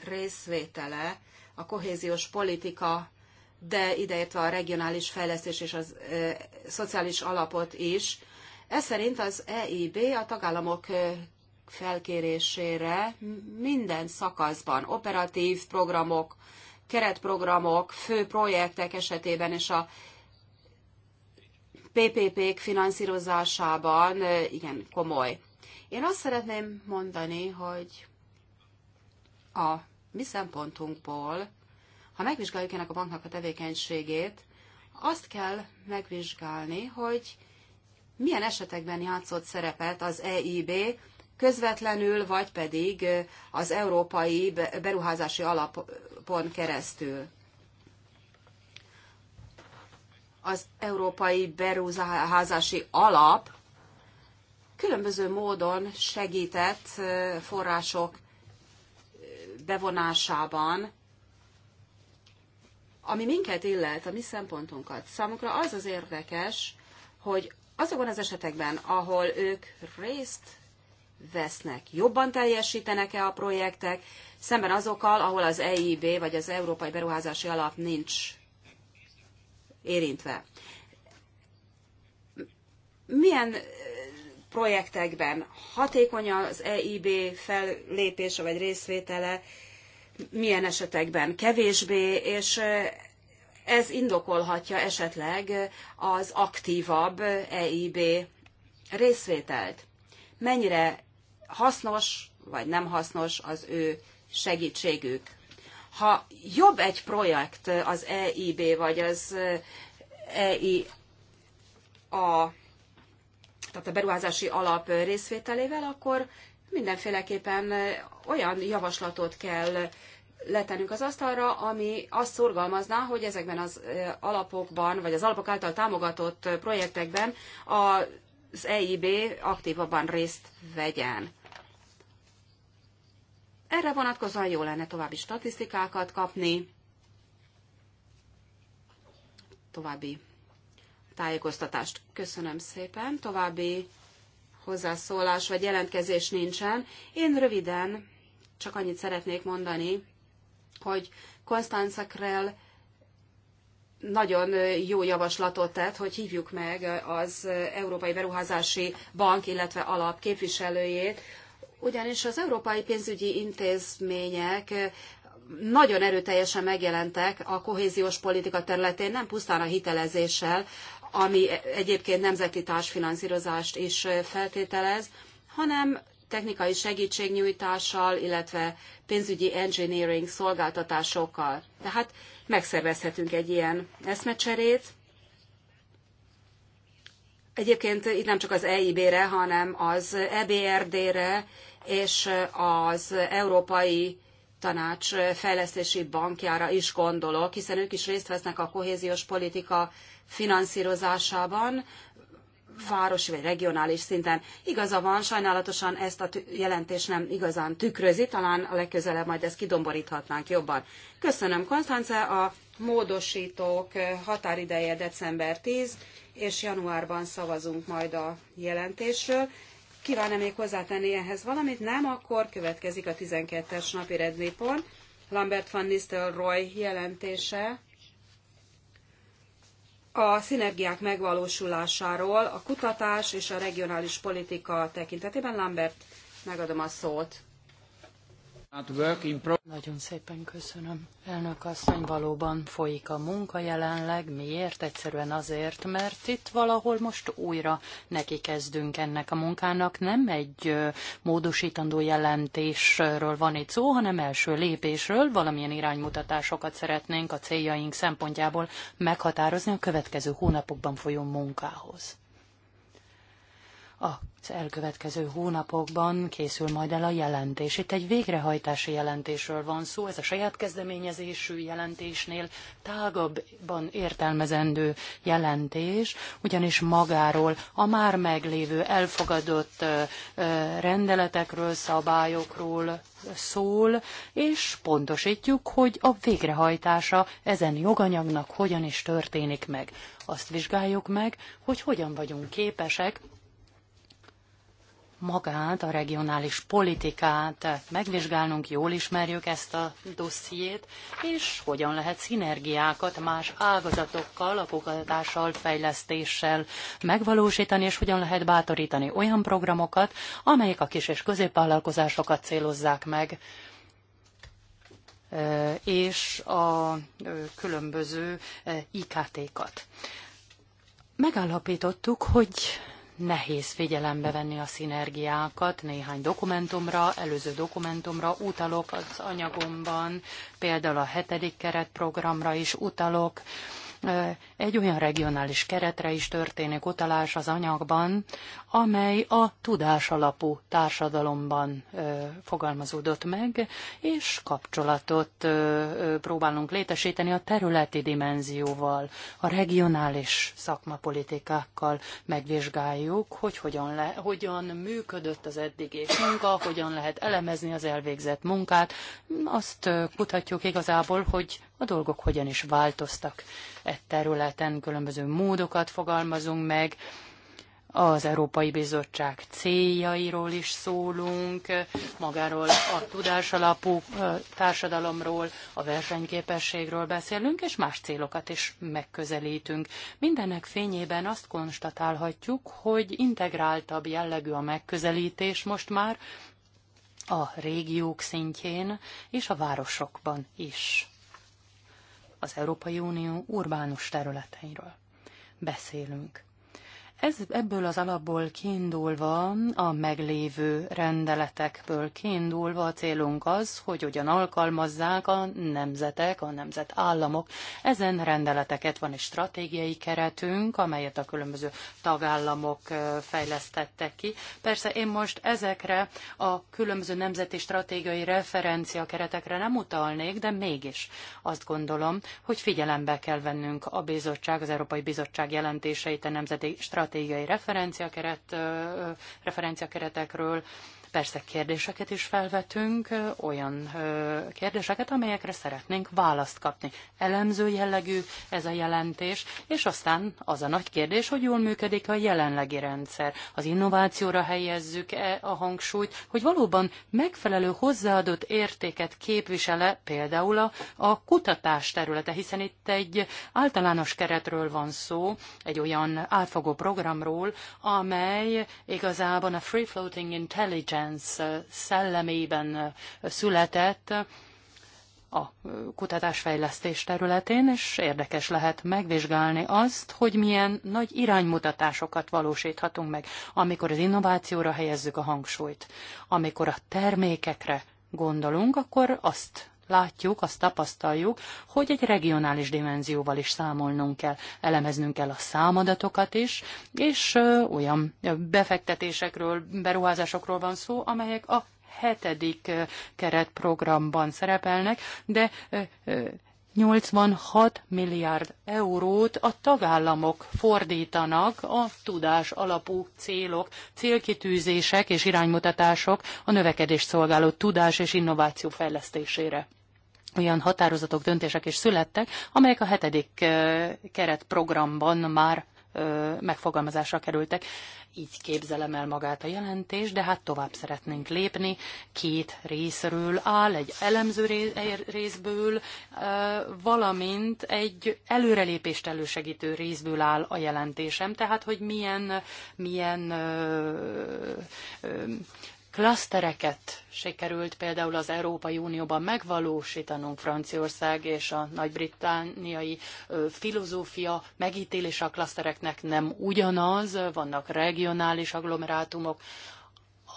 részvétele a kohéziós politika, de ideértve a regionális fejlesztés és az ö, szociális alapot is. Ez szerint az EIB a tagállamok felkérésére minden szakaszban, operatív programok, keretprogramok, fő projektek esetében és a PPP-k finanszírozásában igen komoly. Én azt szeretném mondani, hogy a mi szempontunkból, ha megvizsgáljuk ennek a banknak a tevékenységét, azt kell megvizsgálni, hogy milyen esetekben játszott szerepet az EIB, közvetlenül, vagy pedig az Európai Beruházási Alap honlapon keresztül. Az Európai Beruházási Alap különböző módon segített források bevonásában, ami minket illet, a mi szempontunkat. Számukra az az érdekes, hogy azokon az esetekben, ahol ők részt vesznek, jobban teljesítenek-e a projektek, szemben azokkal, ahol az EIB vagy az Európai Beruházási Alap nincs érintve. Milyen projektekben hatékony az EIB fellépése vagy részvétele, milyen esetekben kevésbé, és ez indokolhatja esetleg az aktívabb EIB részvételt. Mennyire hasznos vagy nem hasznos az ő segítségük. Ha jobb egy projekt az EIB vagy az EI a, tehát a beruházási alap részvételével, akkor mindenféleképpen olyan javaslatot kell letennünk az asztalra, ami azt szorgalmazná, hogy ezekben az alapokban, vagy az alapok által támogatott projektekben az EIB aktívabban részt vegyen. Erre vonatkozóan jó lenne további statisztikákat kapni, további tájékoztatást. Köszönöm szépen, további hozzászólás vagy jelentkezés nincsen. Én röviden csak annyit szeretnék mondani, hogy Konstanza Krell nagyon jó javaslatot tett, hogy hívjuk meg az Európai Beruházási Bank, illetve alap képviselőjét, ugyanis az európai pénzügyi intézmények eh, nagyon erőteljesen megjelentek a kohéziós politika területén, nem pusztán a hitelezéssel, ami egyébként nemzeti társfinanszírozást is eh, feltételez, hanem technikai segítségnyújtással, illetve pénzügyi engineering szolgáltatásokkal. Tehát megszervezhetünk egy ilyen eszmecserét. Egyébként itt nem csak az EIB-re, hanem az EBRD-re és az Európai Tanács Fejlesztési Bankjára is gondolok, hiszen ők is részt vesznek a kohéziós politika finanszírozásában, városi vagy regionális szinten. Igaza van, sajnálatosan ezt a jelentés nem igazán tükrözi, talán a legközelebb majd ezt kidomboríthatnánk jobban. Köszönöm, Konstance, a módosítók határideje december 10, és januárban szavazunk majd a jelentésről. Kíván-e még hozzátenni ehhez valamit? Nem, akkor következik a 12-es napi rednépon. Lambert van Nistelrooy jelentése a szinergiák megvalósulásáról a kutatás és a regionális politika tekintetében. Lambert, megadom a szót. Nagyon szépen köszönöm. Elnök asszony, valóban folyik a munka jelenleg. Miért? Egyszerűen azért, mert itt valahol most újra neki kezdünk ennek a munkának. Nem egy módosítandó jelentésről van itt szó, hanem első lépésről. Valamilyen iránymutatásokat szeretnénk a céljaink szempontjából meghatározni a következő hónapokban folyó munkához az elkövetkező hónapokban készül majd el a jelentés. Itt egy végrehajtási jelentésről van szó, ez a saját kezdeményezésű jelentésnél tágabban értelmezendő jelentés, ugyanis magáról a már meglévő elfogadott rendeletekről, szabályokról szól, és pontosítjuk, hogy a végrehajtása ezen joganyagnak hogyan is történik meg. Azt vizsgáljuk meg, hogy hogyan vagyunk képesek magát, a regionális politikát megvizsgálnunk, jól ismerjük ezt a dossziét, és hogyan lehet szinergiákat más ágazatokkal, a kutatással, fejlesztéssel megvalósítani, és hogyan lehet bátorítani olyan programokat, amelyek a kis és középvállalkozásokat célozzák meg és a különböző IKT-kat. Megállapítottuk, hogy nehéz figyelembe venni a szinergiákat. Néhány dokumentumra, előző dokumentumra utalok az anyagomban, például a hetedik keretprogramra is utalok egy olyan regionális keretre is történik utalás az anyagban, amely a alapú társadalomban fogalmazódott meg, és kapcsolatot próbálunk létesíteni a területi dimenzióval, a regionális szakmapolitikákkal megvizsgáljuk, hogy hogyan, le, hogyan működött az eddigi munka, hogyan lehet elemezni az elvégzett munkát. Azt kutatjuk igazából, hogy a dolgok hogyan is változtak e területen, különböző módokat fogalmazunk meg, az Európai Bizottság céljairól is szólunk, magáról a tudásalapú társadalomról, a versenyképességről beszélünk, és más célokat is megközelítünk. Mindennek fényében azt konstatálhatjuk, hogy integráltabb jellegű a megközelítés most már a régiók szintjén és a városokban is az Európai Unió urbánus területeiről beszélünk. Ez, ebből az alapból kiindulva, a meglévő rendeletekből kiindulva a célunk az, hogy ugyan alkalmazzák a nemzetek, a nemzetállamok. Ezen rendeleteket van egy stratégiai keretünk, amelyet a különböző tagállamok fejlesztettek ki. Persze én most ezekre a különböző nemzeti stratégiai referencia keretekre nem utalnék, de mégis azt gondolom, hogy figyelembe kell vennünk a bizottság, az Európai Bizottság jelentéseit a nemzeti stratégiai stratégiai referenciakeret, referenciakeretekről, Persze kérdéseket is felvetünk, olyan kérdéseket, amelyekre szeretnénk választ kapni. Elemző jellegű ez a jelentés, és aztán az a nagy kérdés, hogy jól működik a jelenlegi rendszer. Az innovációra helyezzük-e a hangsúlyt, hogy valóban megfelelő hozzáadott értéket képvisele például a, a kutatás területe, hiszen itt egy általános keretről van szó, egy olyan átfogó programról, amely igazából a Free Floating Intelligence Konvergenc szellemében született a kutatásfejlesztés területén, és érdekes lehet megvizsgálni azt, hogy milyen nagy iránymutatásokat valósíthatunk meg, amikor az innovációra helyezzük a hangsúlyt, amikor a termékekre gondolunk, akkor azt látjuk, azt tapasztaljuk, hogy egy regionális dimenzióval is számolnunk kell, elemeznünk kell a számadatokat is, és olyan befektetésekről, beruházásokról van szó, amelyek a hetedik keretprogramban szerepelnek, de 86 milliárd eurót a tagállamok fordítanak a tudás alapú célok, célkitűzések és iránymutatások a növekedés szolgáló tudás és innováció fejlesztésére olyan határozatok, döntések is születtek, amelyek a hetedik keretprogramban már megfogalmazásra kerültek. Így képzelem el magát a jelentés, de hát tovább szeretnénk lépni. Két részről áll, egy elemző részből, valamint egy előrelépést elősegítő részből áll a jelentésem, tehát hogy milyen, milyen klasztereket sikerült például az Európai Unióban megvalósítanunk Franciaország és a nagy-britániai filozófia megítélése a klasztereknek nem ugyanaz, vannak regionális agglomerátumok,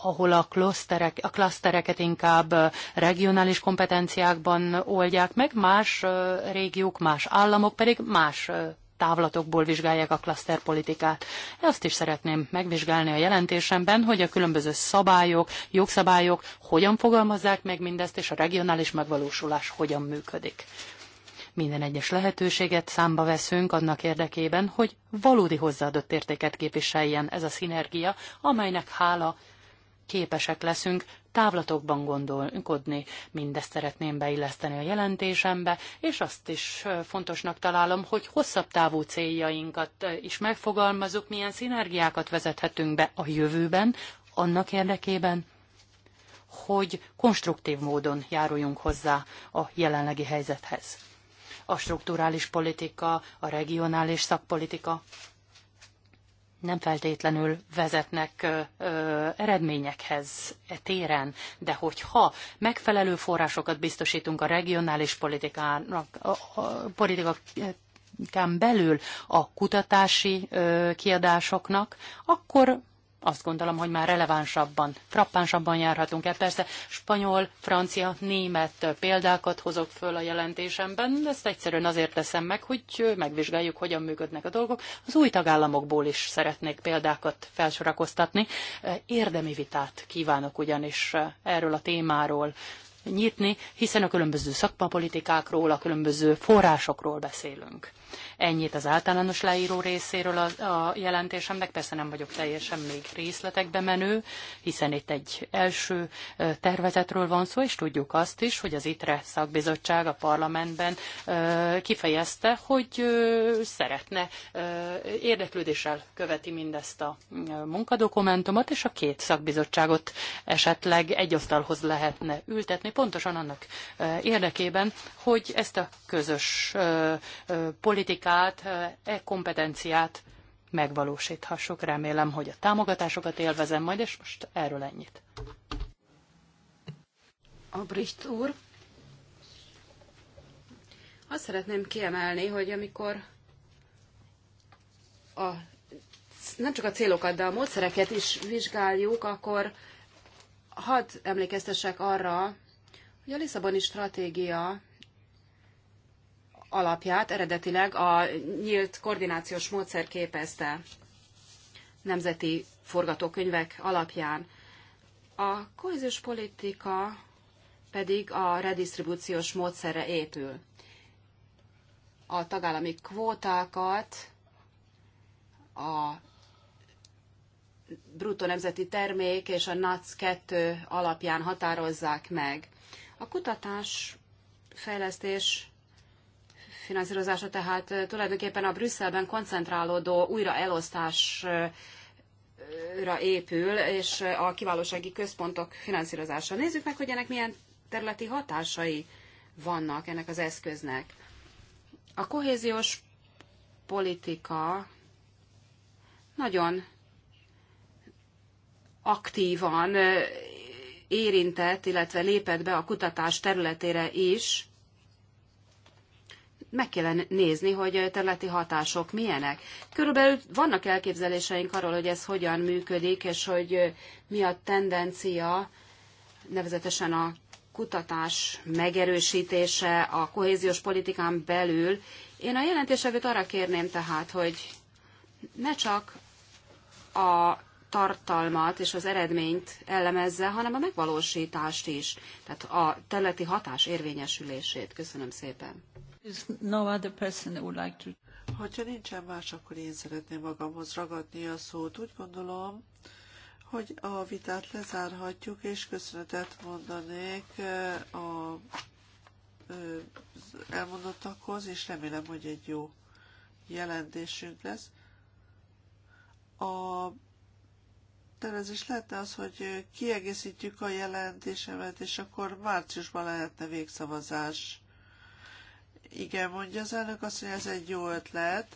ahol a, klaszterek, a klasztereket inkább regionális kompetenciákban oldják meg, más régiók, más államok pedig más távlatokból vizsgálják a klaszterpolitikát. Azt is szeretném megvizsgálni a jelentésemben, hogy a különböző szabályok, jogszabályok hogyan fogalmazzák meg mindezt, és a regionális megvalósulás hogyan működik. Minden egyes lehetőséget számba veszünk annak érdekében, hogy valódi hozzáadott értéket képviseljen ez a szinergia, amelynek hála képesek leszünk távlatokban gondolkodni. Mindezt szeretném beilleszteni a jelentésembe, és azt is fontosnak találom, hogy hosszabb távú céljainkat is megfogalmazunk, milyen szinergiákat vezethetünk be a jövőben, annak érdekében, hogy konstruktív módon járuljunk hozzá a jelenlegi helyzethez. A strukturális politika, a regionális szakpolitika nem feltétlenül vezetnek ö, ö, eredményekhez e téren, de hogyha megfelelő forrásokat biztosítunk a regionális politikának, a, a politika belül a kutatási ö, kiadásoknak, akkor azt gondolom, hogy már relevánsabban, frappánsabban járhatunk el. Persze spanyol, francia, német példákat hozok föl a jelentésemben, de ezt egyszerűen azért teszem meg, hogy megvizsgáljuk, hogyan működnek a dolgok. Az új tagállamokból is szeretnék példákat felsorakoztatni. Érdemi vitát kívánok ugyanis erről a témáról nyitni, hiszen a különböző szakmapolitikákról, a különböző forrásokról beszélünk. Ennyit az általános leíró részéről a, a jelentésemnek. Persze nem vagyok teljesen még részletekbe menő, hiszen itt egy első tervezetről van szó, és tudjuk azt is, hogy az ITRE szakbizottság a parlamentben kifejezte, hogy szeretne érdeklődéssel követi mindezt a munkadokumentumot, és a két szakbizottságot esetleg egy asztalhoz lehetne ültetni, pontosan annak érdekében, hogy ezt a közös politikai politikát, e kompetenciát megvalósíthassuk. Remélem, hogy a támogatásokat élvezem majd, és most erről ennyit. Abricht úr, azt szeretném kiemelni, hogy amikor a, nem csak a célokat, de a módszereket is vizsgáljuk, akkor hadd emlékeztessek arra, hogy a Lisszaboni stratégia alapját eredetileg a nyílt koordinációs módszer képezte nemzeti forgatókönyvek alapján. A kohéziós politika pedig a redistribúciós módszerre épül. A tagállami kvótákat a bruttó nemzeti termék és a NAC 2 alapján határozzák meg. A kutatás fejlesztés finanszírozása, tehát tulajdonképpen a Brüsszelben koncentrálódó újraelosztásra épül, és a kiválósági központok finanszírozása. Nézzük meg, hogy ennek milyen területi hatásai vannak ennek az eszköznek. A kohéziós politika nagyon aktívan érintett, illetve lépett be a kutatás területére is, meg kellene nézni, hogy területi hatások milyenek. Körülbelül vannak elképzeléseink arról, hogy ez hogyan működik, és hogy mi a tendencia, nevezetesen a kutatás megerősítése a kohéziós politikán belül. Én a jelentésevőt arra kérném tehát, hogy ne csak a tartalmat és az eredményt elemezze, hanem a megvalósítást is, tehát a területi hatás érvényesülését. Köszönöm szépen. Hogyha nincsen más, akkor én szeretném magamhoz ragadni a szót. Úgy gondolom, hogy a vitát lezárhatjuk, és köszönetet mondanék a elmondottakhoz, és remélem, hogy egy jó jelentésünk lesz. A tervezés lehetne az, hogy kiegészítjük a jelentésemet, és akkor márciusban lehetne végszavazás. Igen, mondja az elnök azt, hogy ez egy jó ötlet.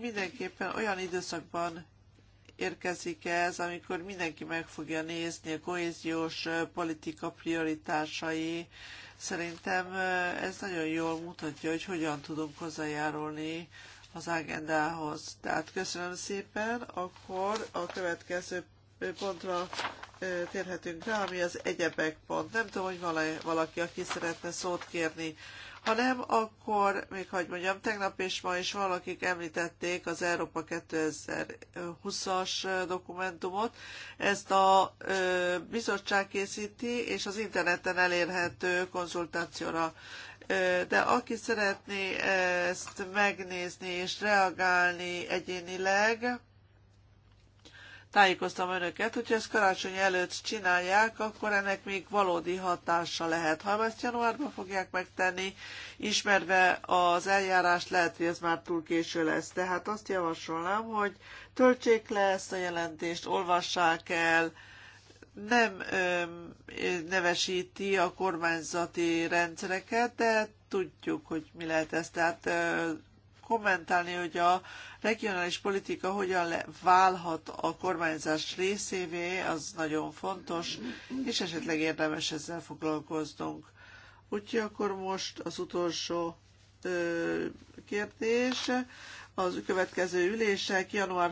Mindenképpen olyan időszakban érkezik ez, amikor mindenki meg fogja nézni a kohéziós politika prioritásai. Szerintem ez nagyon jól mutatja, hogy hogyan tudunk hozzájárulni az agendához. Tehát köszönöm szépen, akkor a következő pontra térhetünk rá, ami az egyebek pont. Nem tudom, hogy valaki, aki szeretne szót kérni. Ha nem, akkor még hagyd mondjam, tegnap és ma is valakik említették az Európa 2020-as dokumentumot. Ezt a bizottság készíti, és az interneten elérhető konzultációra de aki szeretné ezt megnézni és reagálni egyénileg, tájékoztam önöket, hogyha ezt karácsony előtt csinálják, akkor ennek még valódi hatása lehet. Ha ezt januárban fogják megtenni, ismerve az eljárást, lehet, hogy ez már túl késő lesz. Tehát azt javasolnám, hogy töltsék le ezt a jelentést, olvassák el, nem ö, nevesíti a kormányzati rendszereket, de tudjuk, hogy mi lehet ez. Tehát ö, kommentálni, hogy a regionális politika hogyan le, válhat a kormányzás részévé, az nagyon fontos, és esetleg érdemes ezzel foglalkoznunk. Úgyhogy akkor most az utolsó ö, kérdés. Az következő ülések január